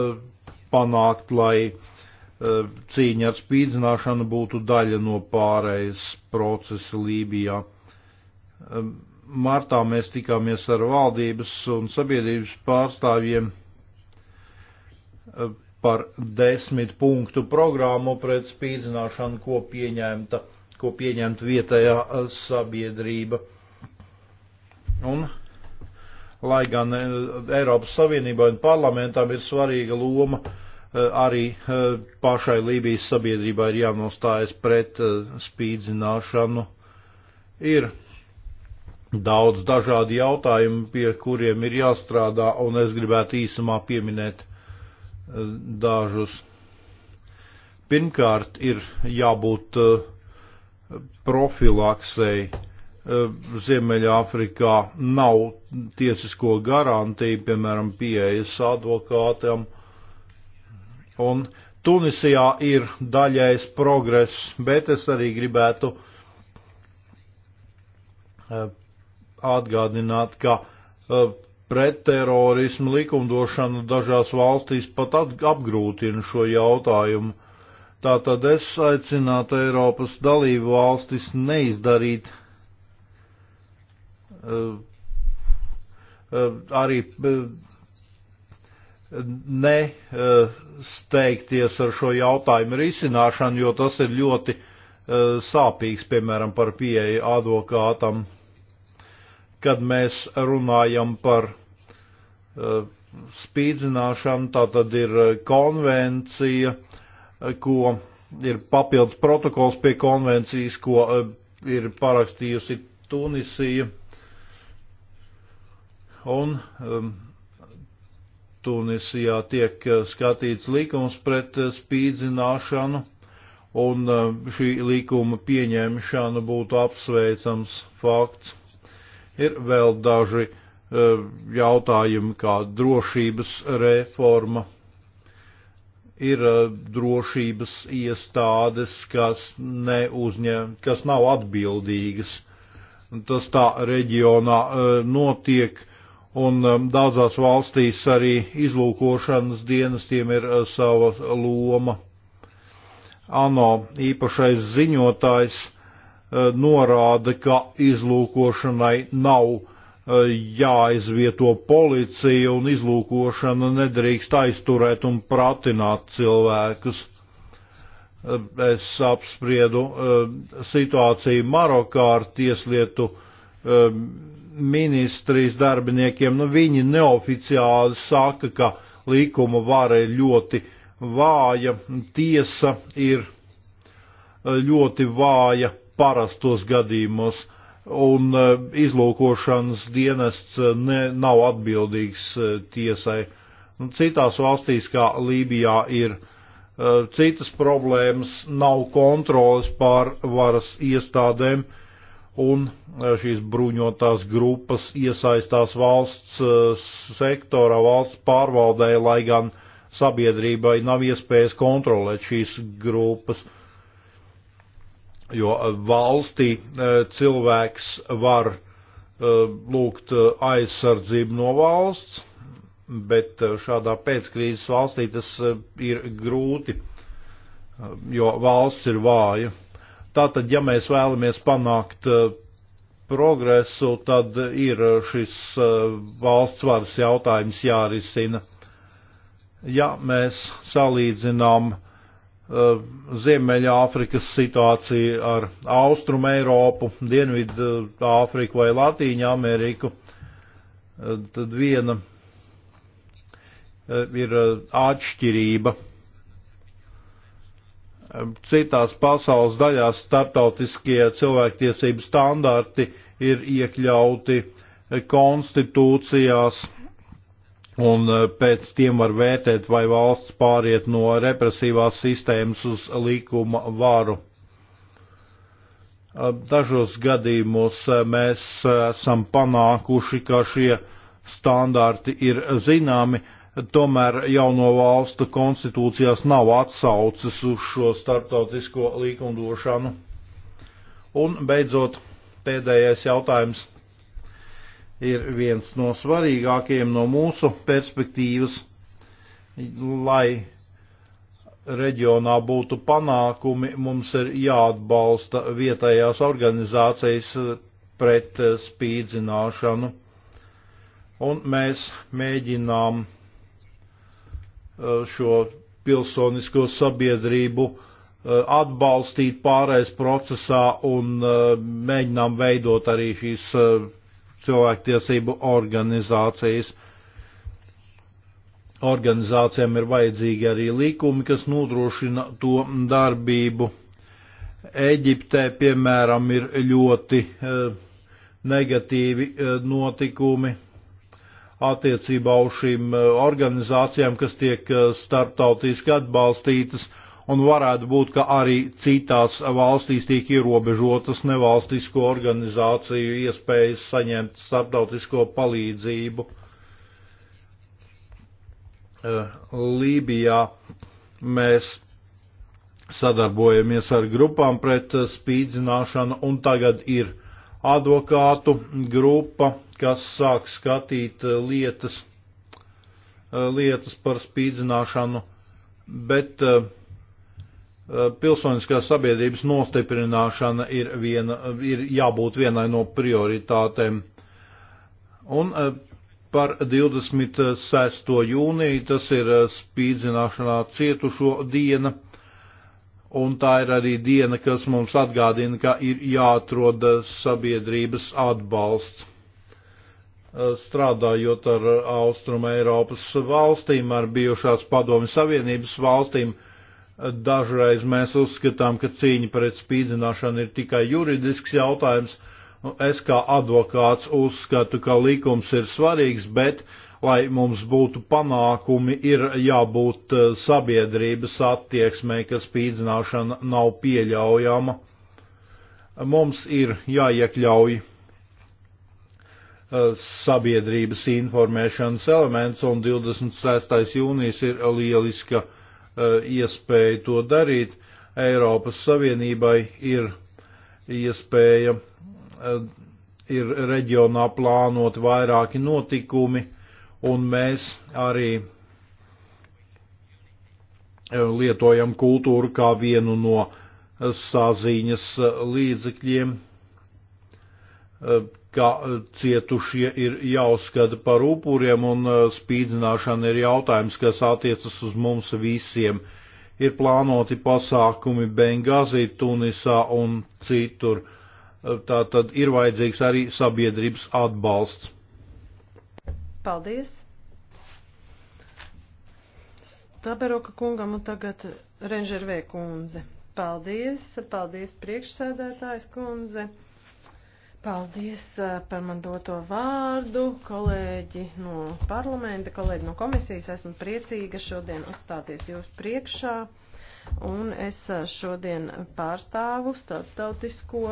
panākt, lai e, cīņa ar spīdzināšanu būtu daļa no pārējais procesa Lībijā. E, martā mēs tikāmies ar valdības un sabiedrības pārstāvjiem par desmit punktu programmu pret spīdzināšanu, ko pieņemta, ko pieņemta vietējā sabiedrība. Un lai gan e, Eiropas Savienībai un parlamentam ir svarīga loma, e, arī e, pašai Lībijas sabiedrībai ir jānostājas pret spīdzināšanu. Ir daudz dažādi jautājumi, pie kuriem ir jāstrādā, un es gribētu īsumā pieminēt dažus. Pirmkārt, ir jābūt profilaksei Eh, Ziemeļāfrikā nav tiesisko garantiju, piemēram, pieejas advokātam. Un Tunisijā ir daļais progress, bet es arī gribētu eh, atgādināt, ka eh, pretterorismu likumdošana dažās valstīs pat apgrūtina šo jautājumu. Tātad es aicinātu Eiropas dalību valstis neizdarīt Eh, eh, arī eh, nesteigties ar šo jautājumu risināšanu, jo tas ir ļoti sāpīgs, piemēram, par pieeju advokātam, kad mēs runājam par spīdzināšanu, tā tad ir konvencija, ko ir papildus protokols pie konvencijas, ko ir parakstījusi Tunisija un um, Tunisijā tiek uh, skatīts likums pret uh, spīdzināšanu, un uh, šī likuma pieņemšana būtu apsveicams fakts. Ir vēl daži jautājumi, kā drošības reforma. Ir drošības iestādes, kas, neuzņem, kas nav atbildīgas. Tas tā reģionā notiek un um, daudzās valstīs arī izlūkošanas dienestiem ir uh, sava loma. ANO īpašais ziņotājs uh, norāda, ka izlūkošanai nav uh, jāizvieto policija un izlūkošana nedrīkst aizturēt un pratināt cilvēkus. Es apspriedu situāciju Marokā ar tieslietu um, ministrijas darbiniekiem, nu viņi neoficiāli saka, ka likuma vara ir ļoti vāja, tiesa ir eh, ļoti vāja parastos gadījumos, un eh, izlūkošanas dienests eh, ne, nav atbildīgs tiesai. Citās valstīs, kā Lībijā, ir citas problēmas, nav kontrolas pār varas iestādēm, uh, un e, šīs bruņotās grupas iesaistās valsts e, sektorā, valsts pārvaldē, lai gan sabiedrībai nav iespējas kontrolēt šīs grupas, jo e, valstī cilvēks var lūgt aizsardzību no valsts, bet šādā pēckrīzes valstī tas ir grūti, jo valsts ir vāja. Tātad, ja mēs vēlamies panākt uh, progresu, tad ir uh, šis uh, valsts varas jautājums jārisina. Ja mēs salīdzinām Ziemeļāfrikas situāciju ar Austrumu Eiropu, Dienvidu Āfriku vai Latīņu Ameriku, tad viena ir atšķirība citās pasaules daļās starptautiskie cilvēktiesību standarti ir iekļauti konstitūcijās, un eh, pēc tiem var vērtēt, vai valsts pāriet no represīvās sistēmas uz likuma varu. Eh, dažos gadījumos eh, mēs esam panākuši, ka šie standarti ir zināmi, Tomēr jauno valstu konstitūcijās nav atsauces uz šo starptautisko likumdošanu. Un beidzot, pēdējais jautājums ir viens no svarīgākajiem no mūsu perspektīvas, lai reģionā būtu panākumi, mums ir jāatbalsta vietējās organizācijas pret spīdzināšanu. Un mēs mēģinām Eh, šo pilsonisko sabiedrību eh, atbalstīt pārējais procesā un eh, mēģinām veidot arī šīs cilvēktiesību organizācijas. Organizācijām ir vajadzīgi arī likumi, kas nodrošina to darbību. Eģiptē, piemēram, ir ļoti negatīvi notikumi attiecībā uz šīm eh, organizācijām, kas tiek eh, starptautiski atbalstītas, un varētu būt, ka arī citās valstīs tiek ierobežotas nevalstisko organizāciju iespējas saņemt starptautisko palīdzību. Eh, Lībijā mēs sadarbojamies ar grupām pret spīdzināšanu, un tagad ir advokātu grupa, kas sāk skatīt eh, lietas, eh, lietas par spīdzināšanu, bet eh, pilsoniskās sabiedrības nostiprināšana ir, viena, ir jābūt vienai no prioritātēm. Un par 26. jūniju, tas ir spīdzināšanā cietušo diena, un tā ir arī diena, kas mums atgādina, ka ir jāatrod sabiedrības atbalsts. Eh, strādājot ar eh, Austrum Eiropas valstīm, ar bijušās padomju savienības valstīm. Eh, dažreiz mēs uzskatām, ka cīņa pret spīdzināšanu ir tikai juridisks jautājums. Es kā advokāts uzskatu, ka likums ir svarīgs, bet, lai mums būtu panākumi, ir jābūt sabiedrības attieksmei, ka spīdzināšana nav pieļaujama. Mums ir jāiekļauj Eh, sabiedrības informēšanas elements, un 26. jūnijas ir lieliska eh, iespēja to darīt. Eiropas Savienībai ir iespēja, eh, ir reģionā plānot vairāki notikumi, un mēs arī lietojam kultūru kā vienu no saziņas līdzekļiem ka e, cietušie ir jāuzskata par upuriem un e, spīdzināšana ir jautājums, kas attiecas uz mums visiem. Ir plānoti pasākumi Bengāzī, Tunisā un citur. E, tā tad ir vajadzīgs arī sabiedrības atbalsts. Paldies! Staberoka kungam un tagad Renžervē kundze. Paldies, paldies priekšsēdētājs kundze. Paldies eh, par man doto vārdu, kolēģi no parlamenta, kolēģi no komisijas. Esmu priecīga šodien uzstāties jūs priekšā, un es eh, šodien pārstāvu starptautisko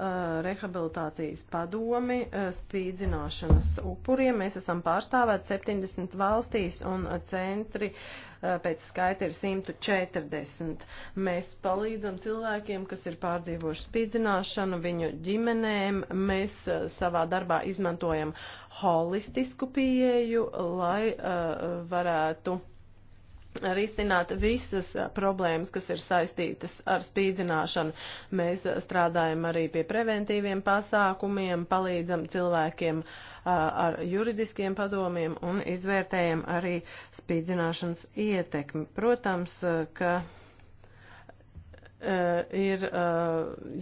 Uh, rehabilitācijas padomi uh, spīdzināšanas upuriem. Mēs esam pārstāvēti 70 valstīs un centri uh, pēc skaita ir 140. Mēs palīdzam cilvēkiem, kas ir pārdzīvojuši spīdzināšanu, viņu ģimenēm. Mēs savā darbā izmantojam holistisku pieeju, lai varētu risināt visas problēmas, kas ir saistītas ar spīdzināšanu. Mēs strādājam arī pie preventīviem pasākumiem, palīdzam cilvēkiem ar juridiskiem padomiem un izvērtējam arī spīdzināšanas ietekmi. Protams, ka Eh, ir eh,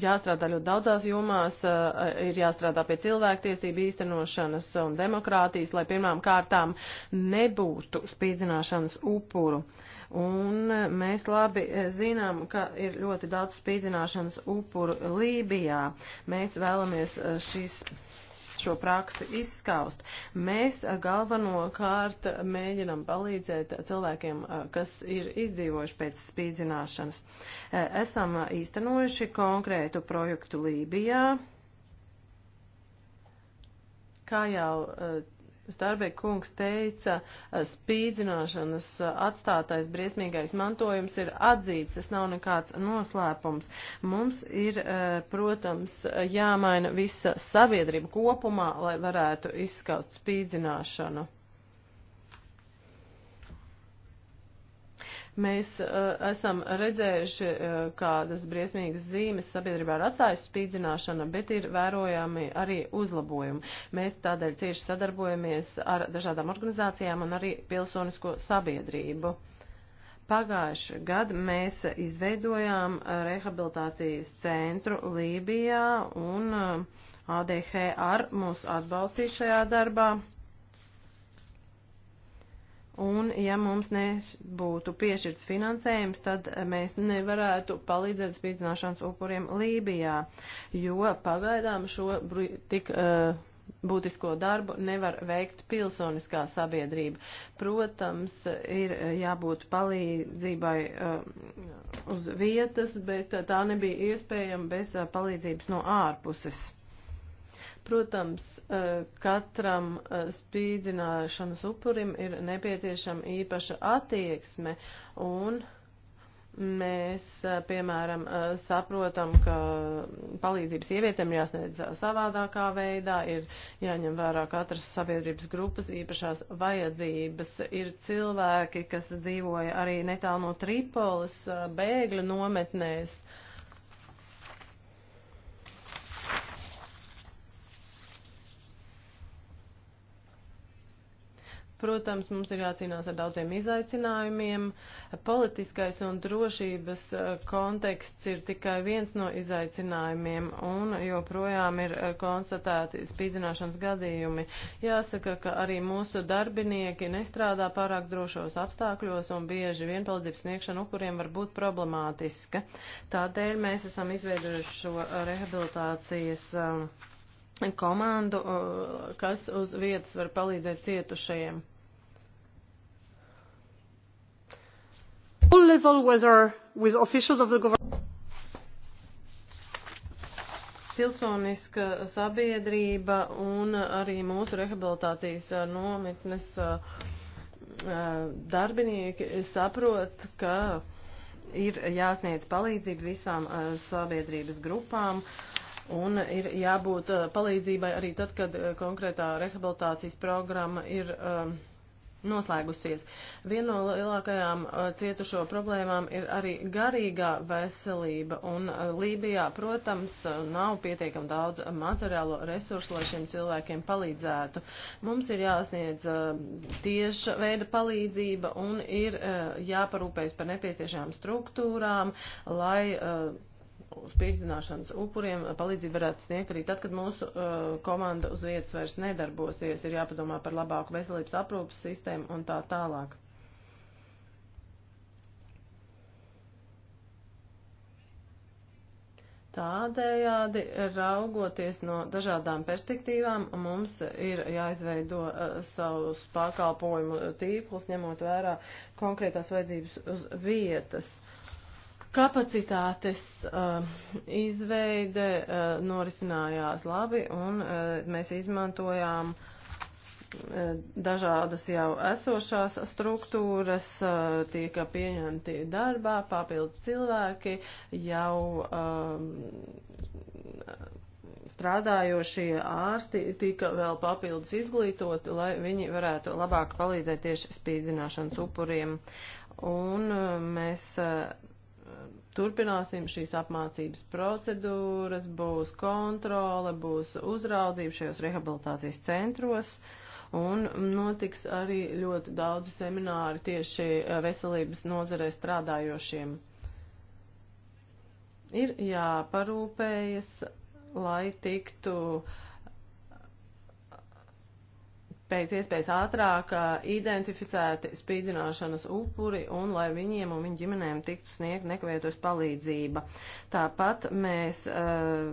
jāstrādā ļoti daudzās jomās, eh, ir jāstrādā pie cilvēktiesību īstenošanas un demokrātijas, lai pirmām kārtām nebūtu spīdzināšanas upuru. Un mēs labi zinām, ka ir ļoti daudz spīdzināšanas upuru Lībijā. Mēs vēlamies šīs šo praksi izskaust. Mēs eh, galvenokārt mēģinam palīdzēt cilvēkiem, eh, kas ir izdzīvojuši pēc spīdzināšanas. Eh, esam īstenojuši konkrētu projektu Lībijā. Kā jau Starbek kungs teica, spīdzināšanas atstātais briesmīgais mantojums ir atzīts, tas nav nekāds noslēpums. Mums ir, e, protams, jāmaina visa sabiedrība kopumā, lai varētu izskaust spīdzināšanu. Mēs uh, esam redzējuši, uh, kādas briesmīgas zīmes sabiedrībā ir atstājusi spīdzināšana, bet ir vērojami arī uzlabojumi. Mēs tādēļ cieši sadarbojamies ar dažādām organizācijām un arī pilsonisko sabiedrību. Pagājuši gadu mēs izveidojām uh, rehabilitācijas centru Lībijā un uh, ADHR mūs atbalstīja šajā darbā. Un, ja mums nebūtu piešķirts finansējums, tad mēs nevarētu palīdzēt spīdzināšanas upuriem Lībijā, jo pagaidām šo tik uh, būtisko darbu nevar veikt pilsoniskā sabiedrība. Protams, ir jābūt palīdzībai uh, uz vietas, bet tā nebija iespējama bez eh, palīdzības no ārpuses. Protams, eh, katram eh, spīdzināšanas upurim ir nepieciešama īpaša attieksme un mēs, eh, piemēram, saprotam, ka palīdzības sievietēm jāsniedz savādākā veidā, ir jāņem vērā katras sabiedrības grupas īpašās vajadzības. Ir cilvēki, kas dzīvoja arī netālu no Tripolis, bēgļu nometnēs. Uh, Protams, mums ir jācīnās ar daudziem izaicinājumiem. Politiskais un drošības eh, konteksts ir tikai viens no izaicinājumiem, un joprojām ir eh, konstatēti spīdzināšanas gadījumi. Jāsaka, ka arī mūsu darbinieki nestrādā pārāk drošos apstākļos, un bieži vienpaldības sniegšana upuriem var būt problemātiska. Tādēļ mēs esam izveidojuši šo rehabilitācijas. Uh, komandu, kas uz vietas var palīdzēt cietušajiem. Pilsoniska sabiedrība un arī mūsu rehabilitācijas nometnes darbinieki saprot, ka ir jāsniedz palīdzību visām sabiedrības grupām, uh, un ir jābūt eh, palīdzībai arī tad, kad eh, konkrētā rehabilitācijas programma ir ehm, noslēgusies. Viena no lielākajām eh, cietušo problēmām ir arī garīgā veselība, un Lībijā, protams, nav pietiekam daudz materiālo resursu, lai šiem cilvēkiem palīdzētu. Mums ir jāsniedz tieša veida palīdzība un ir jāparūpējas par nepieciešām struktūrām, lai spīdzināšanas upuriem palīdzību varētu sniegt arī tad, kad mūsu uh, komanda uz vietas vairs nedarbosies, ir jāpadomā par labāku veselības aprūpas sistēmu un tā tālāk. Tādējādi, raugoties no dažādām perspektīvām, mums ir jāizveido uh, savus pakalpojumu tīklus, ņemot vērā konkrētās vajadzības uz vietas. Uh, Kapacitātes uh, izveide uh, norisinājās labi un uh, mēs izmantojām uh, dažādas jau esošās struktūras, uh, tika pieņemti darbā, papildus cilvēki, jau um, strādājošie ārsti tika vēl papildus izglītoti, lai viņi varētu labāk palīdzēt tieši spīdzināšanas upuriem. Un uh, mēs Turpināsim šīs apmācības procedūras, būs kontrole, būs uzraudzība šajos rehabilitācijas centros un notiks arī ļoti daudzi semināri tieši eh, veselības nozarē strādājošiem. Ir jāparūpējas, lai tiktu uh, pēc iespējas ātrāk identificēti spīdzināšanas upuri un lai viņiem un viņu ģimenēm tiktu sniegt nekavētos palīdzība. Tāpat mēs uh,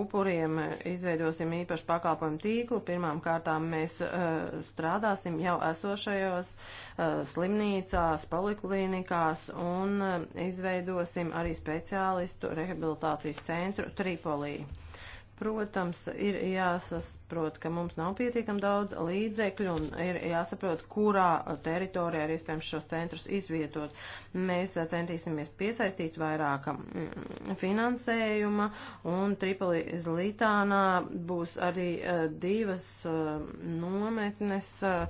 upuriem izveidosim īpašu pakalpojumu tīklu. Pirmām kārtām mēs uh, strādāsim jau esošajos uh, slimnīcās, poliklinikās un uh, izveidosim arī speciālistu rehabilitācijas centru Tripolī. Protams, ir jāsaprot, ka mums nav pietiekam daudz līdzekļu un ir jāsaprot, kurā teritorijā ir iespējams šos centrus izvietot. Mēs centīsimies piesaistīt vairāk mm, finansējuma un Tripoli Litānā būs arī eh, divas eh, nometnes, eh,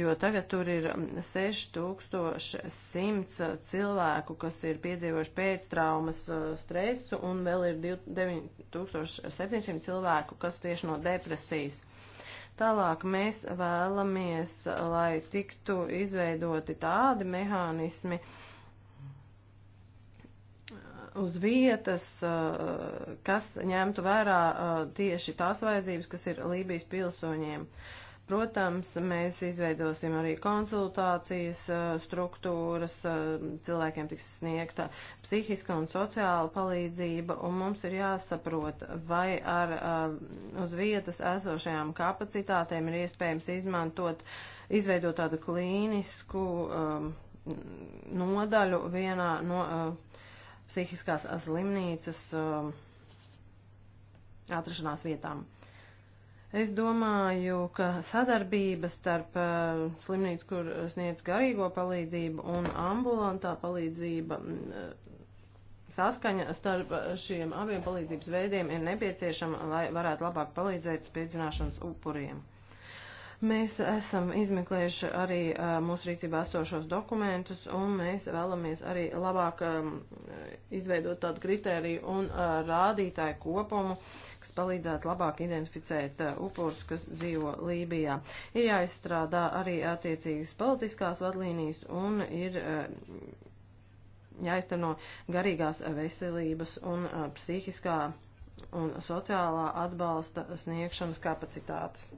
jo tagad tur ir 6100 cilvēku, kas ir piedzīvojuši pēc traumas stresu un vēl ir 9700 500 cilvēku, kas tieši no depresijas. Tālāk mēs vēlamies, lai tiktu izveidoti tādi mehānismi, uh, uz vietas, uh, kas ņemtu vērā uh, tieši tās vajadzības, kas ir Lībijas pilsoņiem. Uh, Protams, mēs izveidosim arī konsultācijas eh, struktūras, eh, cilvēkiem tiks sniegta psihiska un sociāla palīdzība, un mums ir jāsaprot, vai ar eh, uz vietas esošajām kapacitātēm ir iespējams izmantot, izveidot tādu klīnisku um, nodaļu vienā no uh, psihiskās slimnīcas uh, atrašanās vietām. Es domāju, ka sadarbība starp uh, slimnīcu, kur sniedz garīgo palīdzību, un ambulantā palīdzība, uh, saskaņa starp šiem abiem palīdzības veidiem ir nepieciešama, lai varētu labāk palīdzēt spīdzināšanas upuriem. Mēs esam izmeklējuši arī uh, mūsu rīcībā esošos dokumentus, un mēs vēlamies arī labāk um, izveidot tādu kritēriju un uh, rādītāju kopumu. Uh, palīdzētu labāk identificēt eh, upurus, kas dzīvo Lībijā. Ir jāizstrādā arī attiecīgas politiskās vadlīnijas un ir eh, jāizteno garīgās veselības un eh, psihiskā un sociālā atbalsta sniegšanas kapacitātes.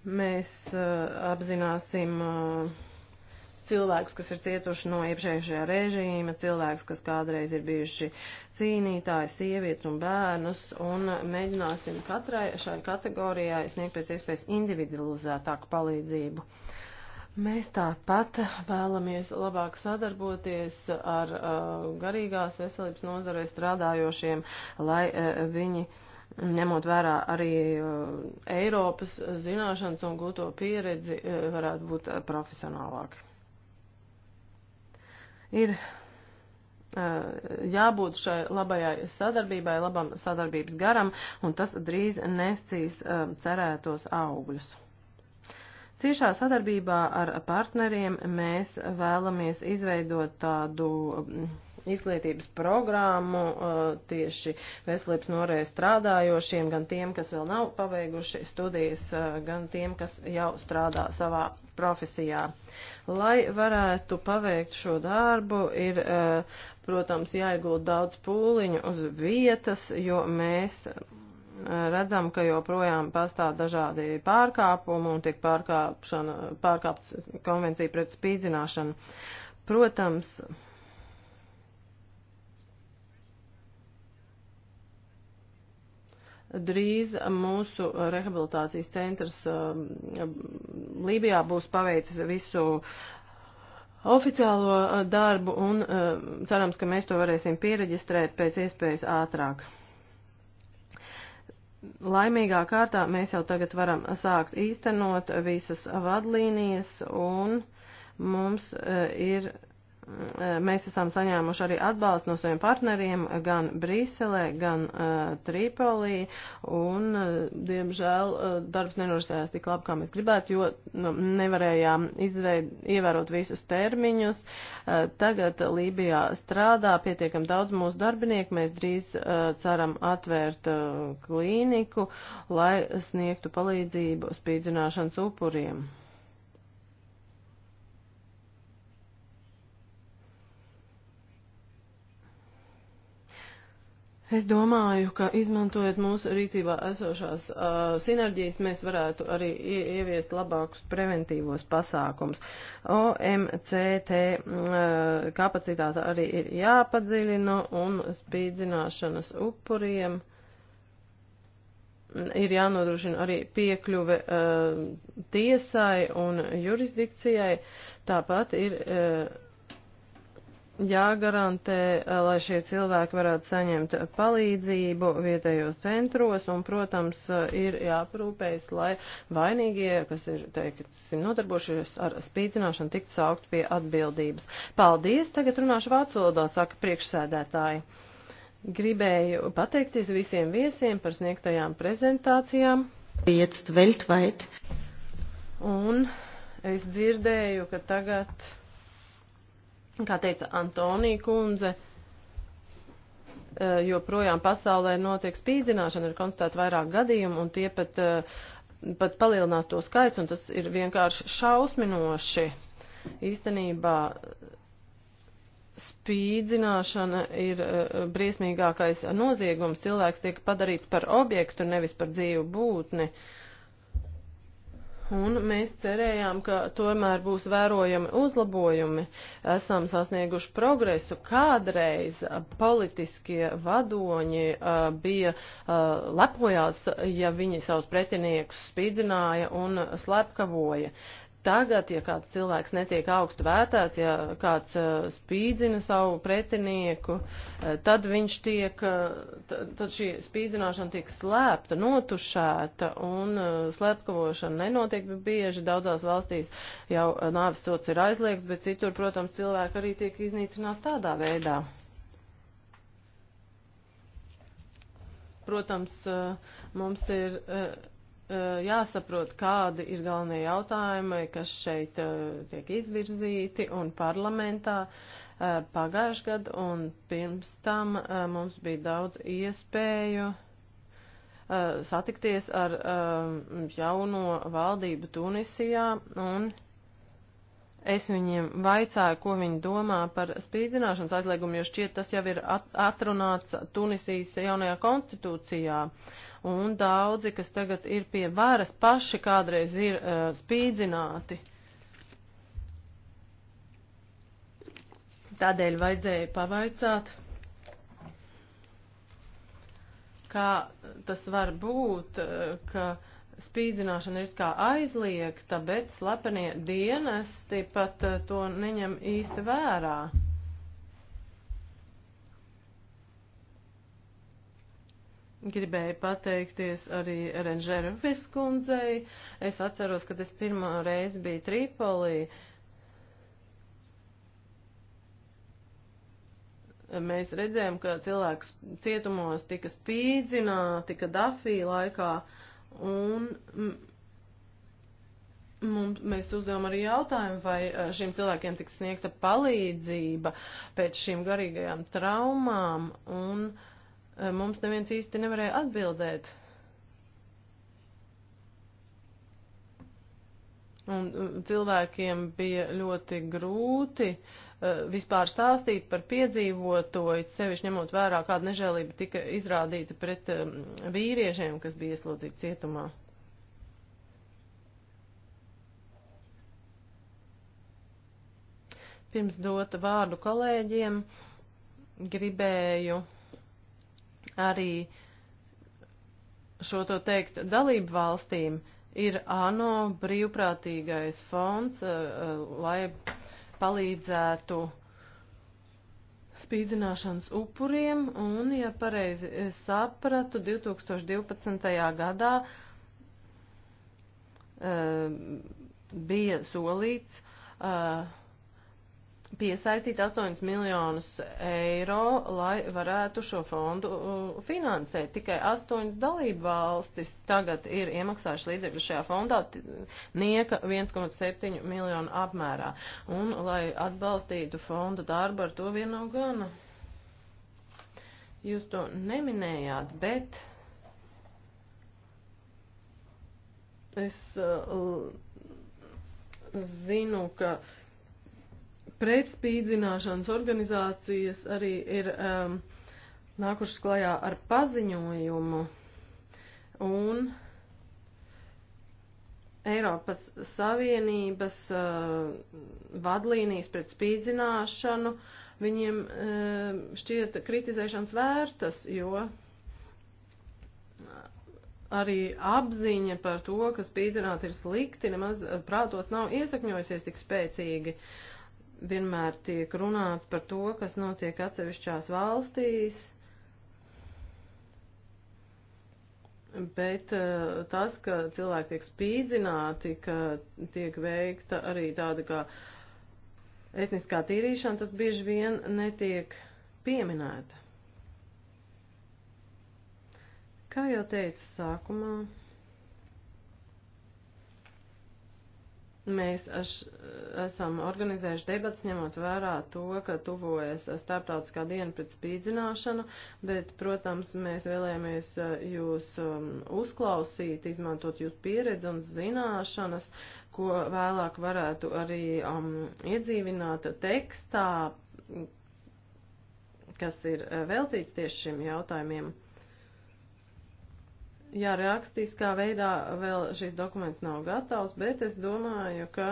Mēs uh, apzināsim uh, cilvēkus, kas ir cietuši no iepriekšējā režīma, cilvēkus, kas kādreiz ir bijuši cīnītāji, sievietes un bērnus, un mēģināsim katrai šai kategorijai sniegt pēc iespējas individualizētāku palīdzību. Mēs tāpat vēlamies labāk sadarboties ar uh, garīgās veselības nozarē strādājošiem, lai uh, viņi, ņemot vērā arī uh, Eiropas zināšanas un gūto pieredzi, uh, varētu būt uh, profesionālāki. Ir jābūt šai labajai sadarbībai, labam sadarbības garam, un tas drīz nesīs cerētos augļus. Ciešā sadarbībā ar partneriem mēs vēlamies izveidot tādu izglītības programmu tieši veselības norē strādājošiem, gan tiem, kas vēl nav paveiguši studijas, gan tiem, kas jau strādā savā profesijā. Lai varētu paveikt šo darbu, ir, eh, protams, jāiegūt daudz pūliņu uz vietas, jo mēs eh, redzam, ka joprojām pastāv dažādi pārkāpumi un tiek pārkāpts konvencija pret spīdzināšanu. Protams, Drīz mūsu rehabilitācijas centrs um, Lībijā būs paveicis visu oficiālo uh, darbu un uh, cerams, ka mēs to varēsim piereģistrēt pēc iespējas ātrāk. Laimīgā kārtā mēs jau tagad varam sākt īstenot visas vadlīnijas un mums uh, ir Ehm, ehm, mēs esam saņēmuši arī atbalstu no saviem partneriem gan Brīselē, gan uh, ehm, Trīpolī, un, uh, diemžēl, uh, darbs nenorisējās tik labi, kā mēs gribētu, jo nu, nevarējām izveid, ievērot visus termiņus. Uh, tagad Lībijā strādā pietiekam daudz mūsu darbinieku, mēs drīz uh, ceram atvērt uh, klīniku, lai sniegtu palīdzību spīdzināšanas upuriem. Es domāju, ka izmantojot mūsu rīcībā esošās uh, sinerģijas, mēs varētu arī ieviest labākus preventīvos pasākums. OMCT uh, kapacitāte arī ir jāpadziļina un spīdzināšanas upuriem ir jānodrošina arī piekļuve uh, tiesai un jurisdikcijai. Tāpat ir. Uh, jāgarantē, eh, lai šie cilvēki varētu saņemt palīdzību vietējos centros, un, protams, eh, ir jāprūpējas, lai vainīgie, kas ir, teiksim, nodarbojušies ar spīdzināšanu, tiktu saukt pie atbildības. Paldies, tagad runāšu vācu valodā, saka priekšsēdētāji. Gribēju pateikties visiem viesiem par sniegtajām prezentācijām. Jetzt weltweit. Un es dzirdēju, ka tagad Kā teica Antonija kundze, eh, joprojām pasaulē notiek spīdzināšana, ir konstatēta vairāk gadījumu, un tie pat, eh, pat palielinās to skaits, un tas ir vienkārši šausminoši. Īstenībā spīdzināšana ir eh, briesmīgākais noziegums. Cilvēks tiek padarīts par objektu, nevis par dzīvu būtni. Uh, un mēs cerējām, ka tomēr būs vērojami uzlabojumi. Esam sasnieguši progresu. Kādreiz politiskie vadoņi uh, bija uh, lepojās, ja viņi savus pretiniekus spīdzināja un slepkavoja. Tagad, ja kāds cilvēks netiek augstu vērtēts, ja kāds uh, spīdzina savu pretinieku, uh, tad viņš tiek, uh, tad šī spīdzināšana tiek slēpta, notušēta un uh, slepkavošana nenotiek bieži. Daudzās valstīs jau uh, nāvis sots ir aizliegts, bet citur, protams, cilvēki arī tiek iznīcināti tādā veidā. Protams, uh, mums ir. Uh, Eh, jāsaprot, kādi ir galvenie jautājumi, kas šeit eh, tiek izvirzīti un parlamentā eh, pagājuši gadu, un pirms tam mums bija daudz iespēju satikties ar jauno valdību Tunisijā un Es viņiem vaicāju, ko viņi domā par spīdzināšanas aizliegumu, jo šķiet tas jau ir atrunāts Tunisijas jaunajā konstitūcijā. Uh, un daudzi, kas tagad ir pie varas, paši kādreiz ir uh, spīdzināti. Tādēļ vajadzēja pavaicāt, kā tas var būt, uh, ka spīdzināšana ir kā aizliegta, bet slepenie dienesti pat uh, to neņem īsti vērā. Gribēju pateikties arī Renžera Viskundzei. Es atceros, kad es pirmo reizi biju Trīpolī. Mēs redzējām, ka cilvēks cietumos tika spīdzināti, ka dafī laikā, un mums, mēs uzdevām arī jautājumu, vai eh, šiem cilvēkiem tiks sniegta palīdzība pēc šīm garīgajām traumām, un uh, mums neviens īsti nevarēja atbildēt. Un cilvēkiem bija ļoti grūti uh, vispār stāstīt par piedzīvoto, it sevišķi ņemot vērā, kāda nežēlība tika izrādīta pret um, vīriešiem, kas bija ieslodzīti cietumā. Pirms dota vārdu kolēģiem gribēju arī šo to teikt dalību valstīm, ir ANO brīvprātīgais fonds, eh, eh, lai palīdzētu spīdzināšanas upuriem, un, ja pareizi sapratu, 2012. gadā uh, bija solīts uh, piesaistīt 8 miljonus eiro, lai varētu šo fondu uh, finansēt. Tikai 8 dalību valstis tagad ir iemaksājuši līdzekļu šajā fondā, nieka 1,7 miljonu apmērā. Un, lai atbalstītu fonda darbu, ar to vien nav gana. Jūs to neminējāt, bet es uh, zinu, ka uh, pretspīdzināšanas organizācijas arī ir um, nākušas klajā ar paziņojumu un Eiropas Savienības uh, vadlīnijas pret spīdzināšanu viņiem uh, šķiet kritizēšanas vērtas, jo arī apziņa par to, ka spīdzināt ir slikti, nemaz prātos nav iesakņojusies tik spēcīgi. Uh, vienmēr tiek runāts par to, kas notiek atsevišķās valstīs, bet eh, tas, ka cilvēki tiek spīdzināti, ka tiek veikta arī tāda kā etniskā tīrīšana, tas bieži vien netiek pieminēta. Kā jau teicu sākumā, Mēs aš, esam organizējuši debats, ņemot vērā to, ka tuvojas starptautiskā diena pret spīdzināšanu, bet, protams, mēs vēlējāmies e, jūs um, uzklausīt, izmantot jūsu pieredzi un zināšanas, ko vēlāk varētu arī um, iedzīvināt tekstā, kas ir e, veltīts tieši šiem jautājumiem. Jā, rakstiskā veidā vēl šis dokuments nav gatavs, bet es domāju, ka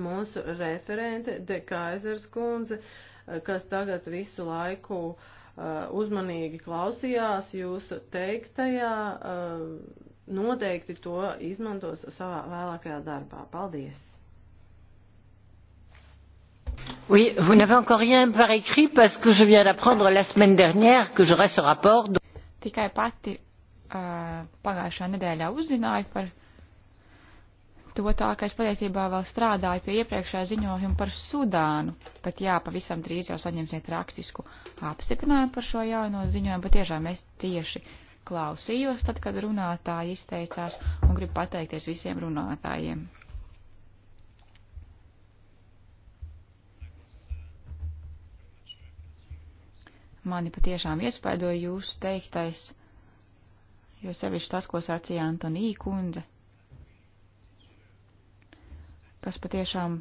mūsu referente De Kaisers kundze, kas tagad visu laiku uh, uzmanīgi klausījās jūsu teiktajā, uh, noteikti to izmantos savā vēlākajā darbā. Paldies! Oui, vous n'avez encore rien par écrit parce que je viens d'apprendre la semaine dernière que j'aurai ce rapport. Donc... Tikai pati uh, pagājušā nedēļā uzzināju par to tā, ka es patiesībā vēl strādāju pie iepriekšējā ziņojuma par Sudānu. Pat jā, pavisam drīz jau saņemsiet rakstisku apstiprinājumu par šo jauno ziņojumu, bet tiešām es cieši klausījos tad, kad runātāji izteicās un gribu pateikties visiem runātājiem. Mani patiešām iespaidoja jūsu teiktais, jo sevišķi tas, ko sacīja Antonija kundze, kas patiešām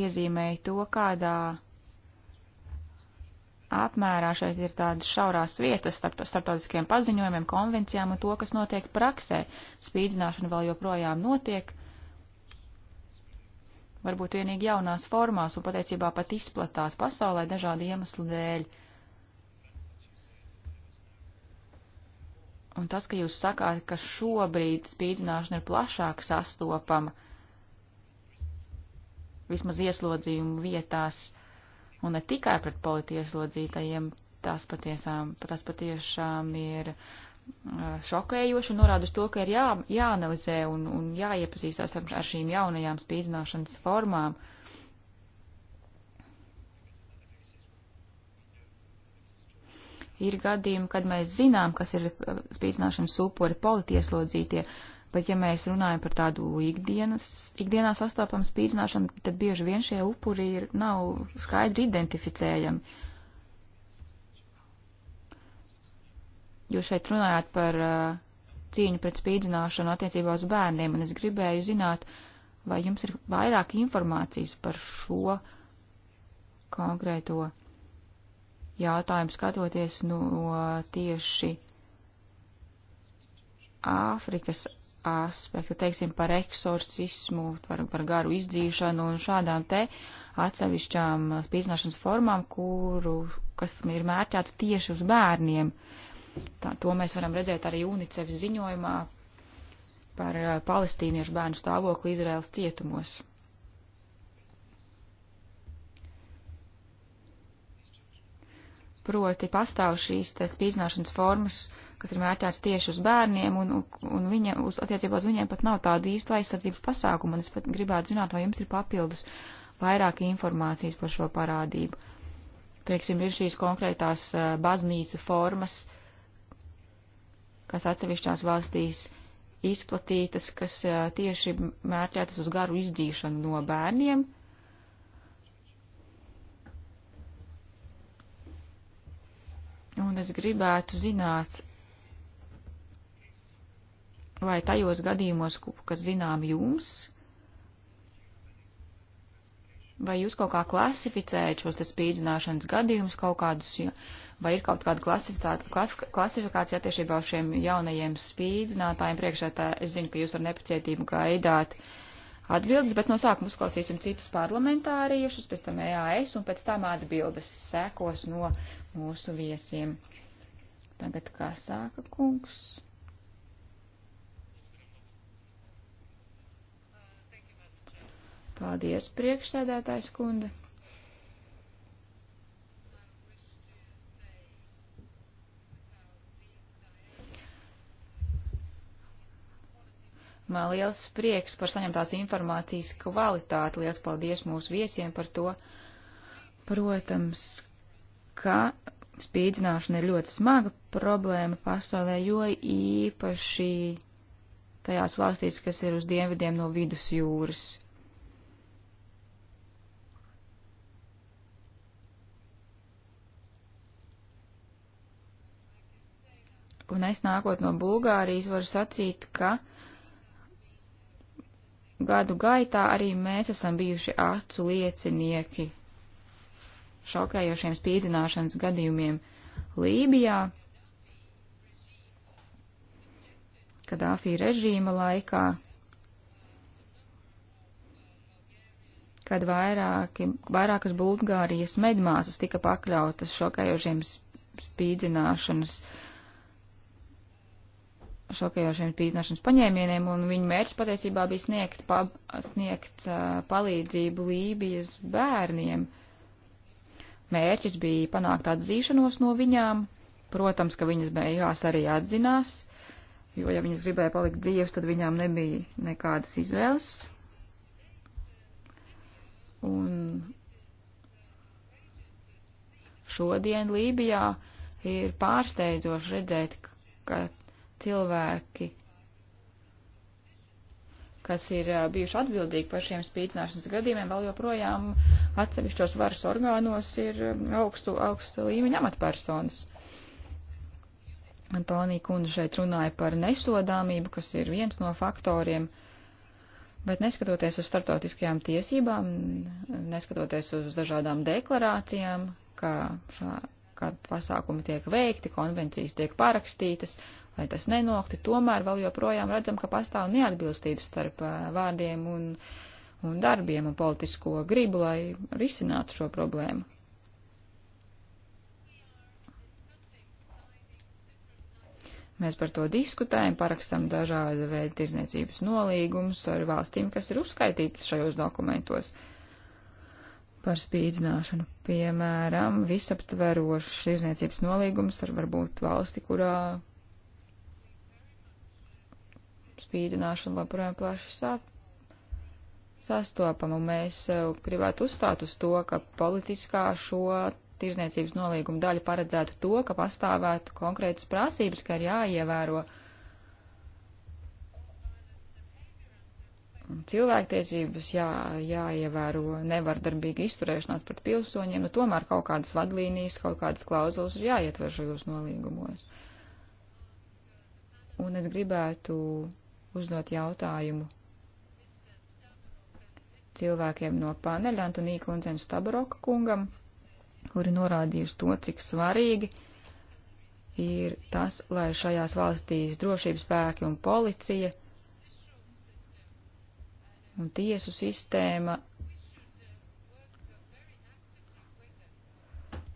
iezīmēja to, kādā apmērā šeit ir tādas šaurās vietas starp starptautiskiem paziņojumiem, konvencijām un to, kas notiek praksē. Spīdzināšana vēl joprojām notiek, varbūt vienīgi jaunās formās un patiesībā pat izplatās pasaulē dažādu iemeslu dēļ. Un tas, ka jūs sakāt, ka šobrīd spīdzināšana ir plašāk sastopama, vismaz ieslodzījumu vietās, un ne tikai pret politieslodzītajiem, tas patiesām, tas patiešām ir Eh, šokējoši un norāda uz to, ka ir jā, jāanalizē un, un jāiepazīstās ar, ar šīm jaunajām spīdzināšanas formām. Ir gadījumi, kad mēs zinām, kas ir eh, spīdzināšanas upuri politieslodzītie, bet ja mēs runājam par tādu ikdienas, ikdienā sastopamu spīdzināšanu, tad bieži vien šie upuri ir, nav skaidri identificējami. Uh, Jūs šeit runājāt par uh, cīņu pret spīdzināšanu attiecībā uz bērniem, un es gribēju zināt, vai jums ir vairāk informācijas par šo konkrēto jautājumu, skatoties no nu, tieši Āfrikas aspekta, teiksim, par eksorcismu, par, par garu izdzīšanu un šādām te atsevišķām spīdzināšanas formām, kuru, kas ir mērķēta tieši uz bērniem. Uh, Tā, to mēs varam redzēt arī UNICEF ziņojumā par uh, palestīniešu bērnu stāvokli Izraels cietumos. Proti pastāv šīs spīdzināšanas formas, kas ir mērķēts tieši uz bērniem, un, un viņa, uz, attiecībā uz viņiem pat nav tāda īsta aizsardzības pasākuma, un es pat gribētu zināt, vai jums ir papildus vairāk informācijas par šo parādību. Teiksim, ir šīs konkrētās uh, baznīcu formas, uh, kas atsevišķās valstīs izplatītas, kas tieši mērķētas uz garu izdzīšanu no bērniem. Un es gribētu zināt, vai tajos gadījumos, kas zinām jums, vai jūs kaut kā klasificējat šos spīdzināšanas gadījumus, kaut kādus Vai ir kaut kāda klasifikācija attiecībā uz šiem jaunajiem spīdzinātājiem priekšētā? Es zinu, ka jūs ar nepacietību gaidāt atbildes, bet no sākuma uzklausīsim citus parlamentāriešus, pēc tam EAS un pēc tam atbildes sekos no mūsu viesiem. Tagad kā sāka kungs? Paldies, priekšsēdētājs kunde. Man liels prieks par saņemtās informācijas kvalitāti. Liels paldies mūsu viesiem par to. Protams, ka spīdzināšana ir ļoti smaga problēma pasaulē, jo īpaši tajās valstīs, kas ir uz dienvidiem no vidus jūras. Un es nākot no Bulgārijas varu sacīt, ka gadu gaitā arī mēs esam bijuši acu liecinieki šokējošiem spīdzināšanas gadījumiem Lībijā, Kadāfī režīma laikā, kad vairāki, vairākas Bulgārijas medmāsas tika pakļautas šokējošiem spīdzināšanas šokējošiem spīdzināšanas paņēmieniem, un viņa mērķis patiesībā bija sniegt, pa, sniegt uh, palīdzību Lībijas bērniem. Mērķis bija panākt atzīšanos no viņām, protams, ka viņas beigās arī atzinās, jo, ja viņas gribēja palikt dzīves, tad viņām nebija nekādas izvēles. Un šodien Lībijā ir pārsteidzoši redzēt, ka cilvēki, kas ir bijuši atbildīgi par šiem spīdzināšanas gadījumiem, vēl joprojām atsevišķos varas orgānos ir augstu, augstu līmeņa amatpersonas. Antonija kundze šeit runāja par nesodāmību, kas ir viens no faktoriem, bet neskatoties uz startautiskajām tiesībām, neskatoties uz dažādām deklarācijām, kā, šā, kā pasākumi tiek veikti, konvencijas tiek parakstītas, uh, lai tas nenokti, tomēr vēl joprojām redzam, ka pastāv neatbilstības starp vārdiem un, un darbiem un politisko gribu, lai risinātu šo problēmu. Mēs par to diskutējam, parakstam dažāda veida tirzniecības nolīgumus ar valstīm, kas ir uzskaitītas šajos dokumentos par spīdzināšanu. Piemēram, visaptverošs tirzniecības nolīgums ar varbūt valsti, kurā spīdināšana joprojām plaši sāp, sastopama. Mēs eh, gribētu uzstāt uz to, ka politiskā šo tirzniecības nolīguma daļa paredzētu to, ka pastāvētu konkrētas prasības, ka ir jāievēro cilvēktiesības, jā, jāievēro nevardarbīga izturēšanās pret pilsoņiem, nu tomēr kaut kādas vadlīnijas, kaut kādas klauzulas ir jāietver šajos nolīgumos. Un es gribētu uzdot jautājumu cilvēkiem no paneļa Antonī kundzēm Stabaroka kungam, kuri norādījusi to, cik svarīgi ir tas, lai šajās valstīs drošības spēki un policija un tiesu sistēma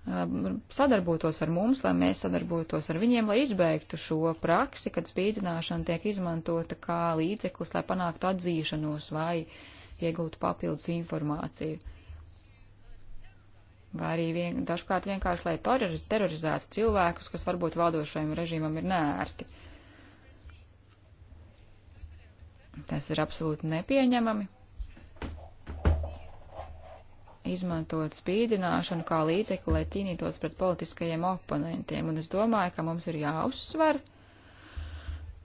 Um, sadarbotos ar mums, lai mēs sadarbotos ar viņiem, lai izbeigtu šo praksi, kad spīdzināšana tiek izmantota kā līdzeklis, lai panāktu atzīšanos vai iegūtu papildus informāciju. Vai arī vien, dažkārt vienkārši, lai teroriz, terorizētu cilvēkus, kas varbūt valdošajam režīmam ir nērti. Tas ir absolūti nepieņemami izmantot spīdzināšanu kā līdzekli, lai cīnītos pret politiskajiem oponentiem. Un es domāju, ka mums ir jāuzsver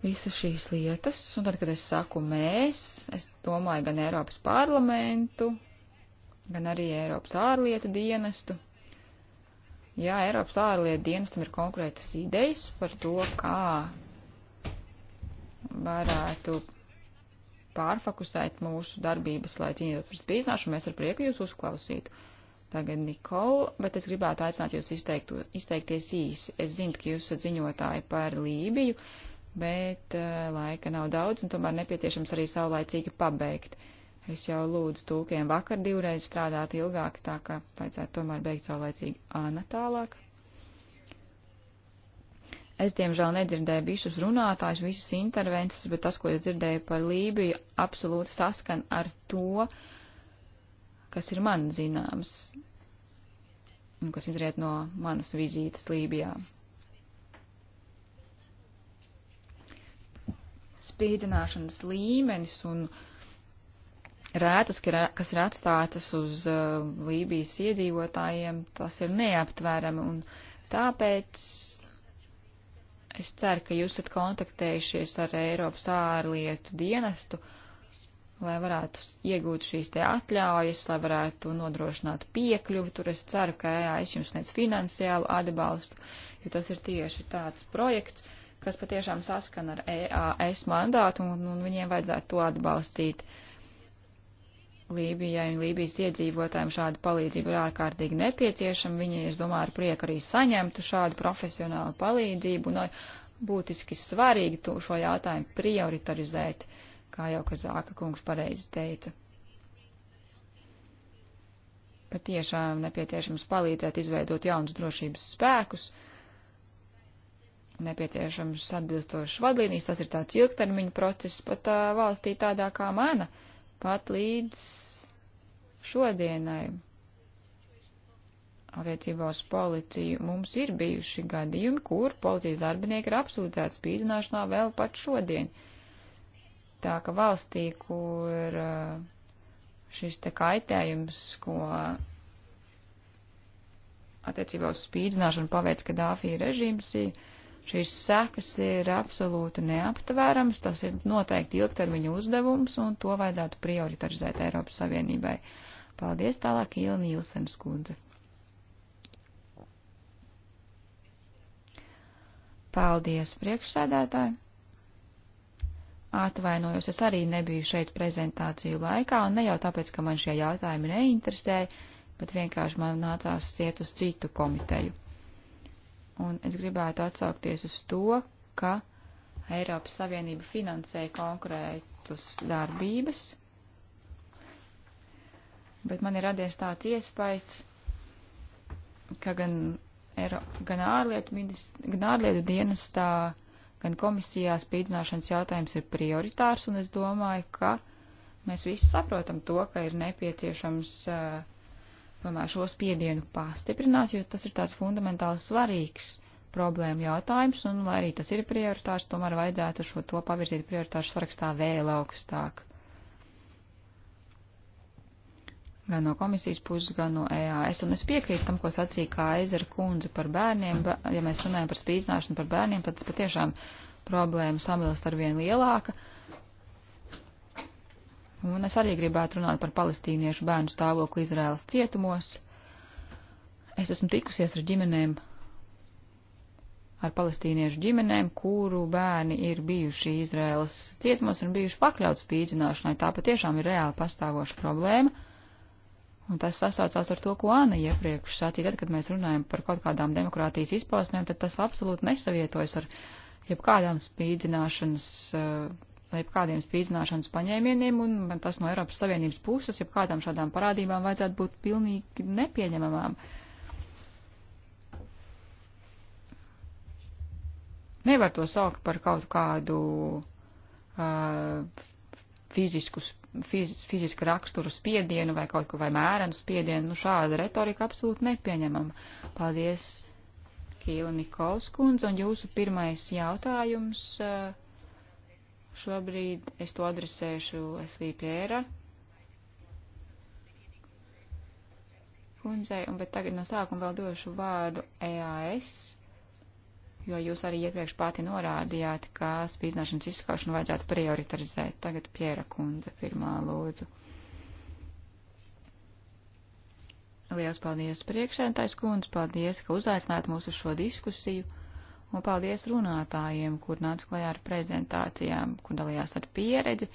visas šīs lietas. Un tad, kad es saku mēs, es domāju gan Eiropas parlamentu, gan arī Eiropas ārlietu dienestu. Jā, Eiropas ārlietu dienestam ir konkrētas idejas par to, kā varētu pārfokusēt mūsu darbības, lai cīnītos pret spīdzināšanu. Mēs ar prieku jūs uzklausītu. Tagad Nikola, bet es gribētu aicināt jūs izteiktu, izteikties īsi. Es zinu, ka jūs esat ziņotāji par Lībiju, bet uh, laika nav daudz un tomēr nepieciešams arī saulaicīgi pabeigt. Es jau lūdzu tūkiem vakar divreiz strādāt ilgāk, tā ka vajadzētu tomēr beigt saulaicīgi. Āna tālāk. Es, diemžēl, nedzirdēju visus runātājus, visas intervences, bet tas, ko es dzirdēju par Lībiju, absolūti saskan ar to, kas ir man zināms, un kas izriet no manas vizītes Lībijā. Spīdzināšanas līmenis un rētas, kas ir atstātas uz uh, Lībijas iedzīvotājiem, tas ir neaptverami, un tāpēc Es ceru, ka jūs esat kontaktējušies ar Eiropas ārlietu dienestu, lai varētu iegūt šīs te atļaujas, lai varētu nodrošināt piekļuvi. Tur es ceru, ka jā, es jums sniedz finansiālu atbalstu, jo tas ir tieši tāds projekts, kas patiešām saskana ar EAS mandātu, un, un viņiem vajadzētu to atbalstīt. Uh, Lībijai un Lībijas iedzīvotājiem šāda palīdzība ir ārkārtīgi nepieciešama. Viņi, es domāju, ar prieku arī saņemtu šādu profesionālu palīdzību un nu, būtiski svarīgi šo jautājumu prioritarizēt, kā jau Kazāka kungs pareizi teica. Patiešām nepieciešams palīdzēt izveidot jaunus drošības spēkus, nepieciešams atbilstošas vadlīnijas, tas ir tāds ilgtermiņa process pat uh, valstī tādā kā mana. Uh, pat līdz šodienai attiecībā uz policiju. Mums ir bijuši gadījumi, kur policijas darbinieki ir apsūdzēti spīdzināšanā vēl pat šodien. Tā ka valstī, kur uh, šis te kaitējums, ko attiecībā uz spīdzināšanu paveic Kadāfī režīms, ir Šīs sekas ir absolūti neaptvērams, tas ir noteikti ilgtermiņa uzdevums, un to vajadzētu prioritarizēt Eiropas Savienībai. Paldies tālāk Ilni Ilsenas kundze. Paldies, priekšsēdētāji! Atvainojos, es arī nebiju šeit prezentāciju laikā, un ne jau tāpēc, ka man šie jautājumi neinteresēja, bet vienkārši man nācās iet uz citu komiteju. Un es gribētu atsaukties uz to, ka Eiropas Savienība finansēja konkrētus darbības, bet man ir radies tāds iespējas, ka gan, Eiro, gan, ārlietu, minist, gan ārlietu dienestā, gan komisijā spīdzināšanas jautājums ir prioritārs, un es domāju, ka mēs visi saprotam to, ka ir nepieciešams uh, tomēr šo spiedienu pastiprināt, jo tas ir tāds fundamentāli svarīgs problēma jautājums, un lai arī tas ir prioritārs, tomēr vajadzētu šo to pavirzīt prioritāru sarakstā vēl augstāk. Gan no komisijas puses, gan no EAS, un es piekrītu tam, ko sacīja Kaisera kundze par bērniem, ja mēs runājam par spīdzināšanu par bērniem, tad tas patiešām problēma samilst ar vien lielāka, Un es arī gribētu runāt par palestīniešu bērnu stāvokli Izraēlas cietumos. Es esmu tikusies ar ģimenēm, ar palestīniešu ģimenēm, kuru bērni ir bijuši Izraēlas cietumos un bijuši pakļauts spīdzināšanai. Tā patiešām ir reāli pastāvoša problēma. Un tas sasaucās ar to, ko Āna iepriekš sacīja, tad, kad mēs runājam par kaut kādām demokrātijas izpausmēm, tad tas absolūti nesavietojas ar jebkādām spīdzināšanas uh, jebkādiem spīdzināšanas paņēmieniem, un tas no Eiropas Savienības puses, jebkādām šādām parādībām vajadzētu būt pilnīgi nepieņemamām. Nevar to saukt par kaut kādu uh, fizisku, fiz, fiziska raksturu spiedienu vai kaut ko vai mērenu spiedienu. Nu, šāda retorika absolūti nepieņemama. Paldies, Kīla Nikols kundze, un jūsu pirmais jautājums. Uh, Šobrīd es to adresēšu Eslī Pjēra kundzei, un bet tagad no sākuma vēl došu vārdu EAS, jo jūs arī iepriekš pati norādījāt, ka spīdzināšanas izskaušanu vajadzētu prioritarizēt. Tagad Pjēra kundze pirmā lūdzu. Liels paldies priekšēntājs kundze, paldies, ka uzaicināt mūs uz šo diskusiju un paldies runātājiem, kur nāca klajā ar prezentācijām, kur dalījās ar pieredzi,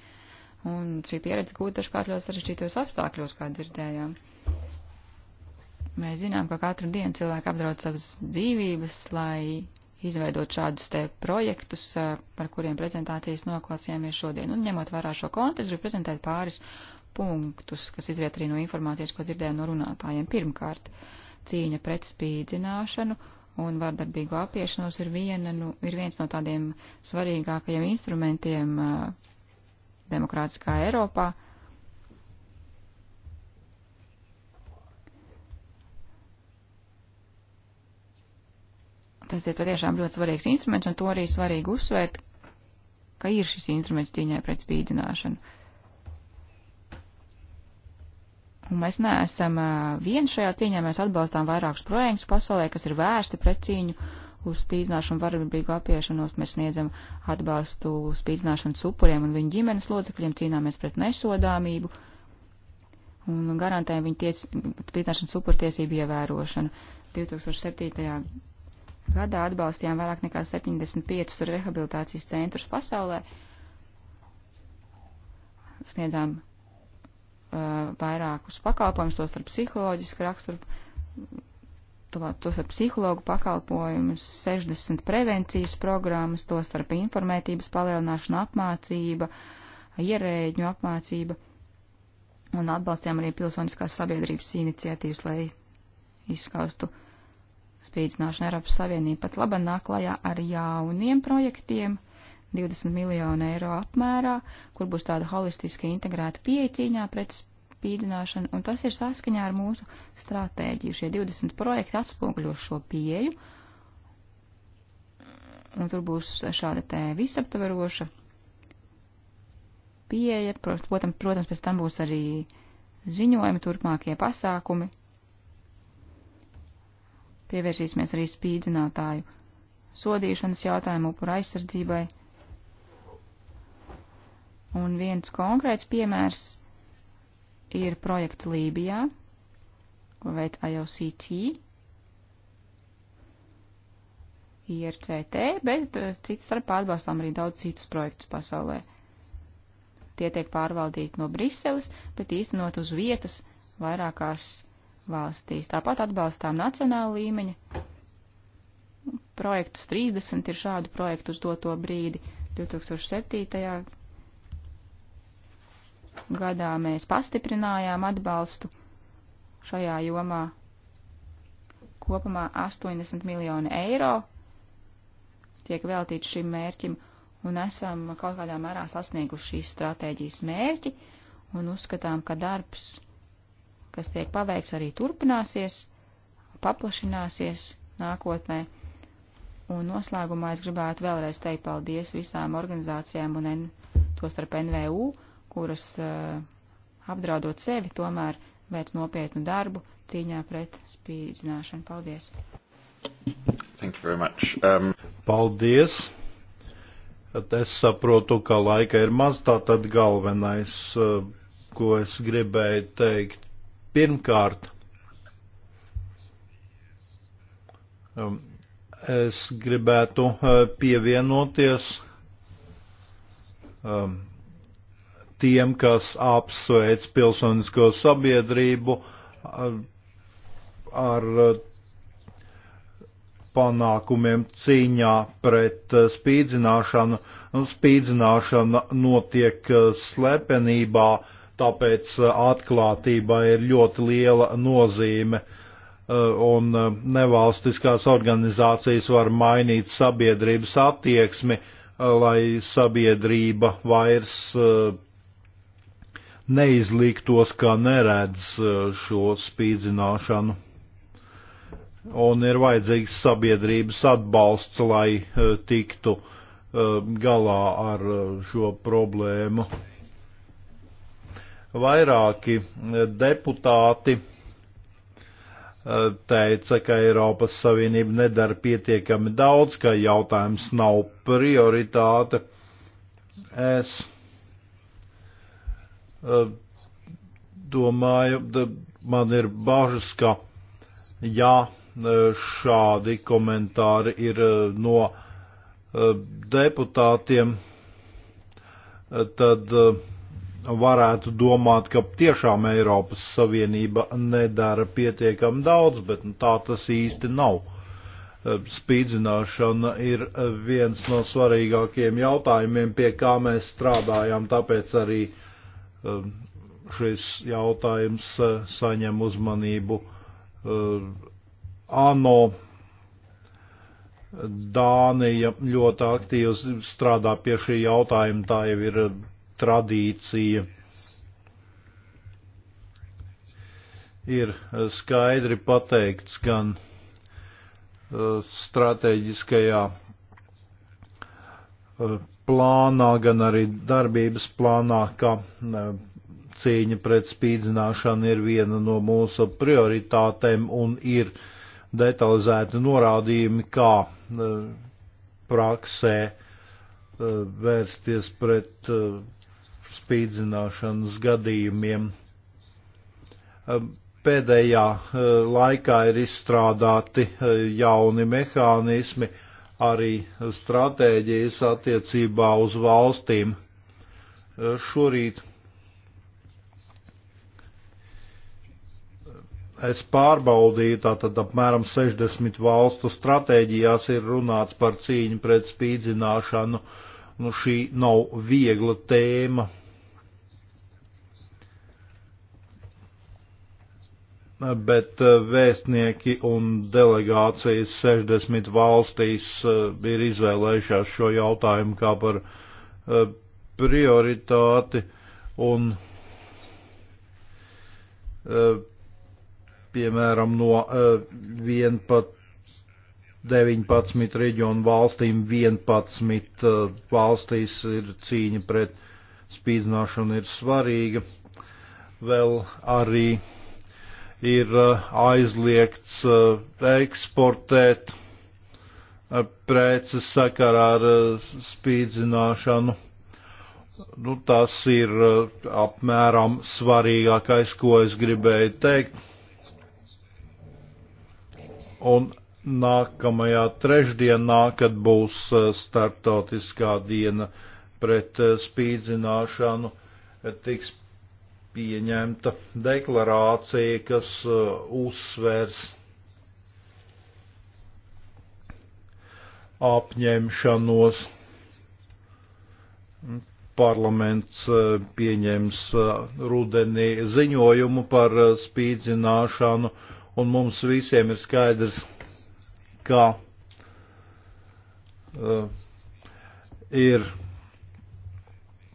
un šī pieredze gūta dažkārt ļoti sarežģītos apstākļos, kā dzirdējām. Mēs zinām, ka katru dienu cilvēki apdraud savas dzīvības, lai izveidot šādus te projektus, par kuriem prezentācijas noklausījāmies šodien. Un ņemot vērā šo kontekstu, gribu prezentēt pāris punktus, kas izriet arī no informācijas, ko dzirdējām no runātājiem. Pirmkārt, cīņa pret spīdzināšanu un vardarbīgu apiešanos ir, viena, nu, ir viens no tādiem svarīgākajiem instrumentiem uh, demokrātiskā Eiropā. Tas ir patiešām ļoti svarīgs instruments, un to arī svarīgi uzsvērt, ka ir šis instruments cīņai pret spīdzināšanu. Un mēs neesam vieni šajā cīņā, mēs atbalstām vairākus projektus pasaulē, kas ir vērsti pret cīņu uz spīdzināšanu, varbīgu apiešanos. Mēs sniedzam atbalstu spīdzināšanas upuriem un viņu ģimenes locekļiem, cīnāmies pret nesodāmību un garantējam viņu ties, spīdzināšanas upuru tiesību ievērošanu. 2007. gadā atbalstījām vairāk nekā 75 rehabilitācijas centrus pasaulē. Sniedzām Uh, vairākus pakalpojumus, tos ar psiholoģisku raksturu, tos ar psihologu pakalpojumus, 60 prevencijas programmas, tos ar informētības palielināšanu apmācība, ierēģņu apmācība, un atbalstījām arī pilsoniskās sabiedrības iniciatīvas, lai izskaustu spīdzināšanu Eiropas Savienību. Pat labāk nāk klajā ar jauniem projektiem 20 miljonu eiro apmērā, kur būs tāda holistiska integrēta pieeja cīņā pret spīdzināšanu, un tas ir saskaņā ar mūsu stratēģiju. Šie 20 projekti atspoguļo šo pieeju, un tur būs šāda tē visaptveroša pieeja, protams, protams, pēc tam būs arī ziņojumi, turpmākie pasākumi. Pievērsīsimies arī spīdzinātāju sodīšanas jautājumu upura aizsardzībai. Un viens konkrēts piemērs ir projekts Lībijā, ko veic IOCT, IRCT, bet eh, cits starp atbalstām arī daudz citus projektus pasaulē. Tie tiek pārvaldīti no Briseles, bet īstenot uz vietas vairākās valstīs. Tāpat atbalstām nacionāla līmeņa projektus. 30 ir šādu projektu uz doto brīdi. 2007 gadā mēs pastiprinājām atbalstu šajā jomā kopumā 80 miljoni eiro tiek veltīti šim mērķim, un esam kaut kādā mērā sasnieguši šīs stratēģijas mērķi, un uzskatām, ka darbs, kas tiek paveikts, arī turpināsies, paplašināsies nākotnē. Un noslēgumā es gribētu vēlreiz teikt paldies visām organizācijām un N, to starp NVU, kuras eh, apdraudot sevi, tomēr veic nopietnu darbu cīņā pret spīdzināšanu. Paldies! Thank you very much. Um... Paldies! Es saprotu, ka laika ir maz, tātad galvenais, eh, ko es gribēju teikt. Pirmkārt, um, es gribētu eh, pievienoties um, tiem, kas apsveic pilsonisko sabiedrību ar, ar panākumiem cīņā pret spīdzināšanu. Nu, spīdzināšana notiek slepenībā, tāpēc atklātībai ir ļoti liela nozīme. Un nevalstiskās organizācijas var mainīt sabiedrības attieksmi, lai sabiedrība vairs neizliktos, ka neredz e, šo spīdzināšanu. Un ir vajadzīgs sabiedrības atbalsts, lai e, tiktu e, galā ar šo problēmu. Vairāki deputāti teica, ka Eiropas Savienība nedara pietiekami daudz, ka jautājums nav prioritāte. Es Eh, domāju, man ir bažas, ka jā, eh, šādi komentāri ir eh, no deputātiem, tad varētu domāt, ka tiešām Eiropas Savienība nedara pietiekam daudz, bet nu, tā tas īsti nav. Spīdzināšana ir viens no svarīgākajiem jautājumiem, pie kā mēs strādājam, tāpēc arī uh, Um, šis jautājums uh, saņem uzmanību uh, ANO. Dānija ļoti aktīvi strādā pie šī jautājuma, tā jau ir uh, tradīcija. Ir skaidri pateikts gan stratēģiskajā plānā, gan arī darbības plānā, ka e, cīņa pret spīdzināšanu ir viena no mūsu prioritātēm un ir detalizēti norādījumi, kā e, praksē e, vērsties pret spīdzināšanas gadījumiem. Pēdējā laikā ir izstrādāti jauni mehānismi, arī stratēģijas attiecībā uz valstīm. Eh, šorīt es pārbaudīju, tātad apmēram 60 valstu stratēģijās ir runāts par cīņu pret spīdzināšanu. Nu, šī nav viegla tēma, bet eh, vēstnieki un delegācijas 60 valstīs eh, ir izvēlējušās šo jautājumu kā par eh, prioritāti un, piemēram, no 11, 19 reģionu valstīm 11 valstīs ir cīņa pret spīdzināšanu ir svarīga. Vēl arī uh, ir eh, aizliegts eh, eksportēt eh, preces sakarā ar spīdzināšanu. Nu, tas ir apmēram svarīgākais, ko es gribēju teikt. Un nākamajā trešdienā, kad būs starptautiskā diena pret spīdzināšanu, tiks pieņemta deklarācija, kas uh, uzsvers apņemšanos. Parlaments uh, pieņems uh, rudenī ziņojumu par spīdzināšanu, un mums visiem ir skaidrs, ka uh, ir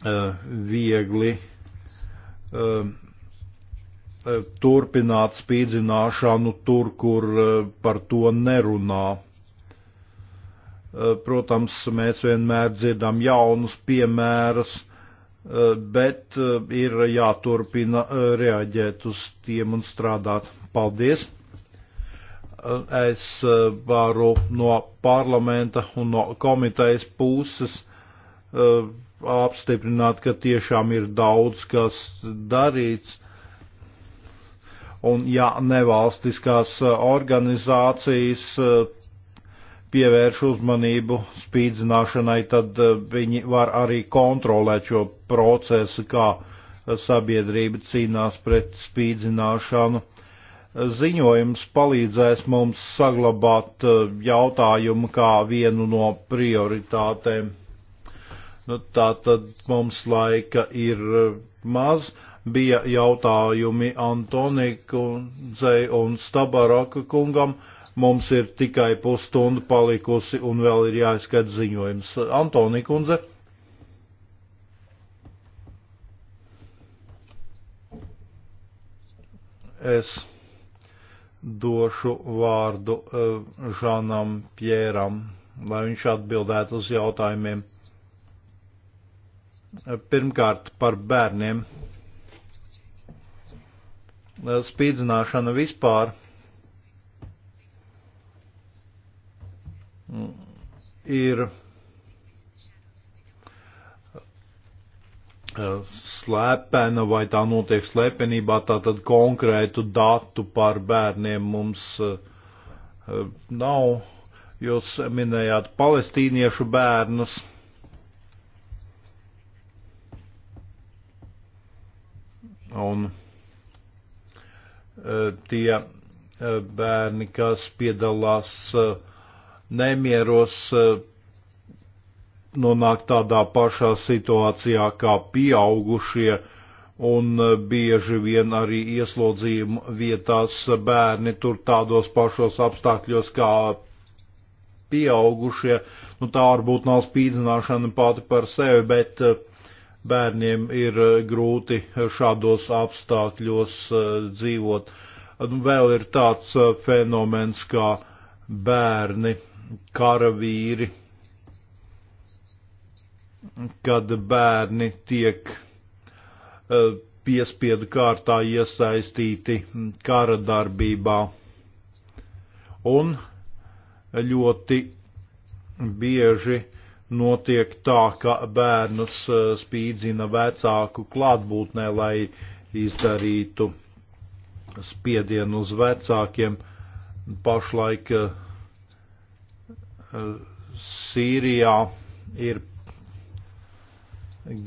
uh, viegli uh, Um, uh, turpināt spīdzināšanu tur, kur uh, par to nerunā. Uh, protams, mēs vienmēr dzirdam jaunus piemērus, bet ir jāturpina reaģēt uz tiem un strādāt. Paldies! Es varu no parlamenta un no komitejas puses apstiprināt, ka tiešām ir daudz kas darīts. Un ja nevalstiskās uh, organizācijas uh, pievērš uzmanību spīdzināšanai, tad uh, viņi var arī kontrolēt šo procesu, kā sabiedrība cīnās pret spīdzināšanu. Ziņojums palīdzēs mums saglabāt jautājumu kā vienu no prioritātēm. Nu, tā tad mums laika ir eh, maz. Bija jautājumi Antonikundzei un Stabaraka kungam. Mums ir tikai pusstunda palikusi un vēl ir jāizskat ziņojums. Antonikundze. Es došu vārdu uh, Žanam Pjēram, lai viņš atbildētu uz jautājumiem. Pirmkārt par bērniem. Spīdzināšana vispār ir uh, slēpena vai tā notiek slēpenībā, tātad konkrētu datu par bērniem mums uh, uh, nav. Jūs minējāt palestīniešu bērnus. Un e, tie e, bērni, kas piedalās e, nemieros, nonāk tādā pašā situācijā kā pieaugušie, un bieži vien arī ieslodzījuma vietās bērni tur tādos pašos apstākļos kā pieaugušie. Nu, tā varbūt nav spīdzināšana pati par sevi, bet uh, bērniem ir eh, grūti eh, šādos apstākļos eh, dzīvot. Nu, vēl ir tāds fenomens kā bērni, karavīri, kad bērni tiek piespiedu kārtā iesaistīti mm, kara darbībā. Un ļoti bieži notiek tā, ka bērnus eh, spīdzina vecāku klātbūtnē, lai izdarītu spiedienu uz vecākiem. Pašlaik eh, Sīrijā ir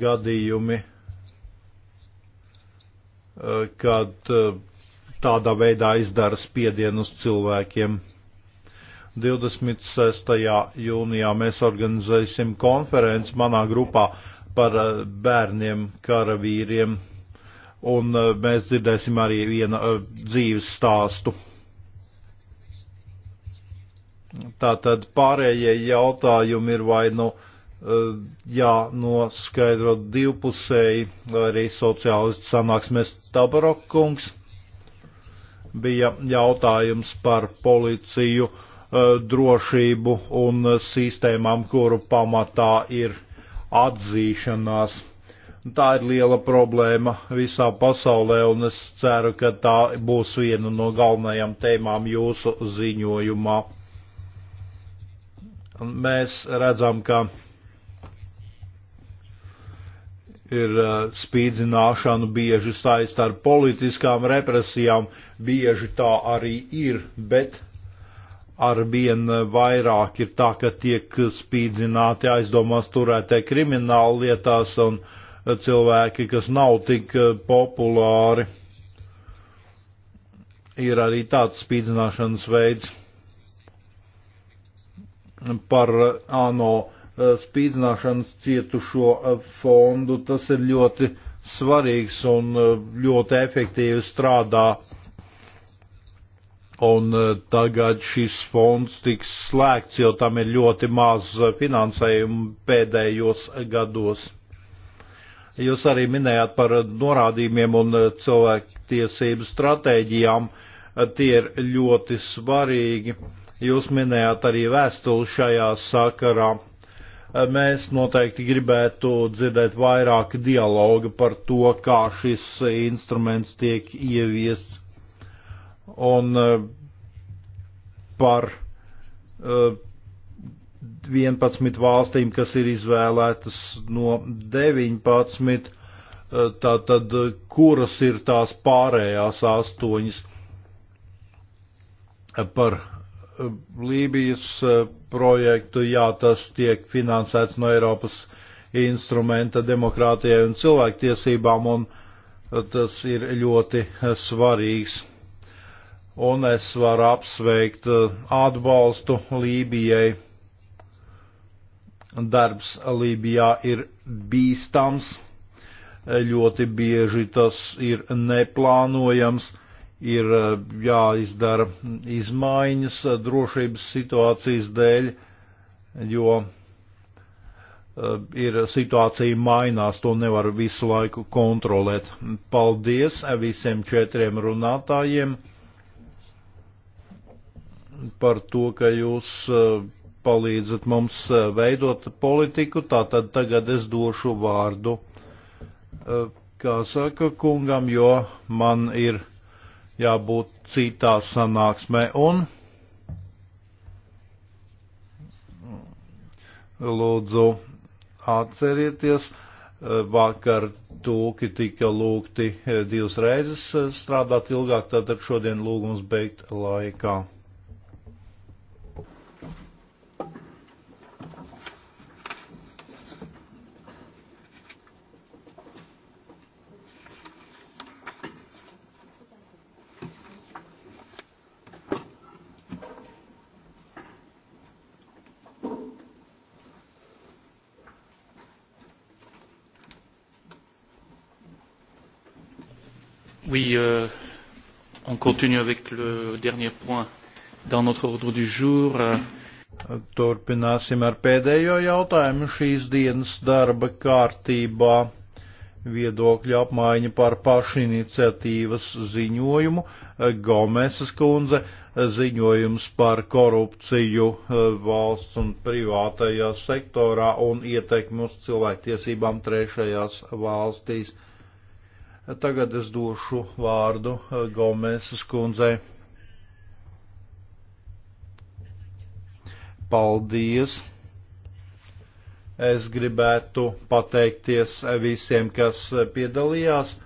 gadījumi, eh, kad tādā veidā izdara spiedienu uz cilvēkiem. 26. jūnijā mēs organizēsim konferenci manā grupā par eh, bērniem, karavīriem, un eh, mēs dzirdēsim arī vienu eh, dzīves stāstu. Tātad pārējie jautājumi ir vai nu jānoskaidro divpusēji, vai arī sociālistu sanāksmēs Tabarokungs bija jautājums par policiju. Uh, Uh, drošību un sistēmām, kuru pamatā ir atzīšanās. Tā ir liela problēma visā pasaulē, un es ceru, ka tā būs viena no galvenajām tēmām jūsu ziņojumā. Mēs redzam, ka ir uh, spīdzināšana bieži saist ar politiskām represijām, bieži tā arī ir, bet arvien vairāk ir tā, ka tiek spīdzināti aizdomās turētie krimināli lietās un cilvēki, kas nav tik populāri. Ir arī tāds spīdzināšanas veids par ANO spīdzināšanas cietušo fondu. Tas ir ļoti svarīgs un ļoti efektīvi strādā uh, Un eh, tagad šis fonds tiks slēgts, jo tam ir ļoti maz eh, finansējumu pēdējos gados. Jūs arī minējāt par norādījumiem un eh, cilvēktiesību stratēģijām. Tie ir ļoti svarīgi. Jūs minējāt arī vēstuli šajā sakarā. Mēs noteikti gribētu dzirdēt vairāk dialoga par to, kā šis instruments tiek ieviests un eh, par 11 eh, valstīm, kas ir izvēlētas no 19, eh, tātad kuras ir tās pārējās astoņas par Lībijas projektu, jā, tas tiek finansēts no Eiropas instrumenta demokrātijai un cilvēktiesībām, un tas ir ļoti svarīgs un es varu apsveikt uh, atbalstu Lībijai. Darbs Lībijā ir bīstams, ļoti bieži tas ir neplānojams, ir uh, jāizdara izmaiņas uh, drošības situācijas dēļ, jo ir situācija mainās, to nevar visu laiku kontrolēt. Paldies visiem četriem runātājiem! par to, ka jūs e, palīdzat mums e, veidot politiku. Tātad tagad es došu vārdu, e, kā saka kungam, jo man ir jābūt citā sanāksmē. Un lūdzu atcerieties, vakar tūki tika lūgti divas reizes strādāt ilgāk, tātad šodien lūgums beigt laikā. continue avec le dernier point dans notre ordre du jour. Turpināsim ar pēdējo jautājumu šīs dienas darba kārtībā viedokļa apmaiņa par pašiniciatīvas ziņojumu. Gomesas kundze ziņojums par korupciju valsts un privātajā sektorā un ietekmi uz cilvēktiesībām trešajās valstīs. Tagad es došu vārdu eh, Gomesas kundzei. Paldies! Es gribētu pateikties visiem, kas piedalījās.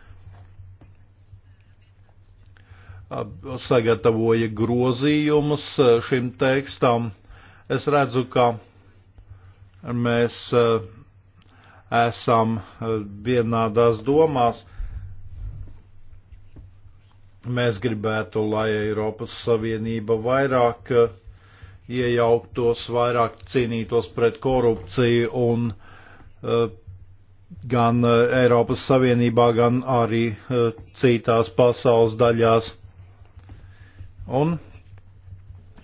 Sagatavoja grozījumus eh, šim tekstam. Es redzu, ka mēs eh, esam vienādās domās Mēs gribētu, lai Eiropas Savienība vairāk eh, iejauktos, vairāk cīnītos pret korupciju un eh, gan eh, Eiropas Savienībā, gan arī citās pasaules daļās. Un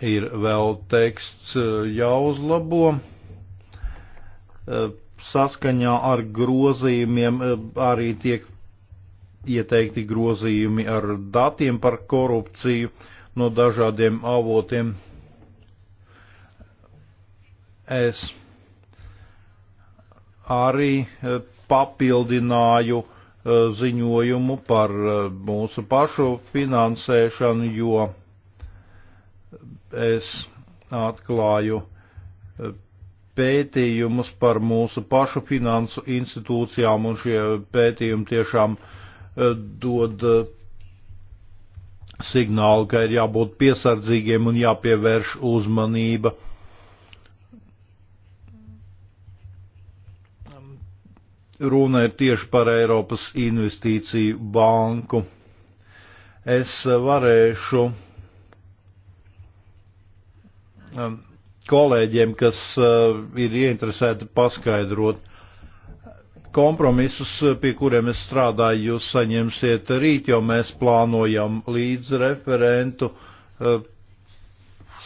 ir vēl teksts jāuzlabo saskaņā ar grozījumiem arī tiek ieteikti grozījumi ar datiem par korupciju no dažādiem avotiem. Es arī eh, papildināju eh, ziņojumu par eh, mūsu pašu finansēšanu, jo es atklāju pētījumus par mūsu pašu finansu institūcijām, un šie pētījumi tiešām uh, Eh, dod eh, signālu, ka ir jābūt piesardzīgiem un jāpievērš uzmanība. Runa ir tieši par Eiropas investīciju banku. Es varēšu eh, kolēģiem, kas ir ieinteresēti paskaidrot, kompromisus, pie kuriem es strādāju, jūs saņemsiet rīt, jo mēs plānojam līdz referentu eh,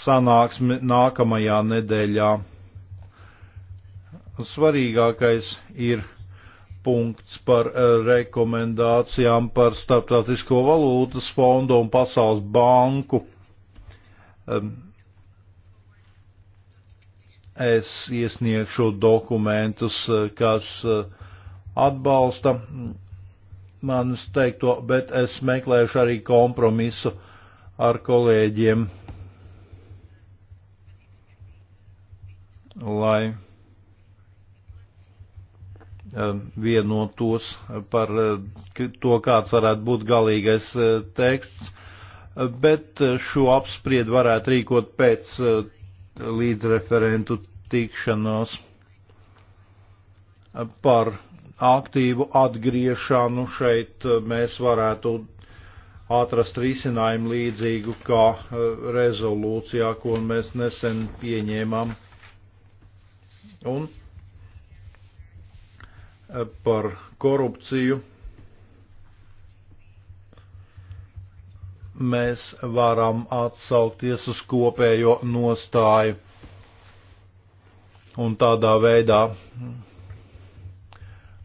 sanāksmi nākamajā nedēļā. Svarīgākais ir punkts par eh, rekomendācijām par Starptautisko valūtas fondu un Pasaules banku. Es iesniegšu dokumentus, eh, kas uh, atbalsta manis teikto, bet es meklēšu arī kompromisu ar kolēģiem, lai um, vienotos par uh, to, kāds varētu būt galīgais uh, teksts, uh, bet šo apspriedu varētu rīkot pēc līdzreferentu tikšanos par aktīvu atgriešanu šeit eh, mēs varētu atrast risinājumu līdzīgu kā eh, rezolūcijā, ko mēs nesen pieņēmām. Un eh, par korupciju mēs varam atsaukties uz kopējo nostāju un tādā veidā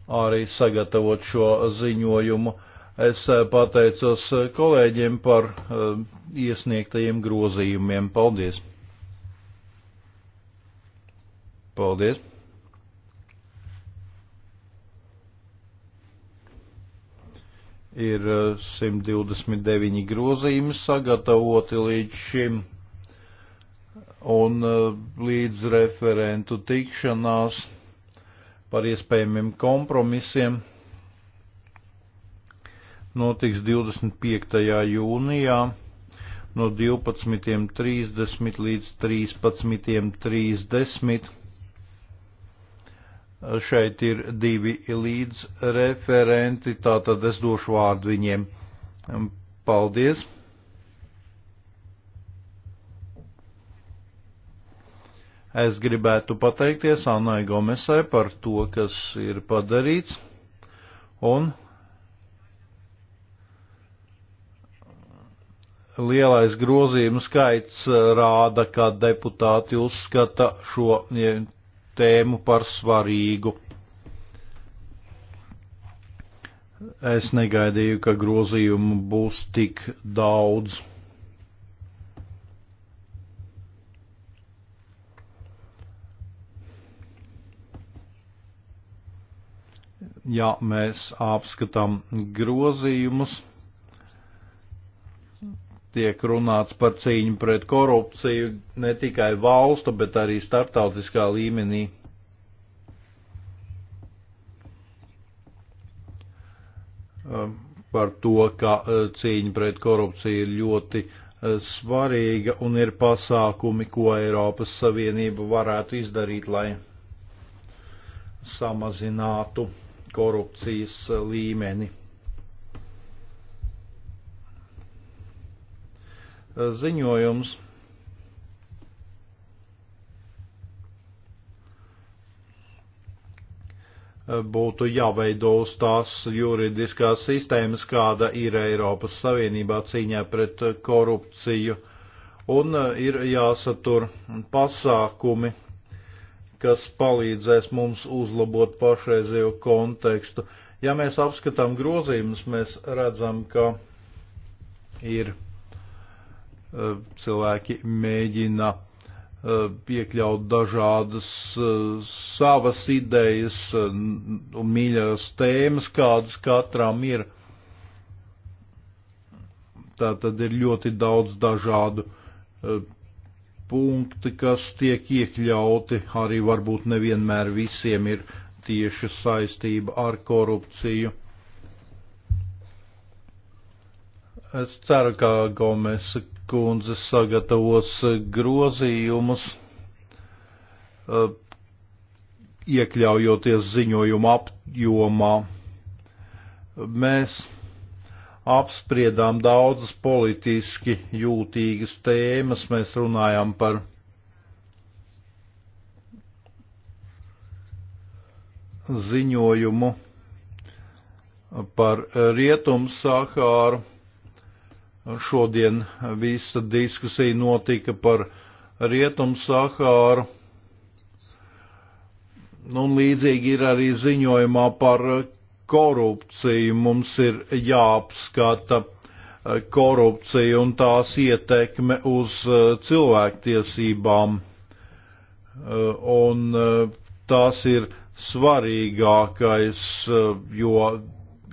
arī sagatavot šo ziņojumu. Es eh, pateicos eh, kolēģiem par eh, iesniegtajiem grozījumiem. Paldies! Paldies! Ir 129 grozījumi sagatavoti līdz šim, un līdz referentu tikšanās par iespējamiem kompromisiem notiks 25. jūnijā no 12.30 līdz 13.30. Šeit ir divi līdz referenti, tātad es došu vārdu viņiem. Paldies! Es gribētu pateikties Annai Gomesai par to, kas ir padarīts. Un lielais grozījumu skaits rāda, ka deputāti uzskata šo tēmu par svarīgu. Es negaidīju, ka grozījumu būs tik daudz. ja mēs apskatām grozījumus, tiek runāts par cīņu pret korupciju ne tikai valstu, bet arī starptautiskā līmenī. Ehm, par to, ka eh, cīņa pret korupciju ir ļoti eh, svarīga un ir pasākumi, ko Eiropas Savienība varētu izdarīt, lai samazinātu korupcijas līmeni. Ziņojums. būtu jāveido uz tās juridiskās sistēmas, kāda ir Eiropas Savienībā cīņā pret korupciju, un ir jāsatur pasākumi kas palīdzēs mums uzlabot pašreizējo kontekstu. Ja mēs apskatām grozījumus, mēs redzam, ka ir eh, cilvēki mēģina eh, piekļaut dažādas eh, savas idejas un mīļās tēmas, kādas katram ir. Tā tad ir ļoti daudz dažādu punkti, kas tiek iekļauti, arī varbūt nevienmēr visiem ir tieša saistība ar korupciju. Es ceru, ka Gomes kundze sagatavos grozījumus, eh, iekļaujoties ziņojuma apjomā. Mēs apspriedām daudzas politiski jūtīgas tēmas. Mēs runājām par ziņojumu par Rietumsahāru. Šodien visa diskusija notika par Rietumsahāru. Nu, un līdzīgi ir arī ziņojumā par korupciju. Mums ir jāapskata eh, korupcija un tās ietekme uz eh, cilvēktiesībām. Eh, un tās ir svarīgākais, jo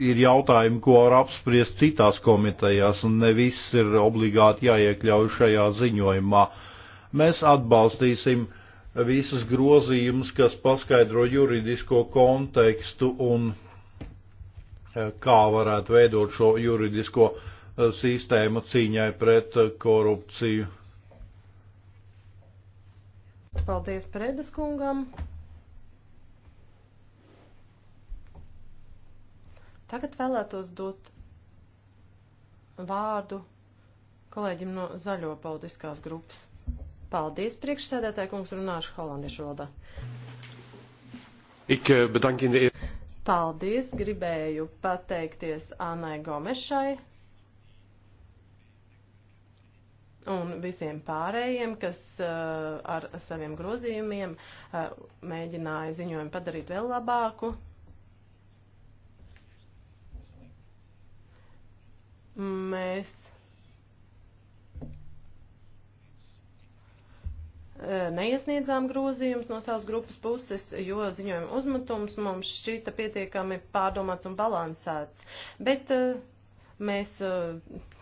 ir jautājumi, ko var apspriest citās komitejās, un ne viss ir obligāti jāiekļauj šajā ziņojumā. Mēs atbalstīsim visas grozījumus, kas paskaidro juridisko kontekstu un Eh, kā varētu veidot šo juridisko eh, sistēmu cīņai pret eh, korupciju. Paldies Predes kungam. Tagad vēlētos dot vārdu kolēģim no zaļo politiskās grupas. Paldies, priekšsēdētāji kungs, runāšu holandiešu valodā. Ik bedank in de Paldies, gribēju pateikties Annai Gomešai un visiem pārējiem, kas uh, ar saviem grozījumiem uh, mēģināja ziņojumu padarīt vēl labāku. Mēs neiesniedzām grozījumus no savas grupas puses, jo ziņojuma uzmetums mums šķita pietiekami pārdomāts un balansēts. Bet eh, mēs eh,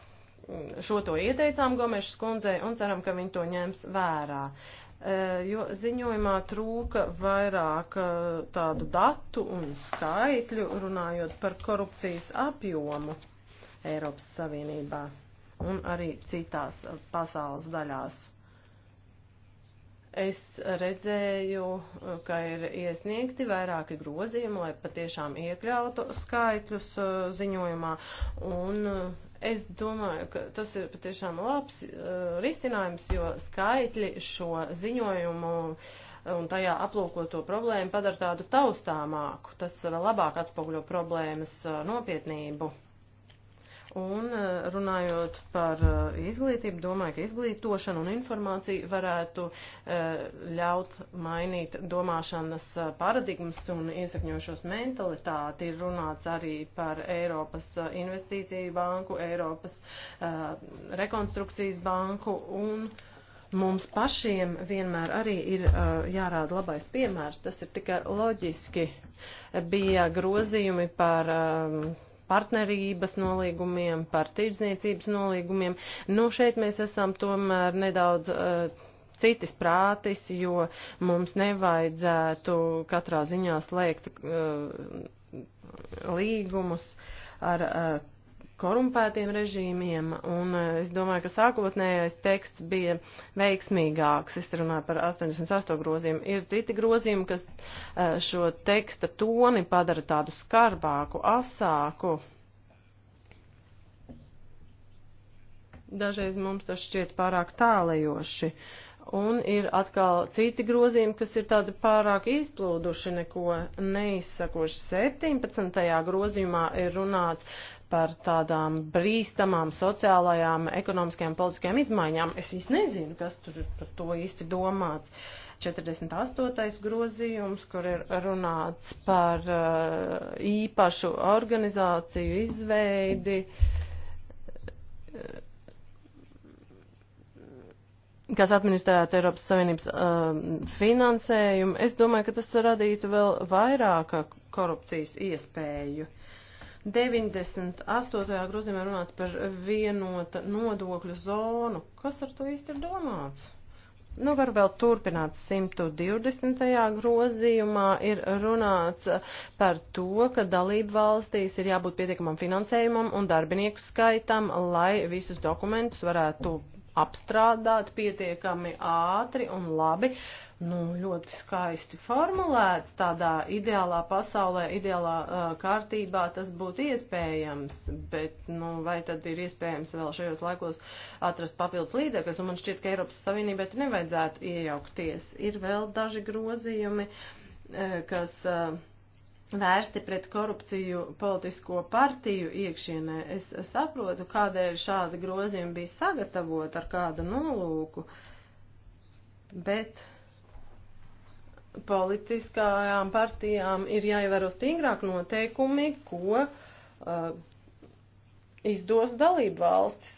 šo to ieteicām Gomešas kundzei un ceram, ka viņi to ņems vērā. Eh, jo ziņojumā trūka vairāk tādu datu un skaitļu, runājot par korupcijas apjomu Eiropas Savienībā un arī citās pasaules daļās. Es redzēju, uh, ka ir iesniegti vairāki grozījumi, lai patiešām iekļautu skaitļus uh, ziņojumā, un uh, es domāju, ka tas ir patiešām labs risinājums, jo skaitļi šo ziņojumu un tajā aplūkoto problēmu padara tādu taustāmāku. Tas vēl labāk atspoguļo problēmas nopietnību. Un eh, runājot par eh, izglītību, domāju, ka izglītošana un informācija varētu eh, ļaut mainīt domāšanas paradigmas un iesakņojušos mentalitāti. Ir runāts arī par Eiropas investīciju banku, Eiropas rekonstrukcijas banku un mums pašiem vienmēr arī ir jārāda labais piemērs. Tas ir tikai loģiski. Bija grozījumi par partnerības nolīgumiem, par tirdzniecības nolīgumiem. Nu, šeit mēs esam tomēr nedaudz uh, eh, citas prātis, jo mums nevajadzētu katrā ziņā slēgt uh, līgumus ar uh, korumpētiem režīmiem, un eh, es domāju, ka sākotnējais teksts bija veiksmīgāks. Es runāju par 88 grozījumu. Ir citi grozījumi, kas eh, šo teksta toni padara tādu skarbāku, asāku. Dažreiz mums tas šķiet pārāk tālajoši. Un ir atkal citi grozījumi, kas ir tādi pārāk izplūduši, neko neizsakoši. 17. grozījumā ir runāts par tādām brīstamām sociālajām, ekonomiskajām, politiskajām izmaiņām. Es īsti nezinu, kas tur par to īsti domāts. 48. grozījums, kur ir runāts par uh, īpašu organizāciju izveidi, uh, kas administrētu Eiropas Savienības um, finansējumu. Es domāju, ka tas radītu vēl vairāk korupcijas iespēju. Uh, 98. grozījumā runāts par vienota nodokļu zonu. Kas ar to īsti ir domāts? Nu, var vēl turpināt 120. grozījumā ir runāts par to, ka dalību valstīs ir jābūt pietiekamam finansējumam un darbinieku skaitam, lai visus dokumentus varētu apstrādāt pietiekami ātri un labi. Uh, nu, ļoti skaisti formulēts tādā ideālā pasaulē, ideālā uh, kārtībā tas būtu iespējams, bet nu, vai tad ir iespējams vēl šajos laikos atrast papildus līdzekļus, un man šķiet, ka Eiropas Savienībai te nevajadzētu iejaukties. Ir vēl daži grozījumi, uh, kas. Uh, vērsti pret korupciju politisko partiju iekšienē. Es saprotu, kādēļ šādi grozījumi bija sagatavot ar kādu nolūku, bet politiskajām partijām ir jāievēro stingrāk noteikumi, ko uh, izdos dalību valstis.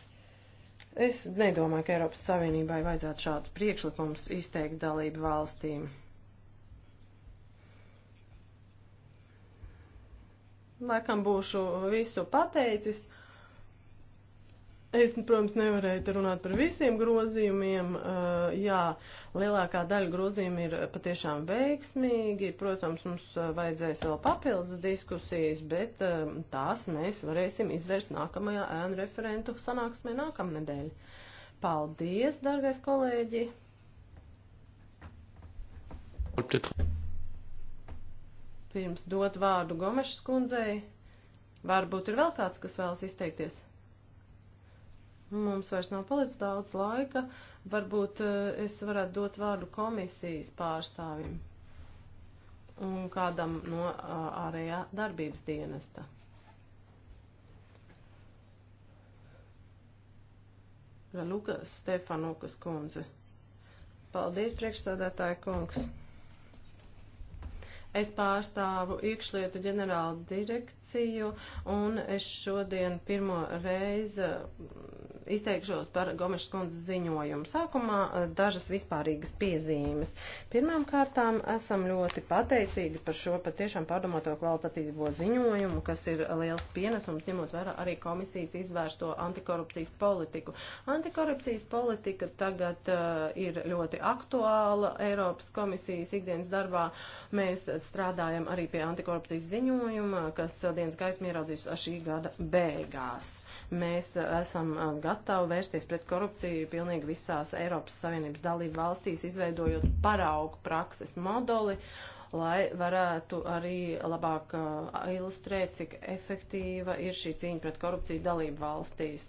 Es nedomāju, ka Eiropas Savienībai vajadzētu šādus priekšlikumus izteikt dalību valstīm. Laikam būšu visu pateicis. Es, protams, nevarēju runāt par visiem grozījumiem. Eh, jā, lielākā daļa grozījumu ir patiešām veiksmīgi. Protams, mums eh, vajadzēs vēl papildus diskusijas, bet eh, tās mēs varēsim izvērst nākamajā ēnu referentu sanāksmē nākamnedēļ. Paldies, dargais kolēģi! Pirms dot vārdu Gomešas kundzei, varbūt ir vēl kāds, kas vēlas izteikties. Mums vairs nav palicis daudz laika. Varbūt eh, es varētu dot vārdu komisijas pārstāvim un kādam no ārējā darbības dienesta. Raluka Stefanukas kundze. Paldies, priekšsādātāja kungs. Es pārstāvu iekšlietu ģenerālu direkciju un es šodien pirmo reizi izteikšos par Gomešas kundzes ziņojumu. Sākumā e, dažas vispārīgas piezīmes. Pirmām kārtām esam ļoti pateicīgi par šo patiešām pārdomāto kvalitatīvo ziņojumu, kas ir liels pienesums, ņemot vērā arī komisijas izvērsto antikorupcijas politiku. Antikorupcijas politika tagad uh, ir ļoti aktuāla Eiropas komisijas ikdienas darbā. Mēs strādājam arī pie antikorupcijas ziņojuma, kas dienas gaismu ieraudzīs šī gada beigās. Mēs uh, esam uh, gatavi vērsties pret korupciju pilnīgi visās Eiropas Savienības dalību valstīs, izveidojot paraugu prakses modeli lai varētu arī labāk uh, ilustrēt, cik efektīva ir šī cīņa pret korupciju dalību valstīs.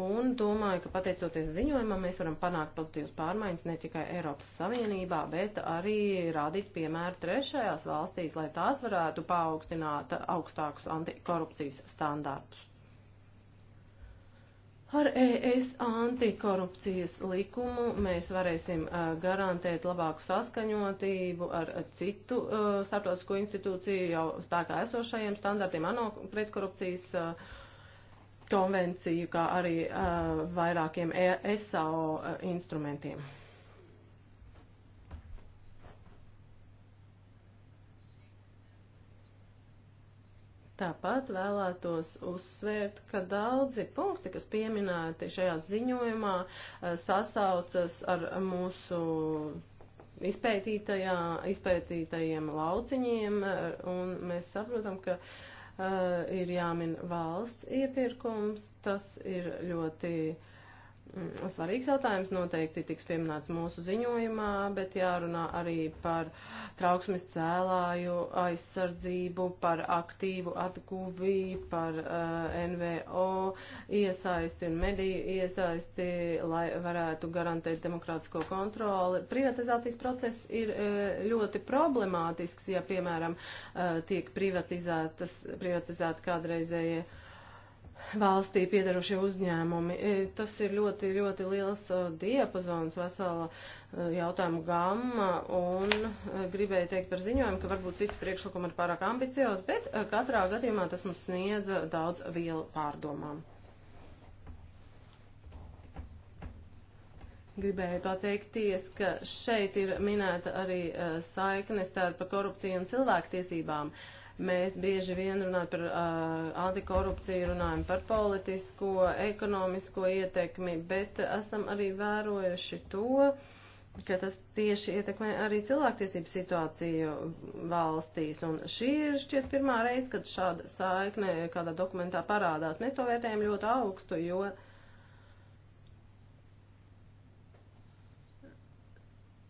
Un domāju, ka pateicoties ziņojumam, mēs varam panākt pozitīvas pārmaiņas ne tikai Eiropas Savienībā, bet arī rādīt piemēru trešajās valstīs, lai tās varētu paaugstināt augstākus antikorupcijas standārtus. Ar ES antikorupcijas likumu mēs varēsim garantēt labāku saskaņotību ar citu uh, starptautisko institūciju jau spēkā esošajiem standartiem, ANO pretkorupcijas uh, konvenciju, kā arī uh, vairākiem ESAO instrumentiem. Tāpat vēlētos uzsvērt, ka daudzi punkti, kas pieminēti šajā ziņojumā, eh, sasaucas ar mūsu izpētītajiem lauciņiem, eh, un mēs saprotam, ka uh, ir jāmin valsts iepirkums, tas ir ļoti uh, Mm, svarīgs jautājums noteikti tiks pieminēts mūsu ziņojumā, bet jārunā arī par trauksmes cēlāju aizsardzību, par aktīvu atguvi, par uh, eh, NVO iesaisti un mediju iesaisti, lai varētu garantēt demokrātisko kontroli. Privatizācijas process ir uh, ļoti problemātisks, ja, piemēram, uh, tiek privatizētas, privatizēta kādreizējie. Ja valstī piedarošie uzņēmumi. E, tas ir ļoti, ļoti liels e, diapazons, vesela e, jautājumu gamma, un gribēju teikt par ziņojumu, ka varbūt citi priekšlikumi ir pārāk ambiciozi, bet katrā gadījumā tas mums sniedza daudz vielu pārdomām. Gribēju pateikties, ka šeit ir minēta arī saikne starp korupciju un cilvēktiesībām. Uh, Mēs bieži vien runājam par uh, antikorupciju, runājam par politisko, ekonomisko ietekmi, bet esam arī vērojuši to, ka tas tieši ietekmē arī cilvēktiesību situāciju valstīs. Un šī ir šķiet pirmā reize, kad šāda saikne kādā dokumentā parādās. Mēs to vērtējam ļoti augstu, jo. Uh,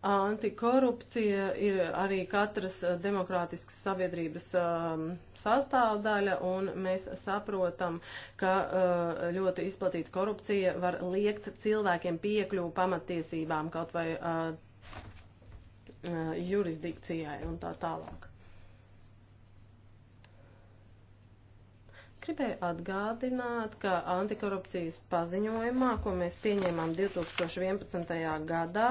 Antikorupcija ir arī katras eh, demokrātiskas sabiedrības um, sastāvdaļa, un mēs saprotam, ka uh, ļoti izplatīta korupcija var liekt cilvēkiem piekļuvu pamatiesībām kaut vai uh, uh, jurisdikcijai un tā tālāk. gribēju atgādināt, ka antikorupcijas paziņojumā, ko mēs pieņēmām 2011. gadā,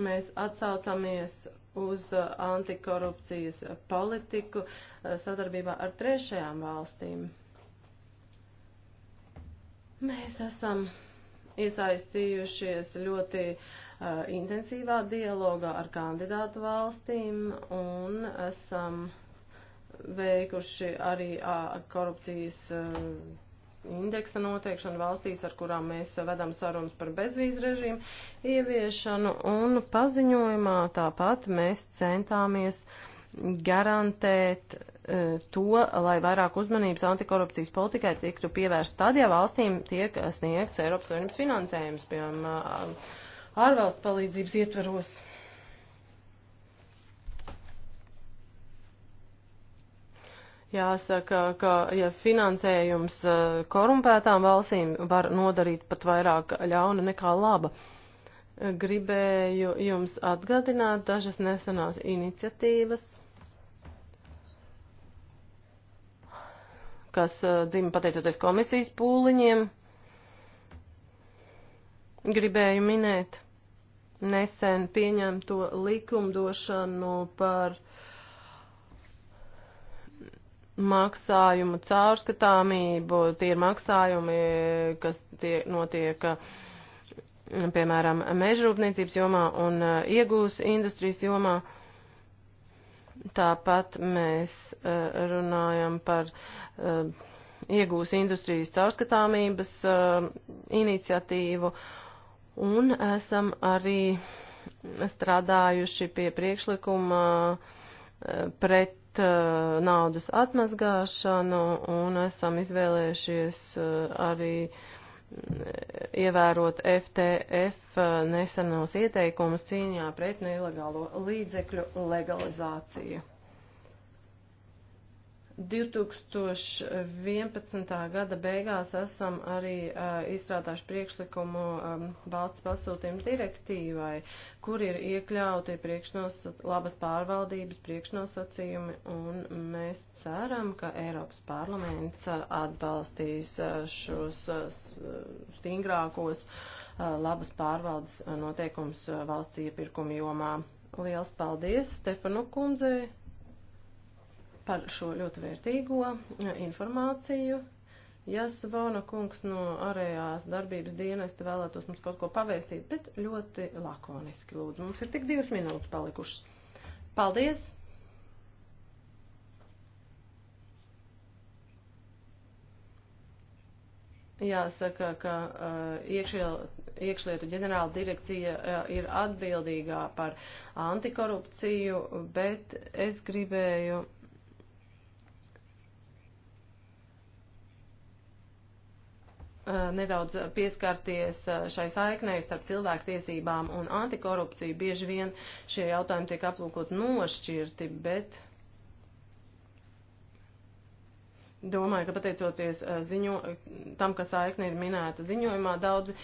mēs atsaucamies uz uh, antikorupcijas politiku uh, sadarbībā ar trešajām valstīm. Mēs esam iesaistījušies ļoti uh, intensīvā dialogā ar kandidātu valstīm un esam veikuši arī uh, korupcijas uh, indeksa noteikšanu valstīs, ar kurām mēs vedam sarunas par bezvīzu režīmu ieviešanu, un paziņojumā tāpat mēs centāmies garantēt e, to, lai vairāk uzmanības antikorupcijas politikai tiktu pievērst tad, ja valstīm tiek sniegts Eiropas Savienības finansējums, piemēram, ārvalstu palīdzības ietveros. Jāsaka, ka ja finansējums eh, korumpētām valstīm var nodarīt pat vairāk ļauna nekā laba. Gribēju jums atgādināt dažas nesenās iniciatīvas, kas eh, dzima pateicoties komisijas pūliņiem. Gribēju minēt nesen pieņemto likumdošanu par maksājumu caurskatāmību, tie ir maksājumi, kas tie notiek, piemēram, mežrūpniecības jomā un eh, iegūs industrijas jomā. Tāpat mēs eh, runājam par eh, iegūs industrijas caurskatāmības iniciatīvu un esam arī strādājuši pie priekšlikuma pret Uh, naudas atmazgāšanu un esam izvēlējušies uh, arī mm, ievērot FTF uh, nesenos ieteikumus cīņā pret nelegālo līdzekļu legalizāciju. 2011. gada beigās esam arī uh, izstrādājuši priekšlikumu um, valsts pasūtījuma direktīvai, kur ir iekļauti priekšnosac... labas pārvaldības priekšnosacījumi, un mēs ceram, ka Eiropas parlaments atbalstīs uh, šos uh, stingrākos uh, labas pārvaldes noteikums uh, valsts iepirkumu jomā. Liels paldies Stefanu kundzei! par šo ļoti vērtīgo e, informāciju. Ja Svona kungs no ārējās darbības dienesta vēlētos mums kaut ko pavēstīt, bet ļoti lakoniski lūdzu. Mums ir tik divas minūtes palikušas. Paldies! Jāsaka, ka uh, e, iekšējā iekšlietu ģenerāla direkcija e, ir atbildīgā par antikorupciju, bet es gribēju Uh, nedaudz pieskarties uh, šai saiknei starp cilvēktiesībām un antikorupciju. Bieži vien šie jautājumi tiek aplūkot nošķirti, bet domāju, ka pateicoties uh, ziņo, tam, ka saikne ir minēta ziņojumā, daudzi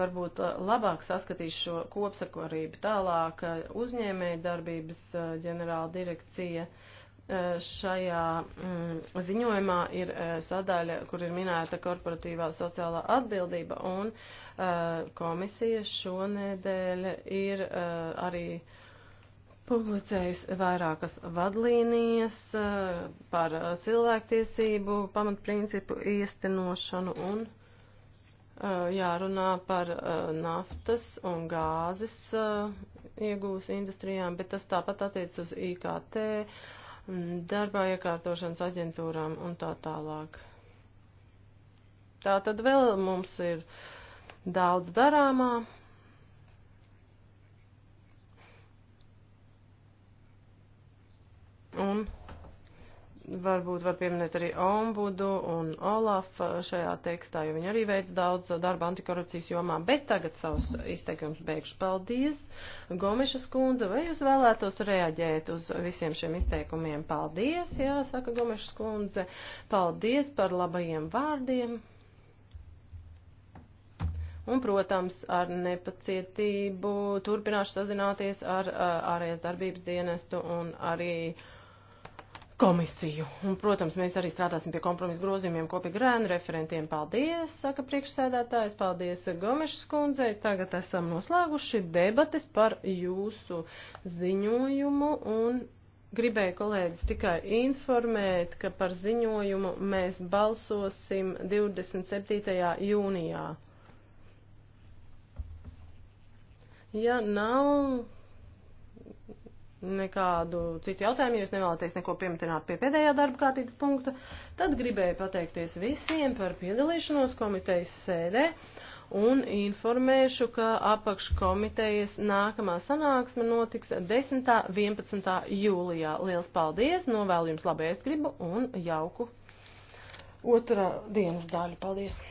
varbūt labāk saskatīs šo kopsakorību. Tālāk uzņēmēja darbības ģenerāla direkcija. Uh, Eh, šajā mm, ziņojumā ir eh, sadaļa, kur ir minēta korporatīvā sociālā atbildība, un uh, komisija šonedēļ ir uh, arī publicējusi vairākas vadlīnijas uh, par cilvēktiesību pamatprincipu iestenošanu un jārunā par naftas un gāzes iegūs industrijām, bet tas tāpat attiec uz IKT, Mm, darbā iekārtošanas aģentūrām un tā tālāk. Tā tad vēl mums ir daudz darāmā. Un varbūt var pieminēt arī Ombudu un Olafu šajā tekstā, jo viņi arī veic daudz darba antikorupcijas jomā, bet tagad savus izteikums beigšu. Paldies, Gomešas kundze, vai jūs vēlētos reaģēt uz visiem šiem izteikumiem? Paldies, jā, saka Gomešas kundze, paldies par labajiem vārdiem. Un, protams, ar nepacietību turpināšu sazināties ar ārējās darbības dienestu un arī uh, komisiju. Un, protams, mēs arī strādāsim pie kompromisu grozījumiem kopīgi rēnu referentiem. Paldies, saka priekšsēdētājs, paldies Gomešas kundzei. Tagad esam noslēguši debates par jūsu ziņojumu un gribēju kolēģis tikai informēt, ka par ziņojumu mēs balsosim 27. jūnijā. Ja nav nekādu citu jautājumu, ja jūs nevēlaties neko pieminēt pie pēdējā darba kārtības punkta, tad gribēju pateikties visiem par piedalīšanos komitejas sēdē un informēšu, ka apakškomitejas nākamā sanāksme notiks 10. 11. jūlijā. Liels paldies, novēlu jums labu ēstgribu un jauku otrā dienas daļu. Paldies!